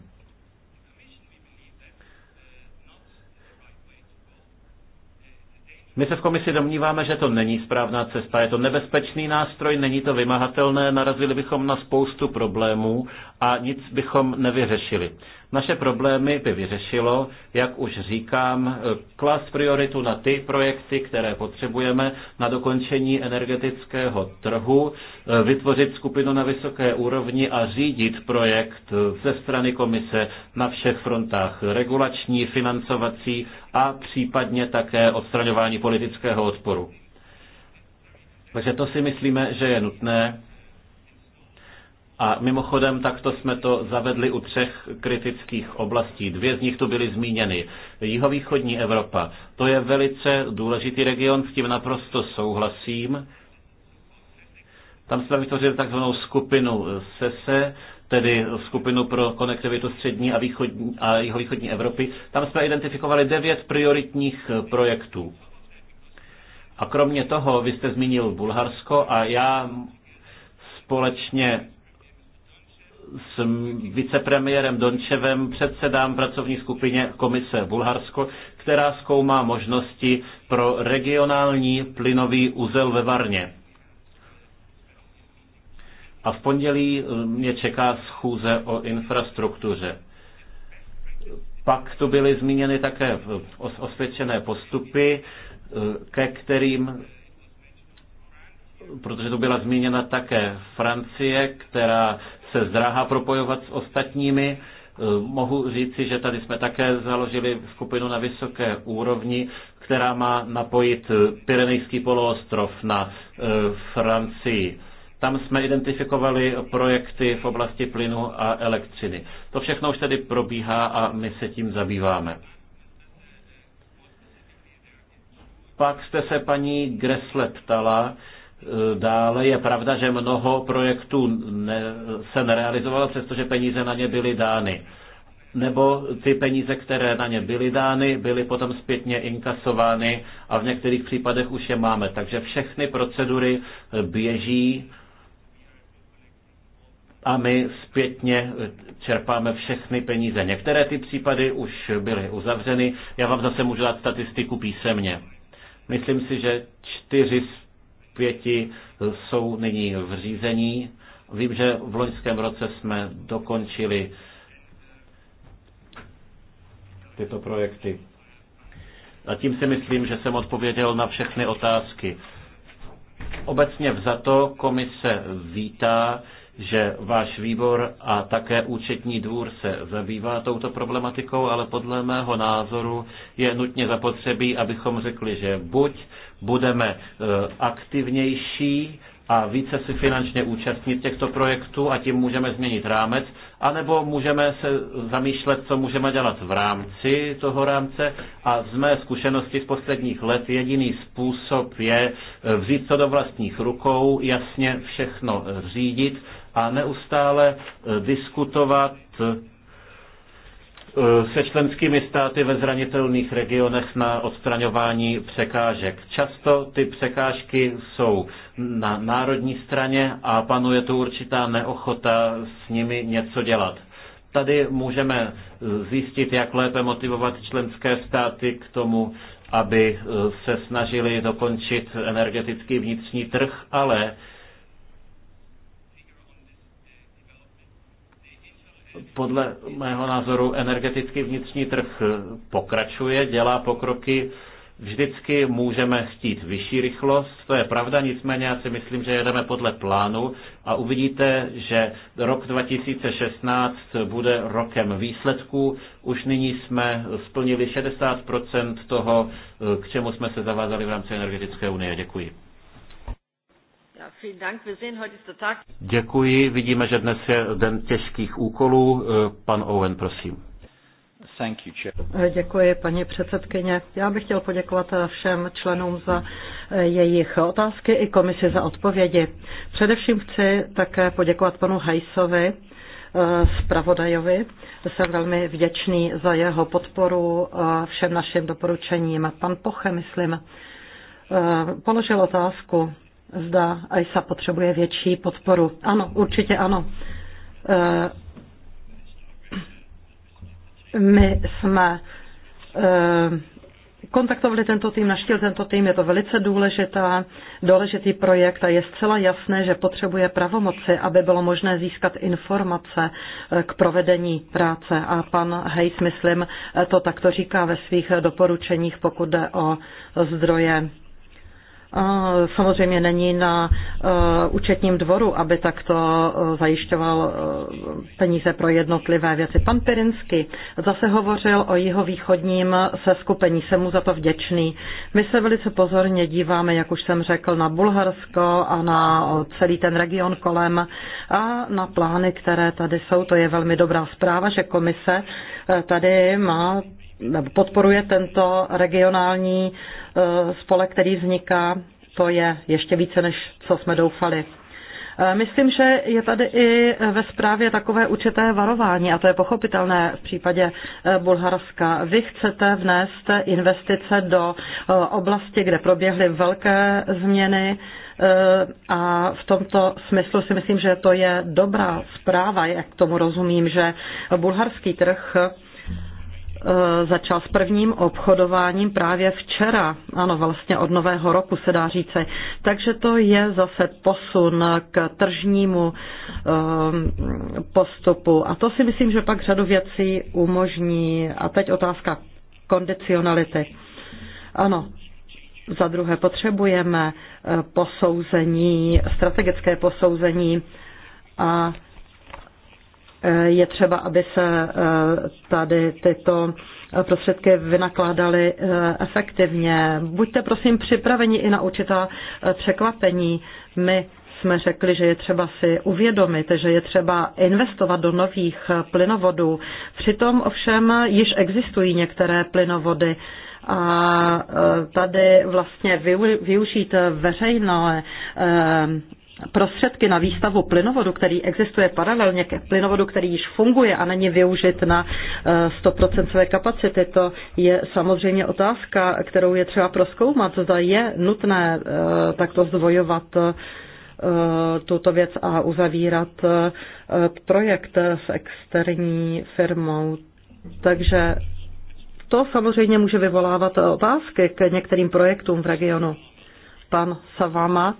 My se v komisi domníváme, že to není správná cesta, je to nebezpečný nástroj, není to vymahatelné, narazili bychom na spoustu problémů a nic bychom nevyřešili. Naše problémy by vyřešilo, jak už říkám, eh, klas prioritu na ty projekty, které potřebujeme na dokončení energetického trhu, eh, vytvořit skupinu na vysoké úrovni a řídit projekt eh, ze strany komise na všech frontách regulační, financovací a případně také odstraňování politického odporu. Takže to si myslíme, že je nutné a mimochodem, takto jsme to zavedli u třech kritických oblastí. Dvě z nich tu byly zmíněny. Jihovýchodní Evropa. To je velice důležitý region, s tím naprosto souhlasím. Tam jsme vytvořili takzvanou skupinu SESE, tedy skupinu pro konektivitu střední a, východní, a jihovýchodní Evropy. Tam jsme identifikovali devět prioritních projektů. A kromě toho, vy jste zmínil Bulharsko a já společně s vicepremiérem Dončevem předsedám pracovní skupině Komise Bulharsko, která zkoumá možnosti pro regionální plynový úzel ve Varně. A v pondělí eh, mě čeká schůze o infrastruktuře. Pak tu byly zmíněny také eh, osvědčené postupy, eh, ke kterým protože to byla zmíněna také Francie, která se zdráhá propojovat s ostatními. E, mohu říci, že tady jsme také založili skupinu na vysoké úrovni, která má napojit e, Pyrenejský poloostrov na e, Francii. Tam jsme identifikovali projekty v oblasti plynu a elektřiny. To všechno už tedy probíhá a my se tím zabýváme. Pak jste se paní Gressle ptala, Dále je pravda, že mnoho projektů ne, se nerealizovalo, přestože peníze na ně byly dány. Nebo ty peníze, které na ně byly dány, byly potom zpětně inkasovány a v některých případech už je máme. Takže všechny procedury běží a my zpětně čerpáme všechny peníze. Některé ty případy už byly uzavřeny. Já vám zase můžu dát statistiku písemně. Myslím si, že 400 pěti eh, jsou nyní v řízení. Vím, že v loňském roce jsme dokončili tyto projekty. A tím si myslím, že jsem odpověděl na všechny otázky. Obecně vzato komise vítá, že váš výbor a také účetní dvůr se zabývá touto problematikou, ale podle mého názoru je nutně zapotřebí, abychom řekli, že buď budeme e, aktivnější a více si finančně účastnit těchto projektů a tím můžeme změnit rámec, anebo můžeme se zamýšlet, co můžeme dělat v rámci toho rámce a z mé zkušenosti z posledních let jediný způsob je e, vzít to do vlastních rukou, jasně všechno řídit a neustále e, diskutovat Eh, se členskými státy ve zranitelných regionech na odstraňování překážek. Často ty překážky jsou na národní straně a panuje tu určitá neochota s nimi něco dělat. Tady můžeme eh, zjistit, jak lépe motivovat členské státy k tomu, aby eh, se snažili dokončit energetický vnitřní trh, ale podle mého názoru energetický vnitřní trh pokračuje, dělá pokroky. Vždycky můžeme chtít vyšší rychlost, to je pravda, nicméně já si myslím, že jedeme podle plánu a uvidíte, že rok 2016 bude rokem výsledků. Už nyní jsme splnili 60% toho, k čemu jsme se zavázali v rámci energetické unie. Děkuji. Děkuji, vidíme, že dnes je den těžkých úkolů. Eh, pan Owen, prosím. Eh, děkuji, paní předsedkyně. Já bych chtěl poděkovat eh, všem členům za jejich otázky i komisi za odpovědi. Především chci také poděkovat panu Hajsovi, zpravodajovi. Jsem velmi vděčný za jeho podporu všem našim doporučením. Pan Poche, myslím, položil otázku, zda AISA potřebuje větší podporu. Ano, určitě ano. Eh, my jsme eh, kontaktovali tento tým, naštil tento tým, je to velice důležitá, důležitý projekt a je zcela jasné, že potřebuje pravomoci, aby bylo možné získat informace eh, k provedení práce. A pan Hejs, myslím, to takto říká ve svých doporučeních, pokud jde o zdroje samozřejmě není na eh, účetním dvoru, aby takto eh, zajišťoval eh, peníze pro jednotlivé věci. Pan Pirinsky zase hovořil o jeho východním seskupení, jsem mu za to vděčný. My se velice pozorně díváme, jak už jsem řekl, na Bulharsko a na celý ten region kolem a na plány, které tady jsou. To je velmi dobrá zpráva, že komise tady má podporuje tento regionální e, spolek, který vzniká. To je ještě více, než co jsme doufali. E, myslím, že je tady i ve zprávě takové určité varování, a to je pochopitelné v případě e, Bulharska. Vy chcete vnést investice do oblasti, kde proběhly velké změny a v tomto smyslu si myslím, že to je dobrá zpráva, jak tomu rozumím, že bulharský trh Eh, začal s prvním obchodováním právě včera, ano, vlastně od nového roku se dá říci. Takže to je zase posun k tržnímu eh, postupu. A to si myslím, že pak řadu věcí umožní. A teď otázka kondicionality. Ano, za druhé potřebujeme eh, posouzení, strategické posouzení a Eh, je třeba, aby se eh, tady tyto prostředky vynakládaly eh, efektivně. Buďte prosím připraveni i na určitá překvapení. My jsme řekli, že je třeba si uvědomit, že je třeba investovat do nových plynovodů. Přitom ovšem již existují některé plynovody a tady vlastně využít veřejné prostředky na výstavu plynovodu, který existuje paralelně k plynovodu, který již funguje a není využit na 100% eh, své kapacity, to je samozřejmě otázka, kterou je třeba proskoumat, zda je nutné eh, takto zdvojovat eh, tuto věc a uzavírat projekt s externí firmou. Takže to samozřejmě může vyvolávat otázky k některým projektům v regionu. Pan Savama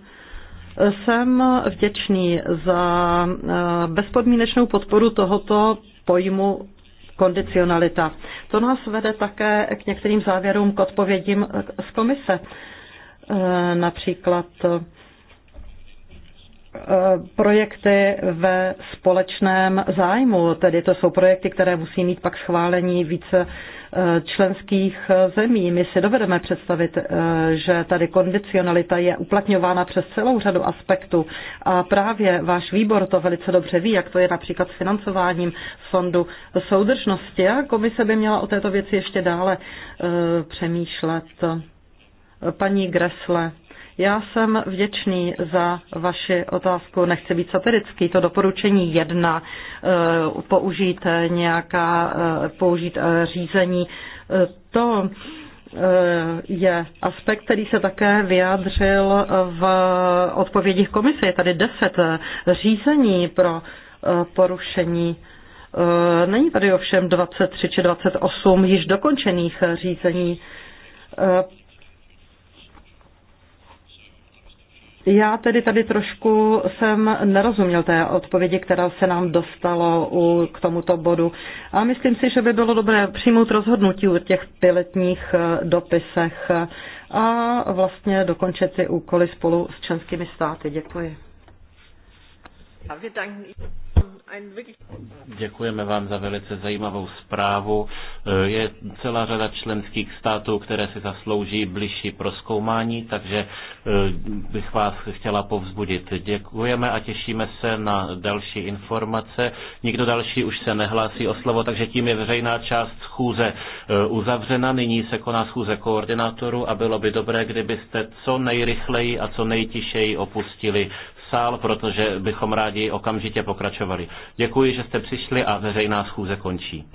jsem vděčný za eh, bezpodmínečnou podporu tohoto pojmu kondicionalita. To nás vede také k některým závěrům, k odpovědím eh, z komise. Eh, například projekty ve společném zájmu, tedy to jsou projekty, které musí mít pak schválení více Eh, členských eh, zemí. My si dovedeme představit, eh, že tady kondicionalita je uplatňována přes celou řadu aspektů a právě váš výbor to velice dobře ví, jak to je například s financováním fondu soudržnosti a komise by měla o této věci ještě dále přemýšlet. Paní Gresle, já jsem vděčný za vaši otázku, nechci být satirický, to doporučení jedna, eh, použít nějaká, eh, použít eh, řízení, to je aspekt, který se také vyjádřil v odpovědích komise. Je tady deset řízení pro porušení Není tady ovšem 23 či 28 již dokončených řízení. Já tedy tady trošku jsem nerozuměl té odpovědi, která se nám dostalo u, k tomuto bodu. A myslím si, že by bylo dobré přijmout rozhodnutí o těch pilotních eh, dopisech a vlastně dokončit ty úkoly spolu s členskými státy. Děkuji. Děkujeme vám za velice zajímavou zprávu. Je celá řada členských států, které si zaslouží bližší proskoumání, takže e, bych vás chtěla povzbudit. Děkujeme a těšíme se na další informace. Nikdo další už se nehlásí o slovo, takže tím je veřejná část schůze e, uzavřena. Nyní se koná schůze koordinátorů a bylo by dobré, kdybyste co nejrychleji a co nejtišeji opustili sál, protože bychom rádi okamžitě pokračovali. Děkuji, že jste přišli a veřejná schůze končí.